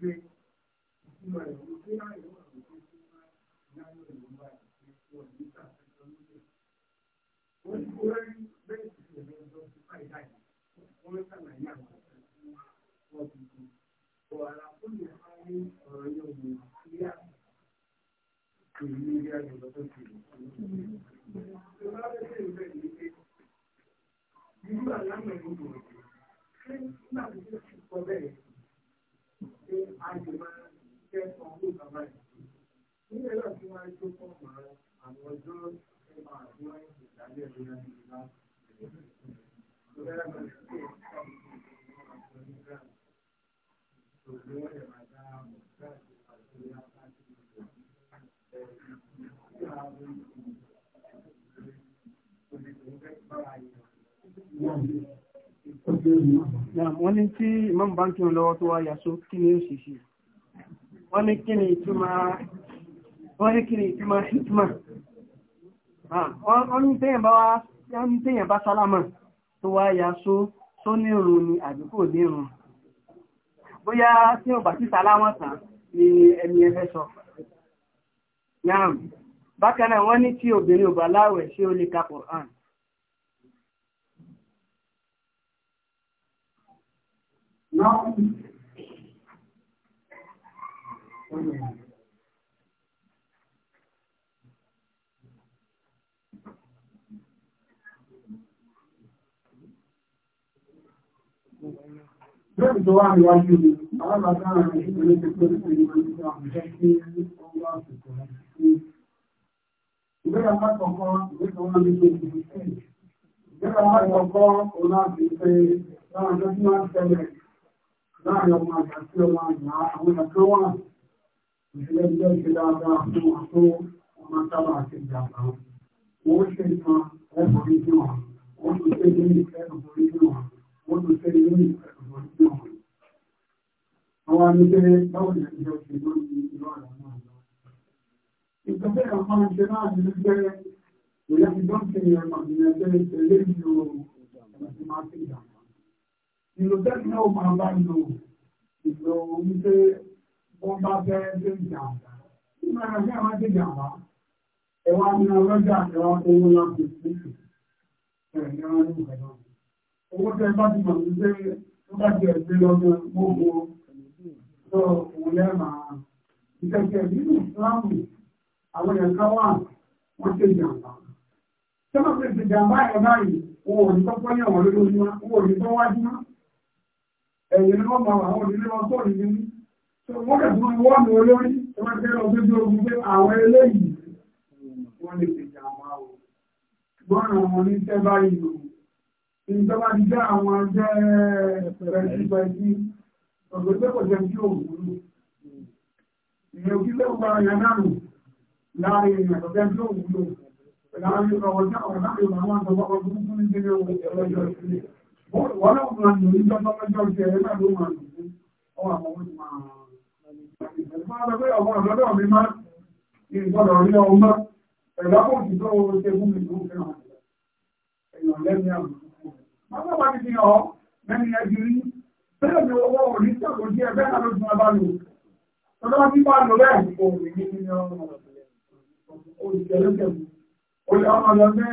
pé ìtumọ̀ ẹ̀rọ tó yá ìwọ̀n àwọn tó tó máa ń yáyọ̀ ìwọ̀n bá ti pé wọ́n ní sàfẹ́sọ lóde. ó ní kó rẹ́ bẹ́ẹ̀ sì ṣe lọ sọ sí fàìdá yìí wọ́n ń ṣàlàyé àwọn ọ̀sẹ̀ tí wọ́n ti kú. ọ̀ àlàfo lè ní ọ̀rọ̀ yóò wò sí àná. kìí ní ilé àjọ lọ́dọ̀ sí i. àlámọ̀ ìlú rẹ̀ ṣé nígbà tó ti pé a lè máa kẹ́kọ̀ọ́ bàbá yìí. Nílẹ̀ náà tí wọ́n á fún ọmọ àwọn ọjọ́ ẹgbà tí wọ́n ń ṣèdájọ́ ìlera ìlera. Thank you wọ́n ní tí imam bá ń kí wọn lọ́wọ́ tó wá yasó kí ni ó ṣiṣẹ́ wọ́n ní kí ni ìtumọ̀ hikma wọ́n ní tẹ́yàn bá sálámà tó wá yasó tó ní ìrùn ni àdúgbò ní ìrùn bóyá tí ó bá sí sálámà tán ni ẹni ẹfẹ́ sọ bákan náà wọ́n ní tí obìnrin ò bá láwẹ̀ ṣé ó lè ka Qur'an Now, Lórí tó wá níwájú ni, alábàtàrà rẹ̀ nítorí tó tó tó ní wọ́n tó àwọn ìṣẹ́ tí ó wá àsìkò rẹ̀ sí. Ìgbéra lákọ̀ọ́kọ́, ìgbésọ̀ wọn ní tó ti fi sí. Ìgbéra lákọ̀ọ́kọ́, òun láti fẹ́ láàrín tó tí wọ́n ń tẹ́lẹ̀ láàrin ọmọ àgbà sí ọmọ àgbà àwọn ẹ̀kọ́ wà ìṣẹ̀lẹ̀ jẹ́ ìṣẹ̀ dáadáa fún wọn tó ọmọ sábà àti ìjàmbá wọn ṣe ìtàn ẹ̀fọ́rí sí wọn wọ́n tún ṣe ní ẹ̀fọ́rí sí wọn wọ́n tún ṣe ní ẹ̀fọ́rí sí wọn. àwọn amíṣẹ́ báwo ni ẹ̀jẹ̀ ṣe lórí ìlú ọ̀rọ̀ náà lọ. ìtọ́jú ẹ̀ka máa ń ṣe náà ní pé ìyá ti dọ́ọ̀tì ẹ̀rọ ìyẹn ìlò tẹ́lì náà máa bá lò ìlò wípé wọ́n bá fẹ́ dé ìjàmbá nígbà náà fẹ́ máa dé ìjàmbá ẹwà ní ọlọ́jà ẹwà owó láti ìpínlẹ̀ ẹ̀rìn ẹwà ní ìgbà owó tẹ́ bá ti mọ̀ wípé tó bá ti ẹ̀gbẹ́ lọ́gbọ́n gbogbo tó òun lẹ́màá ìkẹ̀kẹ̀ nínú ìsìláàmù àwọn ẹ̀ka wà wọ́n ṣe ìjàmbá tẹ́lọ̀ fẹ́ ṣe ìjàmbá ẹ̀ báyìí wọn ò ní tọ́pọ́ yẹ̀wọ̀n lórí wọn wọn ò ní tọ́wájú náà ẹ̀yìn wọ́n máa àwọn òdílé wọn tó rí ní wọ́n kẹ̀tù wọn wọ́n ní olórí tó máa kẹ́lọ tó jẹ́ ogun pé àwọn eléyìí wọ́n lè fi jàmà o gbọ́nà wọn ní tẹ́bá ìlú ìjọba ti jẹ́ àwọn jẹ́ pẹ̀lẹ́sìpẹ̀sì ọ̀gbẹ́sẹ̀ kò jẹ́ kí òògùn ìyẹn òkú lè gba ọ̀yà náà nù láàrin ìrìn àtọ̀jẹ́ kí òògùn lò láàrin ọ̀wọ̀jẹ́ ọ̀rọ̀ láàrin ìrìn àwọn wọ́n náà máa lò ní jọ́jọ́ lọ́jọ́ ìṣẹ́ ẹ̀rẹ́ náà ló máa lò fún ọwọ́ àwọn ọmọ ìmọ̀ àwọn ọ̀dọ́dọ̀ mi máa ìgbọ́dọ̀ rí ọmọ ẹ̀dá kò sí tó ṣe fún mi tó fẹ́ràn èèyàn lẹ́ni àmì máa bá ti fi hàn mẹ́ni ẹjú rí bẹ́ẹ̀ ni owó òní sàkó sí ẹgbẹ́ náà ló tún abá lò tọ́lá tí bá lò bẹ́ẹ̀ kò rí ní ní ọmọ òṣìṣẹ́ lókè mú olè ọmọ lọ sí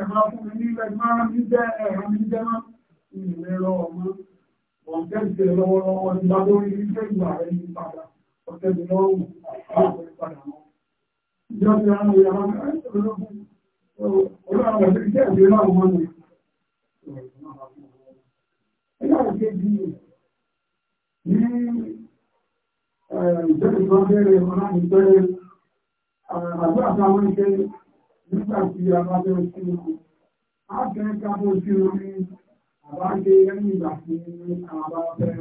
ẹ̀mà fún ní ilẹ̀ máa ní jẹ́ ẹ̀rọ ní jẹ́ máa ìrìnlẹ̀ lọ́wọ́ lọ́wọ́lọ́wọ́ ní bá lórí ilé ìgbà rẹ̀ ní padà ọ̀tẹ́jẹ̀ lọ́wọ́ àwọn ìpadà mọ́ ìjọba àwọn ìyàwó olóòwò ìjẹ́ ìgbé láwọn mọ́ ni ẹ̀yà ìkéjì ní ìjẹ́ ìgbà bẹ́ẹ̀rẹ̀ ọ̀nà ìgbẹ́rẹ̀ àgbà àtàwọn ìkẹyìn nígbà tí a bá fẹ́ sí wọn. A fẹ́ ká bó sí orí àbájé lẹ́yìn ìgbà tí àbá fẹ́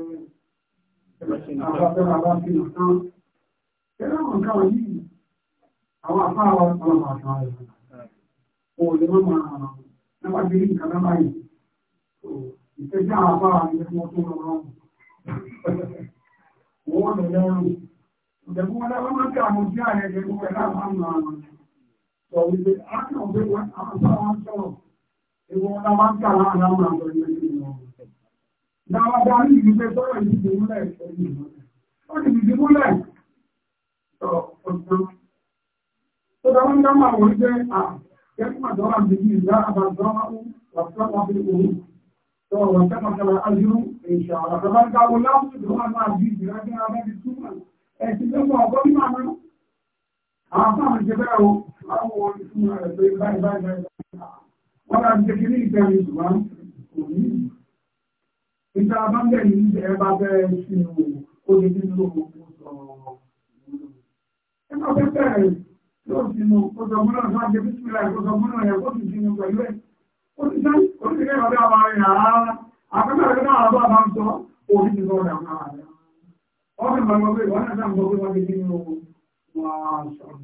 àbá fi hàn tán. Ẹgbẹ́ àwọn nǹkan wọ̀nyí, àwọn afá wa sọ̀rọ̀ máa tán rẹ̀. Kò lè má máa nípa bí nǹkan náà báyìí. Ìfẹ́jọ́ àwọn afá wa ni wọ́n tó lọ rọrùn. Wọ́n lọ lọ́rùn. Ìjẹ̀bú wọn lọ́wọ́ máa kí àwọn ojú ààrẹ sọ wípé akẹ́kọ̀ọ́ pé wọ́n àkọ́kọ́ wọn sọ̀rọ̀ ewu ọ̀nà máa ń kàrà àwọn àwọn àwọn ìlú wọn. Náà bá ní ìlú pé sọ̀rọ̀ ìdìbò múlẹ̀ ìfẹ́yìn wọn. Ó ti dìbò múlẹ̀ sọ̀rọ̀ ọ̀sán. Tó dáwọ́ ní dáwọ́ àwọn ìgbé à kẹ́kọ̀ọ́ àdọ́rà bìbí ìdá àbàdọ́ wàtúwà wàtúwà òru. Sọ wàtúwà kàkàrà ajúrú ìṣàrà. Bàbá ń dáwọ́ láwùjọ àwọn àbí ìdìrà àwọn fáwọn ìjẹbẹ́ra o àwọn wọn fún ara pé báyìí báyìí báyìí wọn bá ti kékeré ìgbà ní ṣùgbọ́n kò ní ìta bá ń bẹ̀rẹ̀ ní ẹ bá bẹ̀rẹ̀ sí o ó lè nínú owó sọ ẹ bá fẹ́ bẹ̀rẹ̀ yóò sínú kóso múnà tó àjẹ bísímìlà kóso múnà yẹn kó sì sínú pẹ̀lú ẹ̀ ó ti sẹ́ ó ti kẹ́kọ̀ọ́ bí àwọn arìnrìn àárá àkọ́kọ́ náà bá bá ń sọ òbí ti sọ ọ̀dà ọ̀nà àárẹ̀ ọ̀fẹ́ mọ̀ lọ́wọ́ ìwọ́n wọ́n á sọ̀rọ̀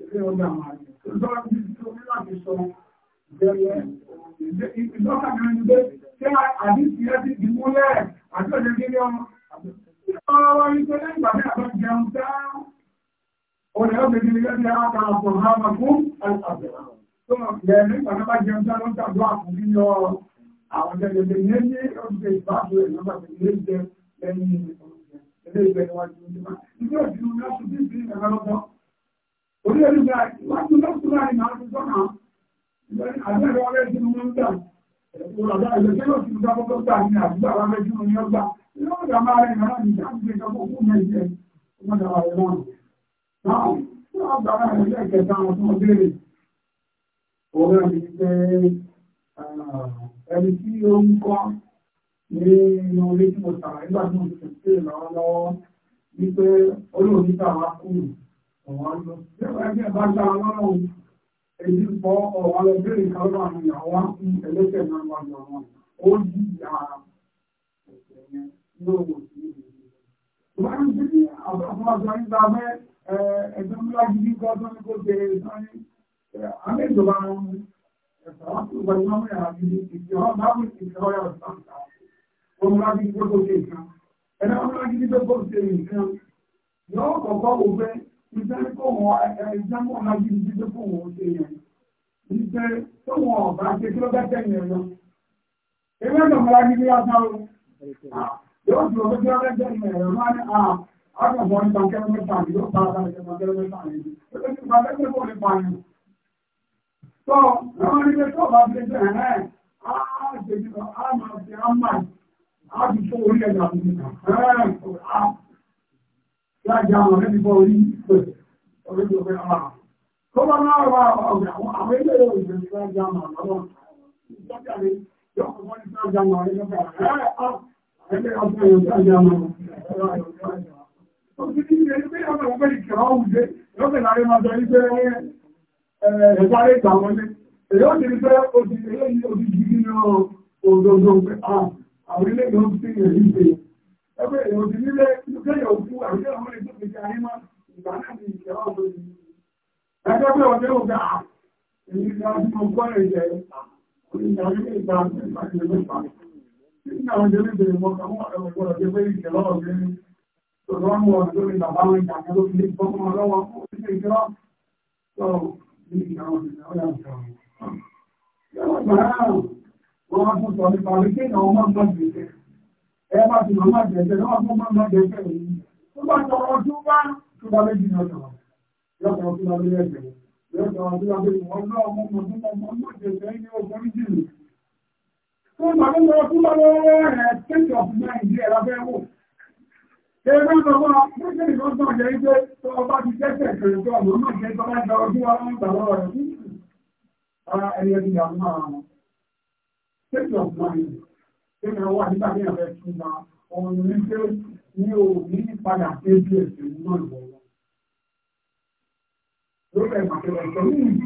ìgbẹ́ ọ̀dà máa yẹ. Ìjọba ti ti omi láti sọ ìbẹ̀rẹ̀ ìdọ́kà kan ní pé ṣé ti dì múlẹ̀ àti òde kí ọmọ. a kà ọ̀pọ̀ náà máa fún àgbẹ̀rẹ̀. Tó lẹ́yìn ìgbà tí a bá ilé ìgbẹ́ níwájú ojúmọ́ ilé òjò lọ́sùn bí ìbí ìgbà lọ́gbọ́ orí olùgbà ìwájú lọ́sùn láàrin máa ń sọ náà àbẹ́rẹ́ ọ̀rẹ́ tí mo ń gbà ọ̀gá ìgbésẹ̀ yóò ti gbà gbogbo gbà ní àdúgbò àwọn amẹ́jú mi ọgbà ilé ọ̀gá máa rẹ̀ ní inú ilé tí mo tà nígbà tí mo ti pè é lọ́wọ́lọ́wọ́ wípé olóòní tà wá kú ọ̀wọ́n lọ. Bí ẹ̀rọ ẹgbẹ́ bá gbá ọlọ́run èyí fọ́ ọ̀wọ́n lọ bẹ́ẹ̀ nǹkan lọ́wọ́ àwọn ìyàwó wá sí ẹlẹ́sẹ̀ náà wà ní ọ̀wọ́n. Ó yí ìyá ẹ̀sẹ̀ yẹn yóò wò sí ìlú. Ìgbà tí mo ti àwọn afọwọ́sọ nígbà bẹ́ ẹ̀sẹ̀ múlá gidi kọ́ tó ní kó ṣe sọ́ni. Àmì ìjọba ẹ̀sẹ̀ wá sí ìgbà tí wọ́n mú wọn bá bí gbogbo ṣe nǹkan ẹ̀rọ wọn bá bí gbogbo ṣe nǹkan yóò kọ̀kọ́ wò pé ìjẹ́ni kò wọ́n ẹ̀ẹ́dẹ́gbọ́n wọn bá bí gbogbo wọn ṣe yẹn ìṣe tó wọn ọ̀bá ṣe kí ló bẹ́ tẹ̀yìn ẹ̀ lọ. ewé tó mọ́ra ní bíyà sáré yóò tún ọ̀bẹ tí wọ́n bẹ́ tẹ̀yìn ẹ̀ lọ máa ní à àgbọ̀nbọ̀ nípa kẹ́rẹ́ mẹ́ta ni yóò pa ara rẹ̀ kẹ́rẹ́ mẹ́ta ni ó ti pa lẹ́gbẹ̀ẹ́ kó lè pa ni. tó lọ́wọ́ níbi tó bá fi ṣe ẹ̀rẹ́ á ṣe jùlọ á máa fi á máa láti fún orí ẹ̀dà Ẹ̀gbáre ìgbà wọlé, èyí ó ti rí pé ó ti rí èyí ó ti jìí nínú òdòdó pé ààrùn. àwọn ilé ìlú ti yẹ̀ nígbè ẹgbẹ́ èèyàn nílé ìlúkẹ́yọ̀ òkú àwọn a wọ́n máa tún sọ nípa wípé ìnà ọmọ ọmọ gbèsè ẹ máa tún ọmọ gbèsè lọ́wọ́ fún ọmọ ọmọ gbèsè yìí tó bá tọrọ tó bá tó bá méjì náà tọrọ yọkọ̀ tó bá lé ẹ̀jẹ̀ yọkọ̀ tó bá lé ìwọ̀n náà ọmọ ọmọ tó bá ọmọ gbèsè ní ọgbọ́n jìnnì. tó bá tó lọ tó bá lọ́wọ́ rẹ̀ state of Nigeria lábẹ́ wò. Ẹgbẹ́ ìgbàgbọ́ pẹ́sẹ̀ ìgbọ́sọ̀ jẹ́ ìgbé tó ọba ti jẹ́sẹ̀ kẹrìntọ́ ọmọ náà jẹ́ tọ́lá ìgbà ọdún wa ń gbà state of mind nínú ẹwà nígbà ní ẹ̀rẹ́ tún ma ọ̀run ní pé ní o ní padà pé bí ẹ̀sẹ̀ ń náà lọ wọn. lórí ẹ̀mà kẹlẹ̀ ẹ̀sẹ̀ ní ìlú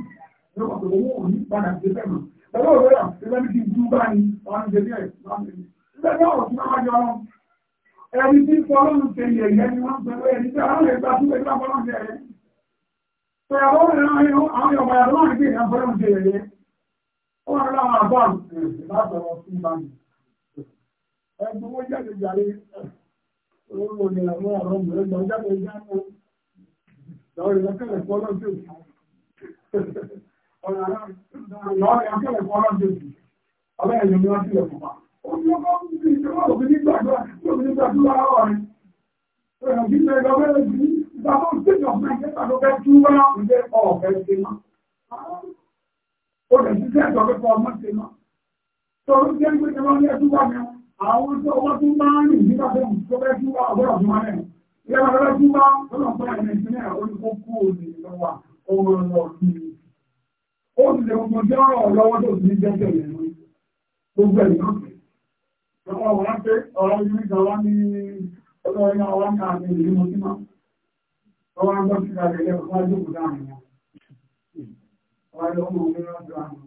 ní ọ̀pọ̀ owó ò ní padà pé bẹ́ẹ̀ mọ̀ ẹ̀rọ òwe rà ẹgbẹ́ ní kí n dúró báyìí wọn ń gbẹ̀bí ẹ̀ máa ń gbẹ̀bí. ìgbẹ́ ní ọ̀rọ̀ tí wọ́n máa jọ lọ. ẹni tí fọlọ́run ṣe yẹ̀yẹ́ ni wọ́n pẹ̀lú ẹni tí àwọn ẹgbẹ́ àtúntò ìgbà fọlọ́run ṣe yẹ̀yẹ́ ó rán àwọn àbọ̀n látọ̀rọ̀ sí ìbámu ẹgbẹ́ owó jáde jàre olówó ni àwọn ọ̀rọ̀ mìíràn lọ jáde jáde lọ́rọ̀ ìyọkẹ́lẹ̀ fọ́lọ́ sí òsì ọ̀rọ̀ ìyọkẹ́lẹ̀ fọ́lọ́ sí òsì ọ̀rọ̀ ẹ̀yọ̀ ni wọ́n ọ̀rọ̀ bí ó lè ti jẹ́ ìjọba ẹ̀kọ́ ọmọ ṣe mọ́. Torí jẹ́ pé ìjọba ní ẹtú wà ní àwọn tó wọ́n tún máa ń rìn nígbà tó ń tó bẹ́ẹ̀ tún wá ọgbọ́dọ̀ tún wá náà. Ìyá bàbá bá tún wá lọ́nà fún ẹ̀yìn ìpínlẹ̀ olùkókó òní lọ́wọ́ ọmọ lọ sí i. Ó sì lè gbogbo jẹ́ ọ̀rọ̀ lọ́wọ́ tó ti jẹ́ tẹ̀lé ní gbogbo ẹ̀ So,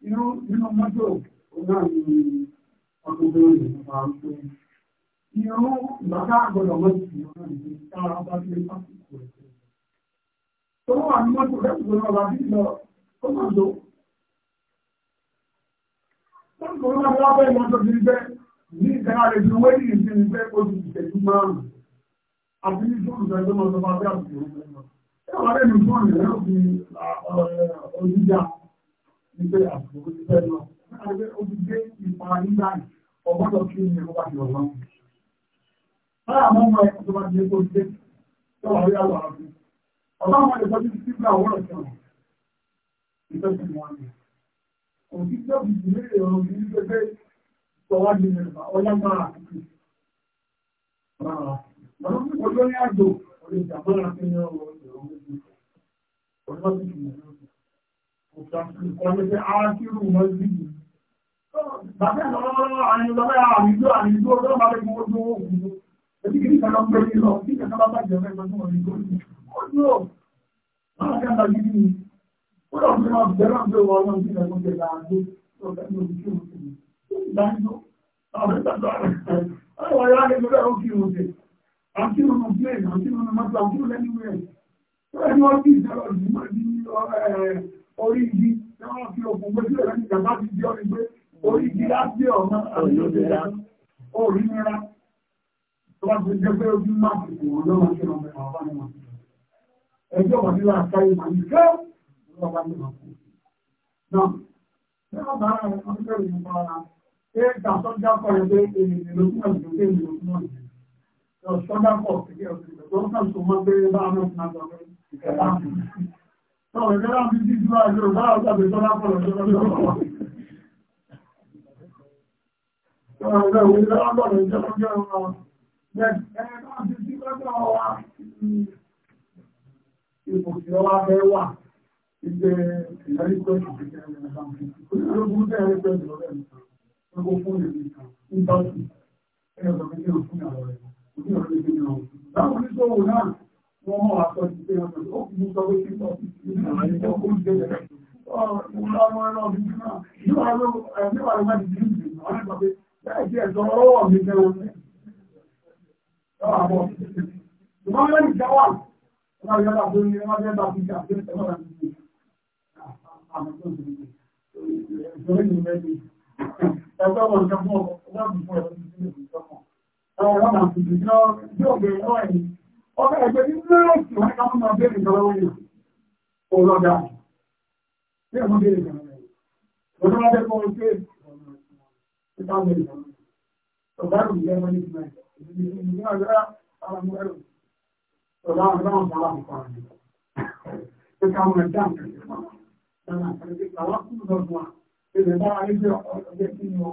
you know, you know, mọ́tò ọ̀gá mi ọkùnrin òyìnbó nípa pé, you know, bàbá àgbọ̀dọ̀ mọ́tò ọ̀gá mi tára bá ti lè pàṣípò ẹ̀sẹ̀. Tó wà ní mọ́tò rẹ̀kùnrin ọba bí lọ, ó máa lò. Mọ́tò ọ̀gá mi wá bẹ́ẹ̀ mọ́tò bí bẹ́ẹ̀ ní ìkẹ́lá rẹ̀ fi wéyìn ìsìn ní pé ó ti ìṣẹ́jú márùn-ún àti ní fóònù tó ẹgbẹ́ mọ́tò bá bí àbùkù ìwé náà ẹ wà lẹ́nu fóònù rẹ̀ ó fi oníjà ní pé àbùkù ti fẹ́ lọ ó ti gbé ipa nígbà ọgbọ́dọ̀ kí ni ó bá ti ọ̀gbọ́n. Báyà mọ́ mọ́ ẹ̀kọ́ tó bá ti epo dé tó wà lórí àlọ́ àbí. Ọ̀gá àwọn ẹ̀kọ́ ti ti gbà wọ́n ọ̀sẹ̀ wọn. Ìtọ́jú wọn ni. Òtítọ́ bìbí lè rọrùn ní pé Olórí àjò, olùjàmọ́ra fi ń rọrùn ìrọ̀rùn méjì. Olórí ìrìnàjò, òṣàkùn ìkọ́lé pé a kí rù mọ́ sí ìlú. Bàbá ìlọ́rọ̀ àìyànlọ́rọ̀ àìyànlọ́ àìyànlọ́ ọ̀dọ́ bàbá ìgbòho ogun. Ẹbí kìí kan lọ pé kí lọ, kí kẹta bá bá jẹ́ mẹ́ ìgbòho ogun. Ó dúró, máa kẹ́ ọ̀dọ́ gidi ni. Ó ìdájọ́ àwọn ìtàjọ́ àrẹ̀ àwọn ọ̀rẹ́ àgbẹ̀gbẹ̀ ọ̀rọ̀ kí o ṣe àti ọmọ plẹ̀ àti ọmọ mọ́tò àti ọmọ lẹ́nu rẹ̀ lọ́rẹ́ ni wọ́n bí ìjọba ìgbìmọ̀ ní orí igi tí wọ́n fi okùn gbé sílẹ̀ lẹ́nu ìjàmbá ti di ọ̀rẹ́ gbé orí igi láti ọmọ orí nira tó bá ti jẹ́ pé ojú má ti kò wọ́n lọ́wọ́ sí ọmọ ẹ̀wọ̀n bá ní wọn ẹjọ́ wọn ní láàká ìmọ̀ ní ṣé ìdásọ́jákọ̀ rẹ̀ pé ènìyàn ló túnmọ̀ sí pé ènìyàn ló túnmọ̀ sí ìdásọ́jákọ̀ kékeré ọ̀sẹ̀ tó ń sàn tó mọ́ pé bá a náà fún àgbà pé ìkẹta ń fún un. Sọ̀rọ̀ ìjọba fi ti dúró àjọ bá ọjà bẹ̀ sọ́dá pọ̀ lọ́jọ́ lọ́wọ́. Sọ̀rọ̀ gbogbo fóònù mi kan ń tọ́jú ẹ̀rọ ìgbàgbé náà fún àwọn ẹ̀rọ òbí ọ̀rọ̀ ìgbàgbé náà láwọn oníṣòwò náà wọ́n mọ̀ àtọ́ ti pé ọ̀sẹ̀ ó fi mú sọ pé kí n tọ́ sí ìgbàgbé ó ń jẹ́ ọ̀rọ̀ ẹ̀rọ mi náà níwà ló níwà ló má di bí ìgbè àwọn ẹ̀gbà pé bẹ́ẹ̀ kí ẹ̀sọ́ ọlọ́wọ́ mi gan ṣùgbọ́n lẹ́nu ìjáwà ọ̀gá ìjọba tó ní ẹgbẹ́ bá fi ṣe àti ẹ̀sọ́ ọ̀gá ìjọba ẹgbẹ́ wọn jẹ́ fún ọgbọ́n fún ẹgbẹ́ ìdílé ìjọpọ̀. Àwọn ọmọ àti ìjọ yóò gbé ọwọ́ ẹ̀yìn. Ọmọ ẹgbẹ́ ní mẹ́rẹ̀ẹ̀sì wọn ká máa bẹ́ẹ̀ ìjọba wọn yìí. Ó lọ dá. Bí ẹ̀mọ́ bẹ́ẹ̀ ìjọba rẹ̀. Bọ́dọ́ wá bẹ́ẹ̀ Èdè bá ayé jẹ́ ọ̀pọ̀lọpọ̀ kí ni ó,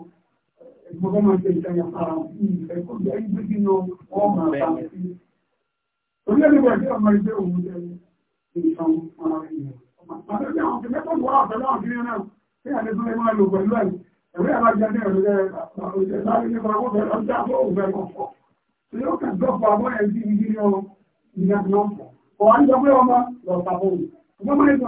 ìgbọ́gbọ́n máa ṣe ìṣẹ́yà ara sí ìfẹ́ kò jẹ́ ìgbé kí ni ó, wọ́n máa bá mi sí. Orí ẹni wà tí ọmọ ìgbé òun jẹ́ ìṣàn ara ènìyàn. Àtẹ́jẹ́ àwọn kìlẹ́kọ̀ọ́ wà pẹ̀lú àwọn kìlẹ́kọ̀ọ́ náà, tí àdébúlé máa lò pẹ̀lú ẹ̀. Ẹ̀rí àbájá ní ọ̀rẹ́ ọ̀rẹ́ láti nípa wọ́n fẹ́ ọjà tó òfẹ́ kọ̀ọ̀kọ̀. Ṣé ó kàn dọ́pọ̀ àwọn ẹ̀sìn ìdí ni ọ ìyá náà pọ̀? Ọ̀wá ń jọ pé ọmọ lọ sàbọ̀n. Ọmọ máa ń sọ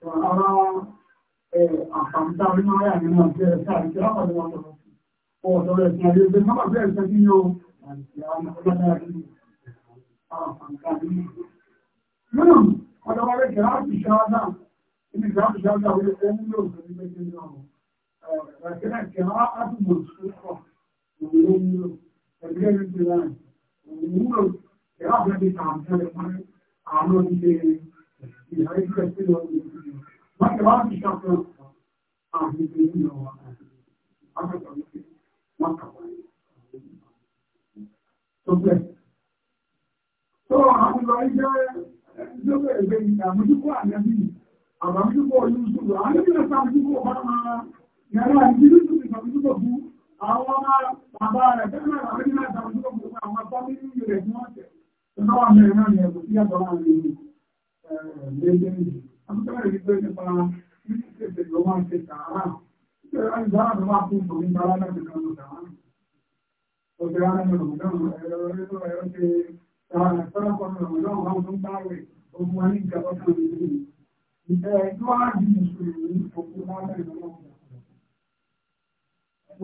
Ara àpàmìta orí máa yà nínú ọjọ́ ẹ̀ṣẹ́ àti ìrápàdé wọn lọ. Ọ̀sọ̀ rẹ̀ sí ayé ẹgbẹ́ máa bẹ́ẹ̀ ṣe kí ní o. Nínú ọjọ́ wọlé kẹ̀rá ti ṣáádá, ibi kẹ̀rá ti ṣáádá orí ẹgbẹ́ nílò ìgbẹ́ méjì náà. Ẹ̀rẹ̀ kẹ̀rá á ti mọ̀ sí ọ̀pọ̀ òun ló ń lò. Ẹgbẹ́ Àwọn olùdíje ìhàrí kẹsí lọ sí ìlú. Wọ́n ti wá ń ṣàkóso àwọn ìgbìyànjú lọ́wọ́ àti àkọ́kọ́ wọn kàwọ́ yìí. Tó bẹ́ẹ̀. Tó àwọn ìlọ ìjẹ́ ìjọba ẹgbẹ́ ìgbà àmójúkú àyẹ́bí, àmójúkú olùsùn, àyẹ́bí lọ sí àmójúkú ọ̀pá máa yàrá ìdílùsùn ìsàmójúkú fún àwọn bàbá rẹ̀ tẹ́lẹ̀ àmójúkú àwọn bọ́mí rẹ̀ fún ọ̀sẹ̀. Ìjọba mẹ́rin náà ni ẹ̀bùn eh,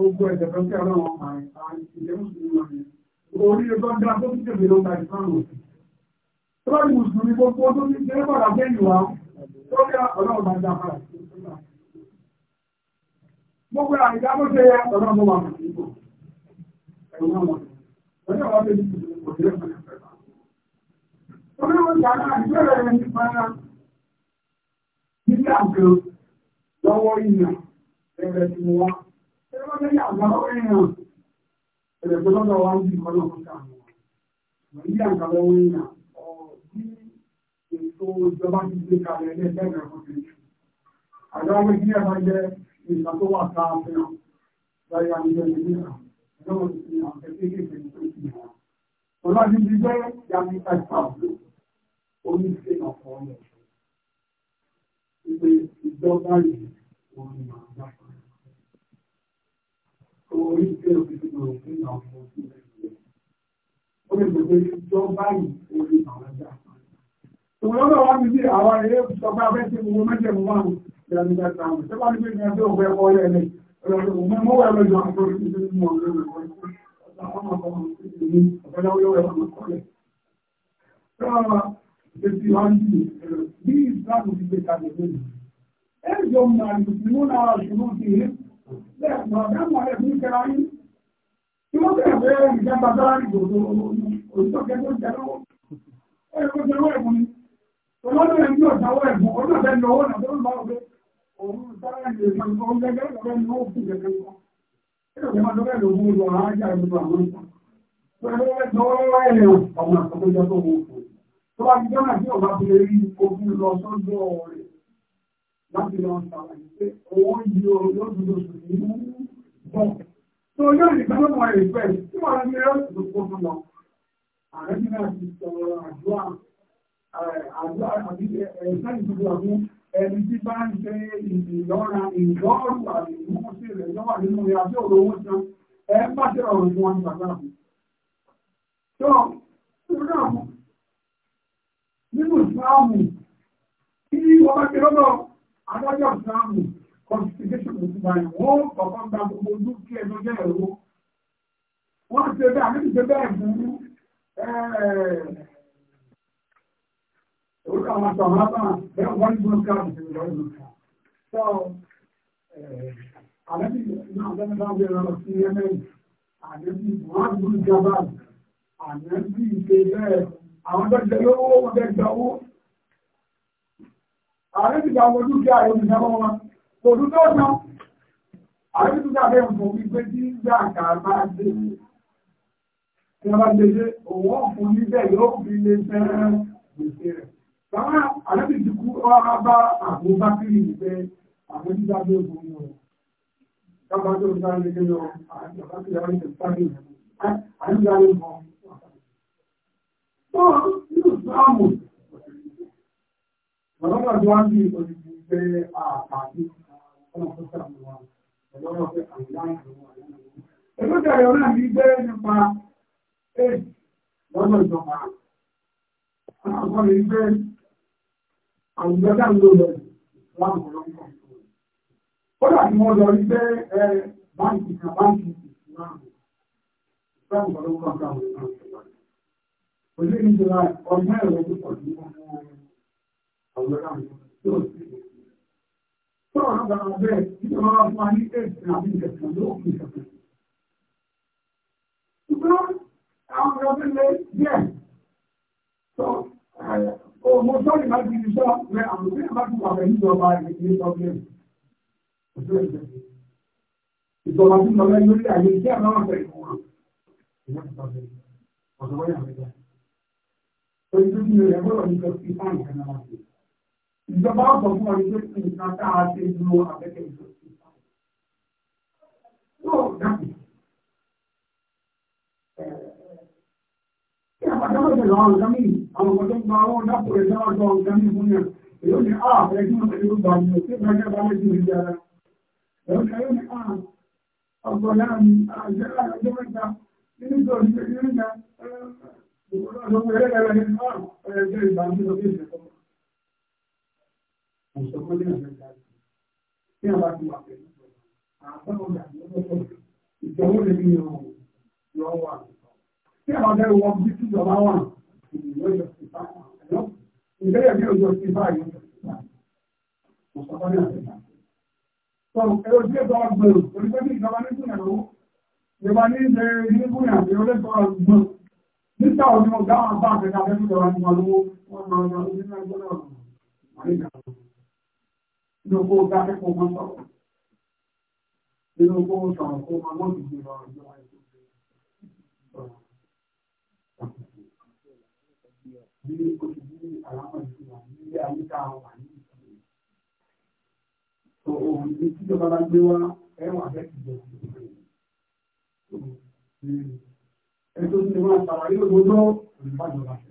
lọ́wọ́ ọmọ àìsàn ìjẹ́ mùsùlùmí wọn ni. orí ẹgbọ́dá tó ti tẹ̀lé lọ́ta ìsánlò. Tó bá ní Mùsùlùmí gbogbo tó ti tẹ́lé padà bẹ́yìn wá, tó ní ọlọ́ọ̀bá ń dáfà. Gbogbo àìdá tó ṣe Tó ti Pero yo no lo hago con los cambios. Me digan que lo voy a o si esto yo va a implicar en el tema de Allá me guía para que mi santo va a estar, pero la idea de mi vida. No, no, que sí que se me preocupa. Por la dignidad ya me está estable. O mi se no fue. Ìjọba yìí, òun ni màá dákọ̀ orí pé òfin lọ sí àwọn ọmọ sí ẹgbẹ́ ó lè mọ̀ pé jọ báyìí orí àwọn ẹja tòun lọ́dọ̀ wá mi sí àwa ilé ìsọgbà abẹ́sẹ̀ gbogbo mẹ́jẹ̀mú wà ní ìdánilá táwọn sẹ́wọ́n ní pé ní ọjọ́ ọ̀gbẹ́ ọ̀yẹ́ ẹ̀lẹ́ ọ̀rọ̀ mọ́ wà lọ́jọ́ àwọn bẹ́ẹ̀ bọ̀dá mọ̀ ẹ̀ fún ìkẹra yín tí wọ́n bẹ̀rẹ̀ pé ìjọba bá ìgbòho òṣìṣọ́kẹ́ tó jẹ lọ́wọ́ ẹ̀rọ tó jẹ lọ́wọ́ ẹ̀fún ni ọlọ́dún ẹ̀ ń bí ọ̀sán ọwọ́ ẹ̀fún ọdún ọ̀sẹ̀ ń lọ owó náà tó ń bá ọgbẹ́ òun sára ẹ̀ lè fún ọgbẹ́ gẹ́gẹ́ lọ́wọ́ ẹ̀ lọ́wọ́ fún ìjẹ̀kẹ́ kan ẹ̀rọ tó máa lọ́wọ́ ẹ̀ lọ́wọ́ lọ ajá ìlú àwọn ìta lọ́wọ́ ẹ̀ lọ́wọ́ ẹ̀ lọ́wọ́ láti lọ ṣàlàyé pé owó yí o lọ́dún oṣù ní bọ̀. tó yóò ní gbọ́dọ̀ mọ ìfẹ́ tí wọ́n ní ẹ̀rọ tó kó fún lọ. ààrẹ ní náà ti sọ̀rọ̀ àdúrà àdúrà àbí ẹ̀sẹ̀ ìdúró àbún ẹni tí bá ń ṣe ìdìlọ́ra ìdọ́rù àbí ìmúkúsí rẹ̀ lọ́wọ́ nínú rẹ̀ àti òrò owó san ẹ bá ṣe ọ̀rọ̀ tí wọ́n ń gbàgbà fún. kí wọ́n bá ṣe lọ́dọ̀ adájọ́ ìsáàmù constitution ló ti báyìí wọ́n kọ̀ọ̀kan gba gbogbo dúkìá ẹjọ́ jẹ́ ẹ̀rọ wọ́n ṣe bẹ́ẹ̀ àmì ṣe bẹ́ẹ̀ fún orúkọ àwọn àtàwọn àbára bẹ́ẹ̀ wọ́n ní gbọ́n káàdì sí ìlú ọ̀dùn kan so àlẹ́bí náà lẹ́nu bá wí ẹran lọ sí mẹ́rin àlẹ́bí wọ́n gbọ́n jábàlì àlẹ́bí ṣe bẹ́ẹ̀ àwọn tó jẹ lówó wọn bẹ́ẹ̀ gbà owó ààrẹ ti gba ọmọ dúkìá rẹ̀ òmìnira mọ́ wọn kò dún tó tán ààrẹ tó dàbẹ̀ nǹkan wípé tí gbàǹkà bá dé tí wọ́n bá dé dé òun ọ̀fun níbẹ̀ yóò fi lè fẹ́ràn gbèsè rẹ̀ bàbá ààrẹ ti ti kú ọ̀rá bá àbò bá kiri ìgbẹ́ ààrẹ ti dàbẹ̀ ògùn ní ọ̀rọ̀ dábàá tó ń sáré lé lọ ààrẹ ti dàbẹ̀ ògùn ní ọ̀rọ̀ ààrẹ ti dàbẹ̀ ògùn ní ọ̀rọ̀ ọlọ́pàá tó wá bí olùdí pé àtàkì ọlọ́pàá tó wà lọ́wọ́ pé àwọn láìpẹ́ wà lọ́wọ́. Èló tẹ̀lé ọ̀nà mi gbé nípa èdè lọ́nà ìjọba. Àwọn lè gbé àwùjọ dá ló lọ láwọn ọlọ́pàá. Ó dàbí wọ́n lọ rí pé báńkì kan báńkì ìsìláàmù. Ìsìláàmù ọlọ́pàá kan wọ̀ ní ọ̀sẹ̀ wáyé. Òṣèlú ìjọba ọgbọ́n ẹ̀rọ tó pọ̀ ní ọmọ ọmọ Sọ̀rọ̀ náà bẹ̀rẹ̀ ìjọba wa fún wa ní ẹ̀sìn àbí ìjẹ̀sìn ló kì í sọ̀tẹ̀. Ṣùgbọ́n àwọn ọmọ ọdún lé díẹ̀. Sọ ọmọ sọ́ọ̀lì máa ti di sọ rẹ àwọn òbí náà bá ti wà pẹ̀lú ìjọba ìdílé sọ́ọ̀lì. Ìjọba tí mo lọ lórí àyè iṣẹ́ àwọn àwọn àgbẹ̀ ìwọ̀n. Ìyá ti sọ̀rọ̀ ọ̀dọ́ wọ́n yà mí dá. Orí tó ń yẹ ẹ̀gbọ́n ní kọ́ sí fáǹkì náà wà sí. ìjọba ọ̀sán fún ọdún tó ti nǹkan tá a it is. No, abẹ́kẹ̀ ìṣòṣì yóò dàbí. Kí àpàtàkùn ìṣẹ̀lẹ̀ àwọn nǹkan mí, àwọn ọmọdé gba owó dápò rẹ̀ sáwà sọ nǹkan mí fún yàn. Èyí ni a fẹ́ kí wọ́n ti gbà mí, kí wọ́n jẹ́ bá lè ti rí ara. Èyí ni a ní a ọgbọ̀n láàrin àjẹ́ àjọ mẹ́ta nínú ìjọ ìgbẹ́ nínú ìjà. Ìgbọ́dọ̀ àjọ mẹ́rẹ́lẹ́rẹ́ ní kò sọ pé lẹ́yìn ọ̀rẹ́ dájú tí a bá ti wà pẹ̀lú ìjọba àwọn ọ̀gá ìjọba ìjọba lè ní ọ̀hún yọ wà tí a bá bẹ́ẹ̀ wọ bí tí ìjọba wà ìjọba yọ sí báyìí ẹ̀yọ́ ìgbẹ́yẹ̀ bí ọjọ́ sí báyìí kò sọ pé lẹ́yìn ọ̀rẹ́ dájú. sọ èrò tí ìjọba gbèrò onígbẹ́ bí ìjọba ní ìpínlẹ̀ lọ́wọ́ ìjọba ní ilẹ̀ ìpínlẹ̀ àti olóògbé gbèrò nígbà òní ọgá àwọn bá àfẹ́ká fẹ́ inú kó dákẹ́ kó mọ́ sọ̀rọ̀ inú kó sọ̀rọ̀ kó mọ́ mọ́ dìde lọ ọjọ́ àìsàn bí o ti bí àlámọ̀ ìṣúná ní ilé ayíká wà ní ìṣẹ̀lẹ̀ tó ohun tí tíjọba bá gbé wá ẹ̀wọ̀n abẹ́kì jẹ́ ẹ̀ tó ti wá sàlàyé òdodo ìbájọba ṣe.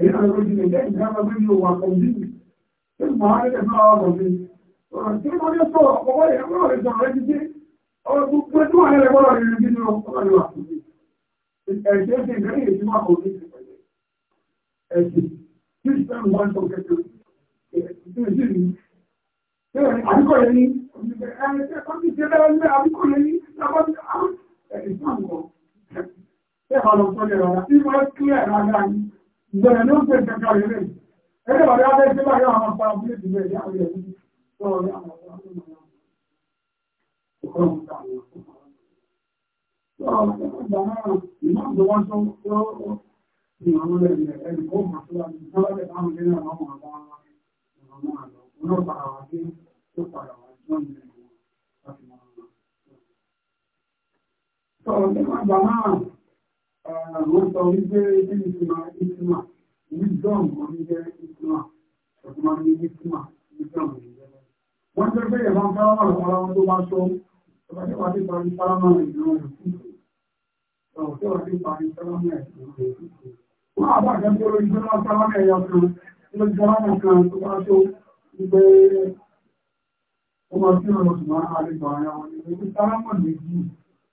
Ele não origina ele, já vai vir o acondinho. Ele morre, ele fala algo assim. Ele morreu só, agora ele agora ele só ele diz, olha, tu foi tu aí agora ele diz não, olha lá. É gente que ganha de uma coisa. É assim. Isso é um monte de coisa. Àbíkọ̀ yẹn ni, ẹ̀ ẹ̀ ti ṣe lẹ́wọ́n ní àbíkọ̀ yẹn ni, làwọn ti ṣe àwọn ẹ̀ ìfọ̀nkọ̀. Ṣé ìfọ̀nkọ̀ yẹn rárá? Ìfọ̀nkọ̀ yẹn rárá ni ìgbẹ̀rẹ̀ ló ń pè kẹta ìrè ẹgbẹ́ bàbá abẹ́ tí bá yóò àwọn apára Ah, wọ́n sọ wípé bí ìtumà ìtumà wisdom kò ní jẹ́ ìtumà ọ̀túnmá ní ìtumà wisdom kò ní jẹ́ wọ́n jẹ́ pé ìwọ̀n kárámà lọ́wọ́ wọn tó bá sọ ọ̀tí wà ní parí kárámà ìdúró rẹ̀ fífò ọ̀tí wà ní parí kárámà ìdúró rẹ̀ fífò wọ́n àbájẹ́ pé olóyún tó bá kárámà ẹ̀yà kan olóyún kárámà kan tó bá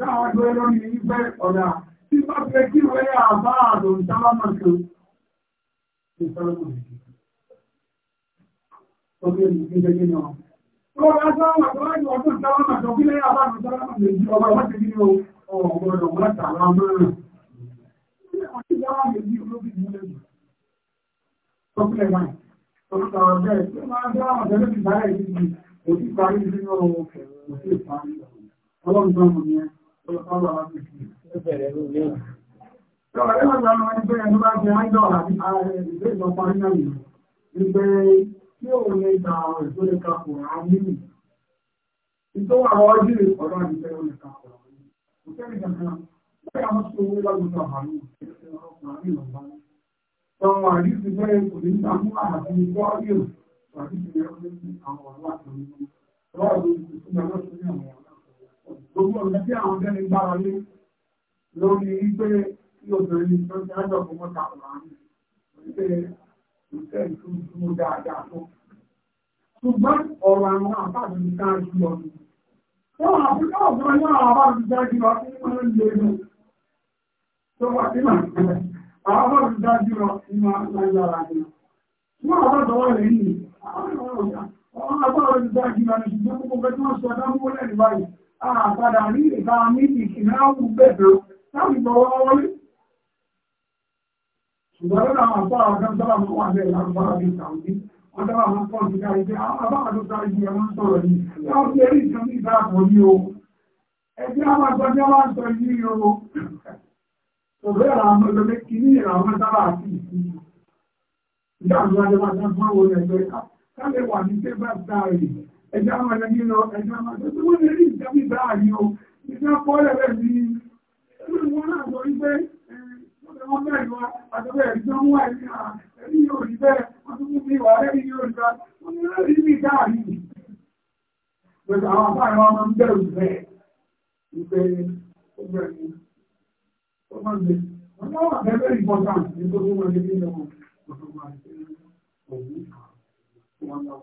táwọn ẹgbẹ́ lórí ìgbẹ́ ọ̀dà tí bá fẹ́ kí wọ́n yà bá àdó ìsálámà kan ṣe sálámà rẹ̀. Ọgbẹ́ mi kí jẹ́ gínà. Tó bá sáwọn àgbáyé ọdún sálámà tó kí lẹ́yà bá àdó sálámà lè jí ọba wọ́n ti ní ọgbọ́dọ̀ wọ́n tààrà mọ́rùn-ún. Ọdún sálámà lè jí olóbi ìmúlẹ̀ jù. Ọgbẹ́ mi, ọdún sálámà bẹ́ẹ̀ tí ó máa ń sálámà tẹ́lẹ̀ ti báyẹ̀ Ìjọ́ àwọn ọdún ìpọ̀lọ́ ìfẹ́ olùkàkọ̀ ọ̀rọ̀. Òkèrè kankan, bẹ́ẹ̀ àwọn tó wé lọ́gbùn àmàlù, ọkùnrin lọ́gbà. Tọ́wọ́ àríṣì bẹ́ẹ̀ kò ní ìgbàmú àti ìgbọ́ yìí, àríṣì bẹ́ẹ̀ kò ní àwọn ọ̀rọ̀ àti ìgbàmú. Rọ́ọ̀dù ìgbàmú gbogbo ọ̀nà tí àwọn gẹ́ni gbára lé lórí wípé kí obìnrin tó ti ájọ fún mọ́ta ọ̀rọ̀ wípé ìfẹ́ ìtúntún dáadáa tó. ṣùgbọ́n ọ̀rọ̀ àwọn àbáàdì ní ká jù lọ ni. wọ́n àfikà ọ̀gbọ́n ní àwọn àbáàdì dá jù lọ sí wọ́n lè mú. tó wà sí màá àwọn àbáàdì dá jù lọ sí máa lágbára ni. wọ́n àbáàdì wọ́n lè yìn àwọn àbáàdì dá jù lọ ní ṣùgbọ́n gbogbo àgbàdà ní ìbá méjì ìṣìnáwó gbẹ̀dọ̀ láti gbọ́wọ́ wọlé. Ṣùgbọ́n lọ́nà àwọn àpá àwọn sábà máa wà bẹ́ẹ̀ lágbára bí Sàwùdí. Wọ́n sábà máa ń pọ̀ sí káyé pé àbá àdó sáré ju ẹ̀wọ̀n sọ̀rọ̀ yìí. Wọ́n fi eré ìtàn ní ìbá àpò ní o. Ẹgbẹ́ àwọn àgbàjọ́ wá sọ yìí o. Òbẹ́ àwọn ọmọdé kì í ní ìràwọ̀ sábà àti ìsìn. Ìjà àwọn àjọ ẹ̀já máa lọ nínú ẹ̀já máa tó tó wọ́n lè rí ìjọ mi bá àrí o ìjọ pọ́ lẹ́rẹ̀ mi wọ́n náà sọ wípé wọ́n bẹ̀rẹ̀ wá àtọ́bẹ̀ ìjọ ń wà ní ẹ̀rí yóò rí bẹ́ẹ̀ wọ́n tó fún mi wà lẹ́rí yóò rí bá wọ́n ní lórí mi bá àrí pẹ̀lú àwọn àbáyọ̀ wọn máa ń bẹ̀rù bẹ́ẹ̀ wípé ó bẹ̀rẹ̀ ó máa ń gbé wọ́n náà wà bẹ́ẹ̀ bẹ́ẹ̀ ìbọ̀tà nítorí wọn lé nínú ọ̀gbọ̀n àti ọ̀gbọ̀n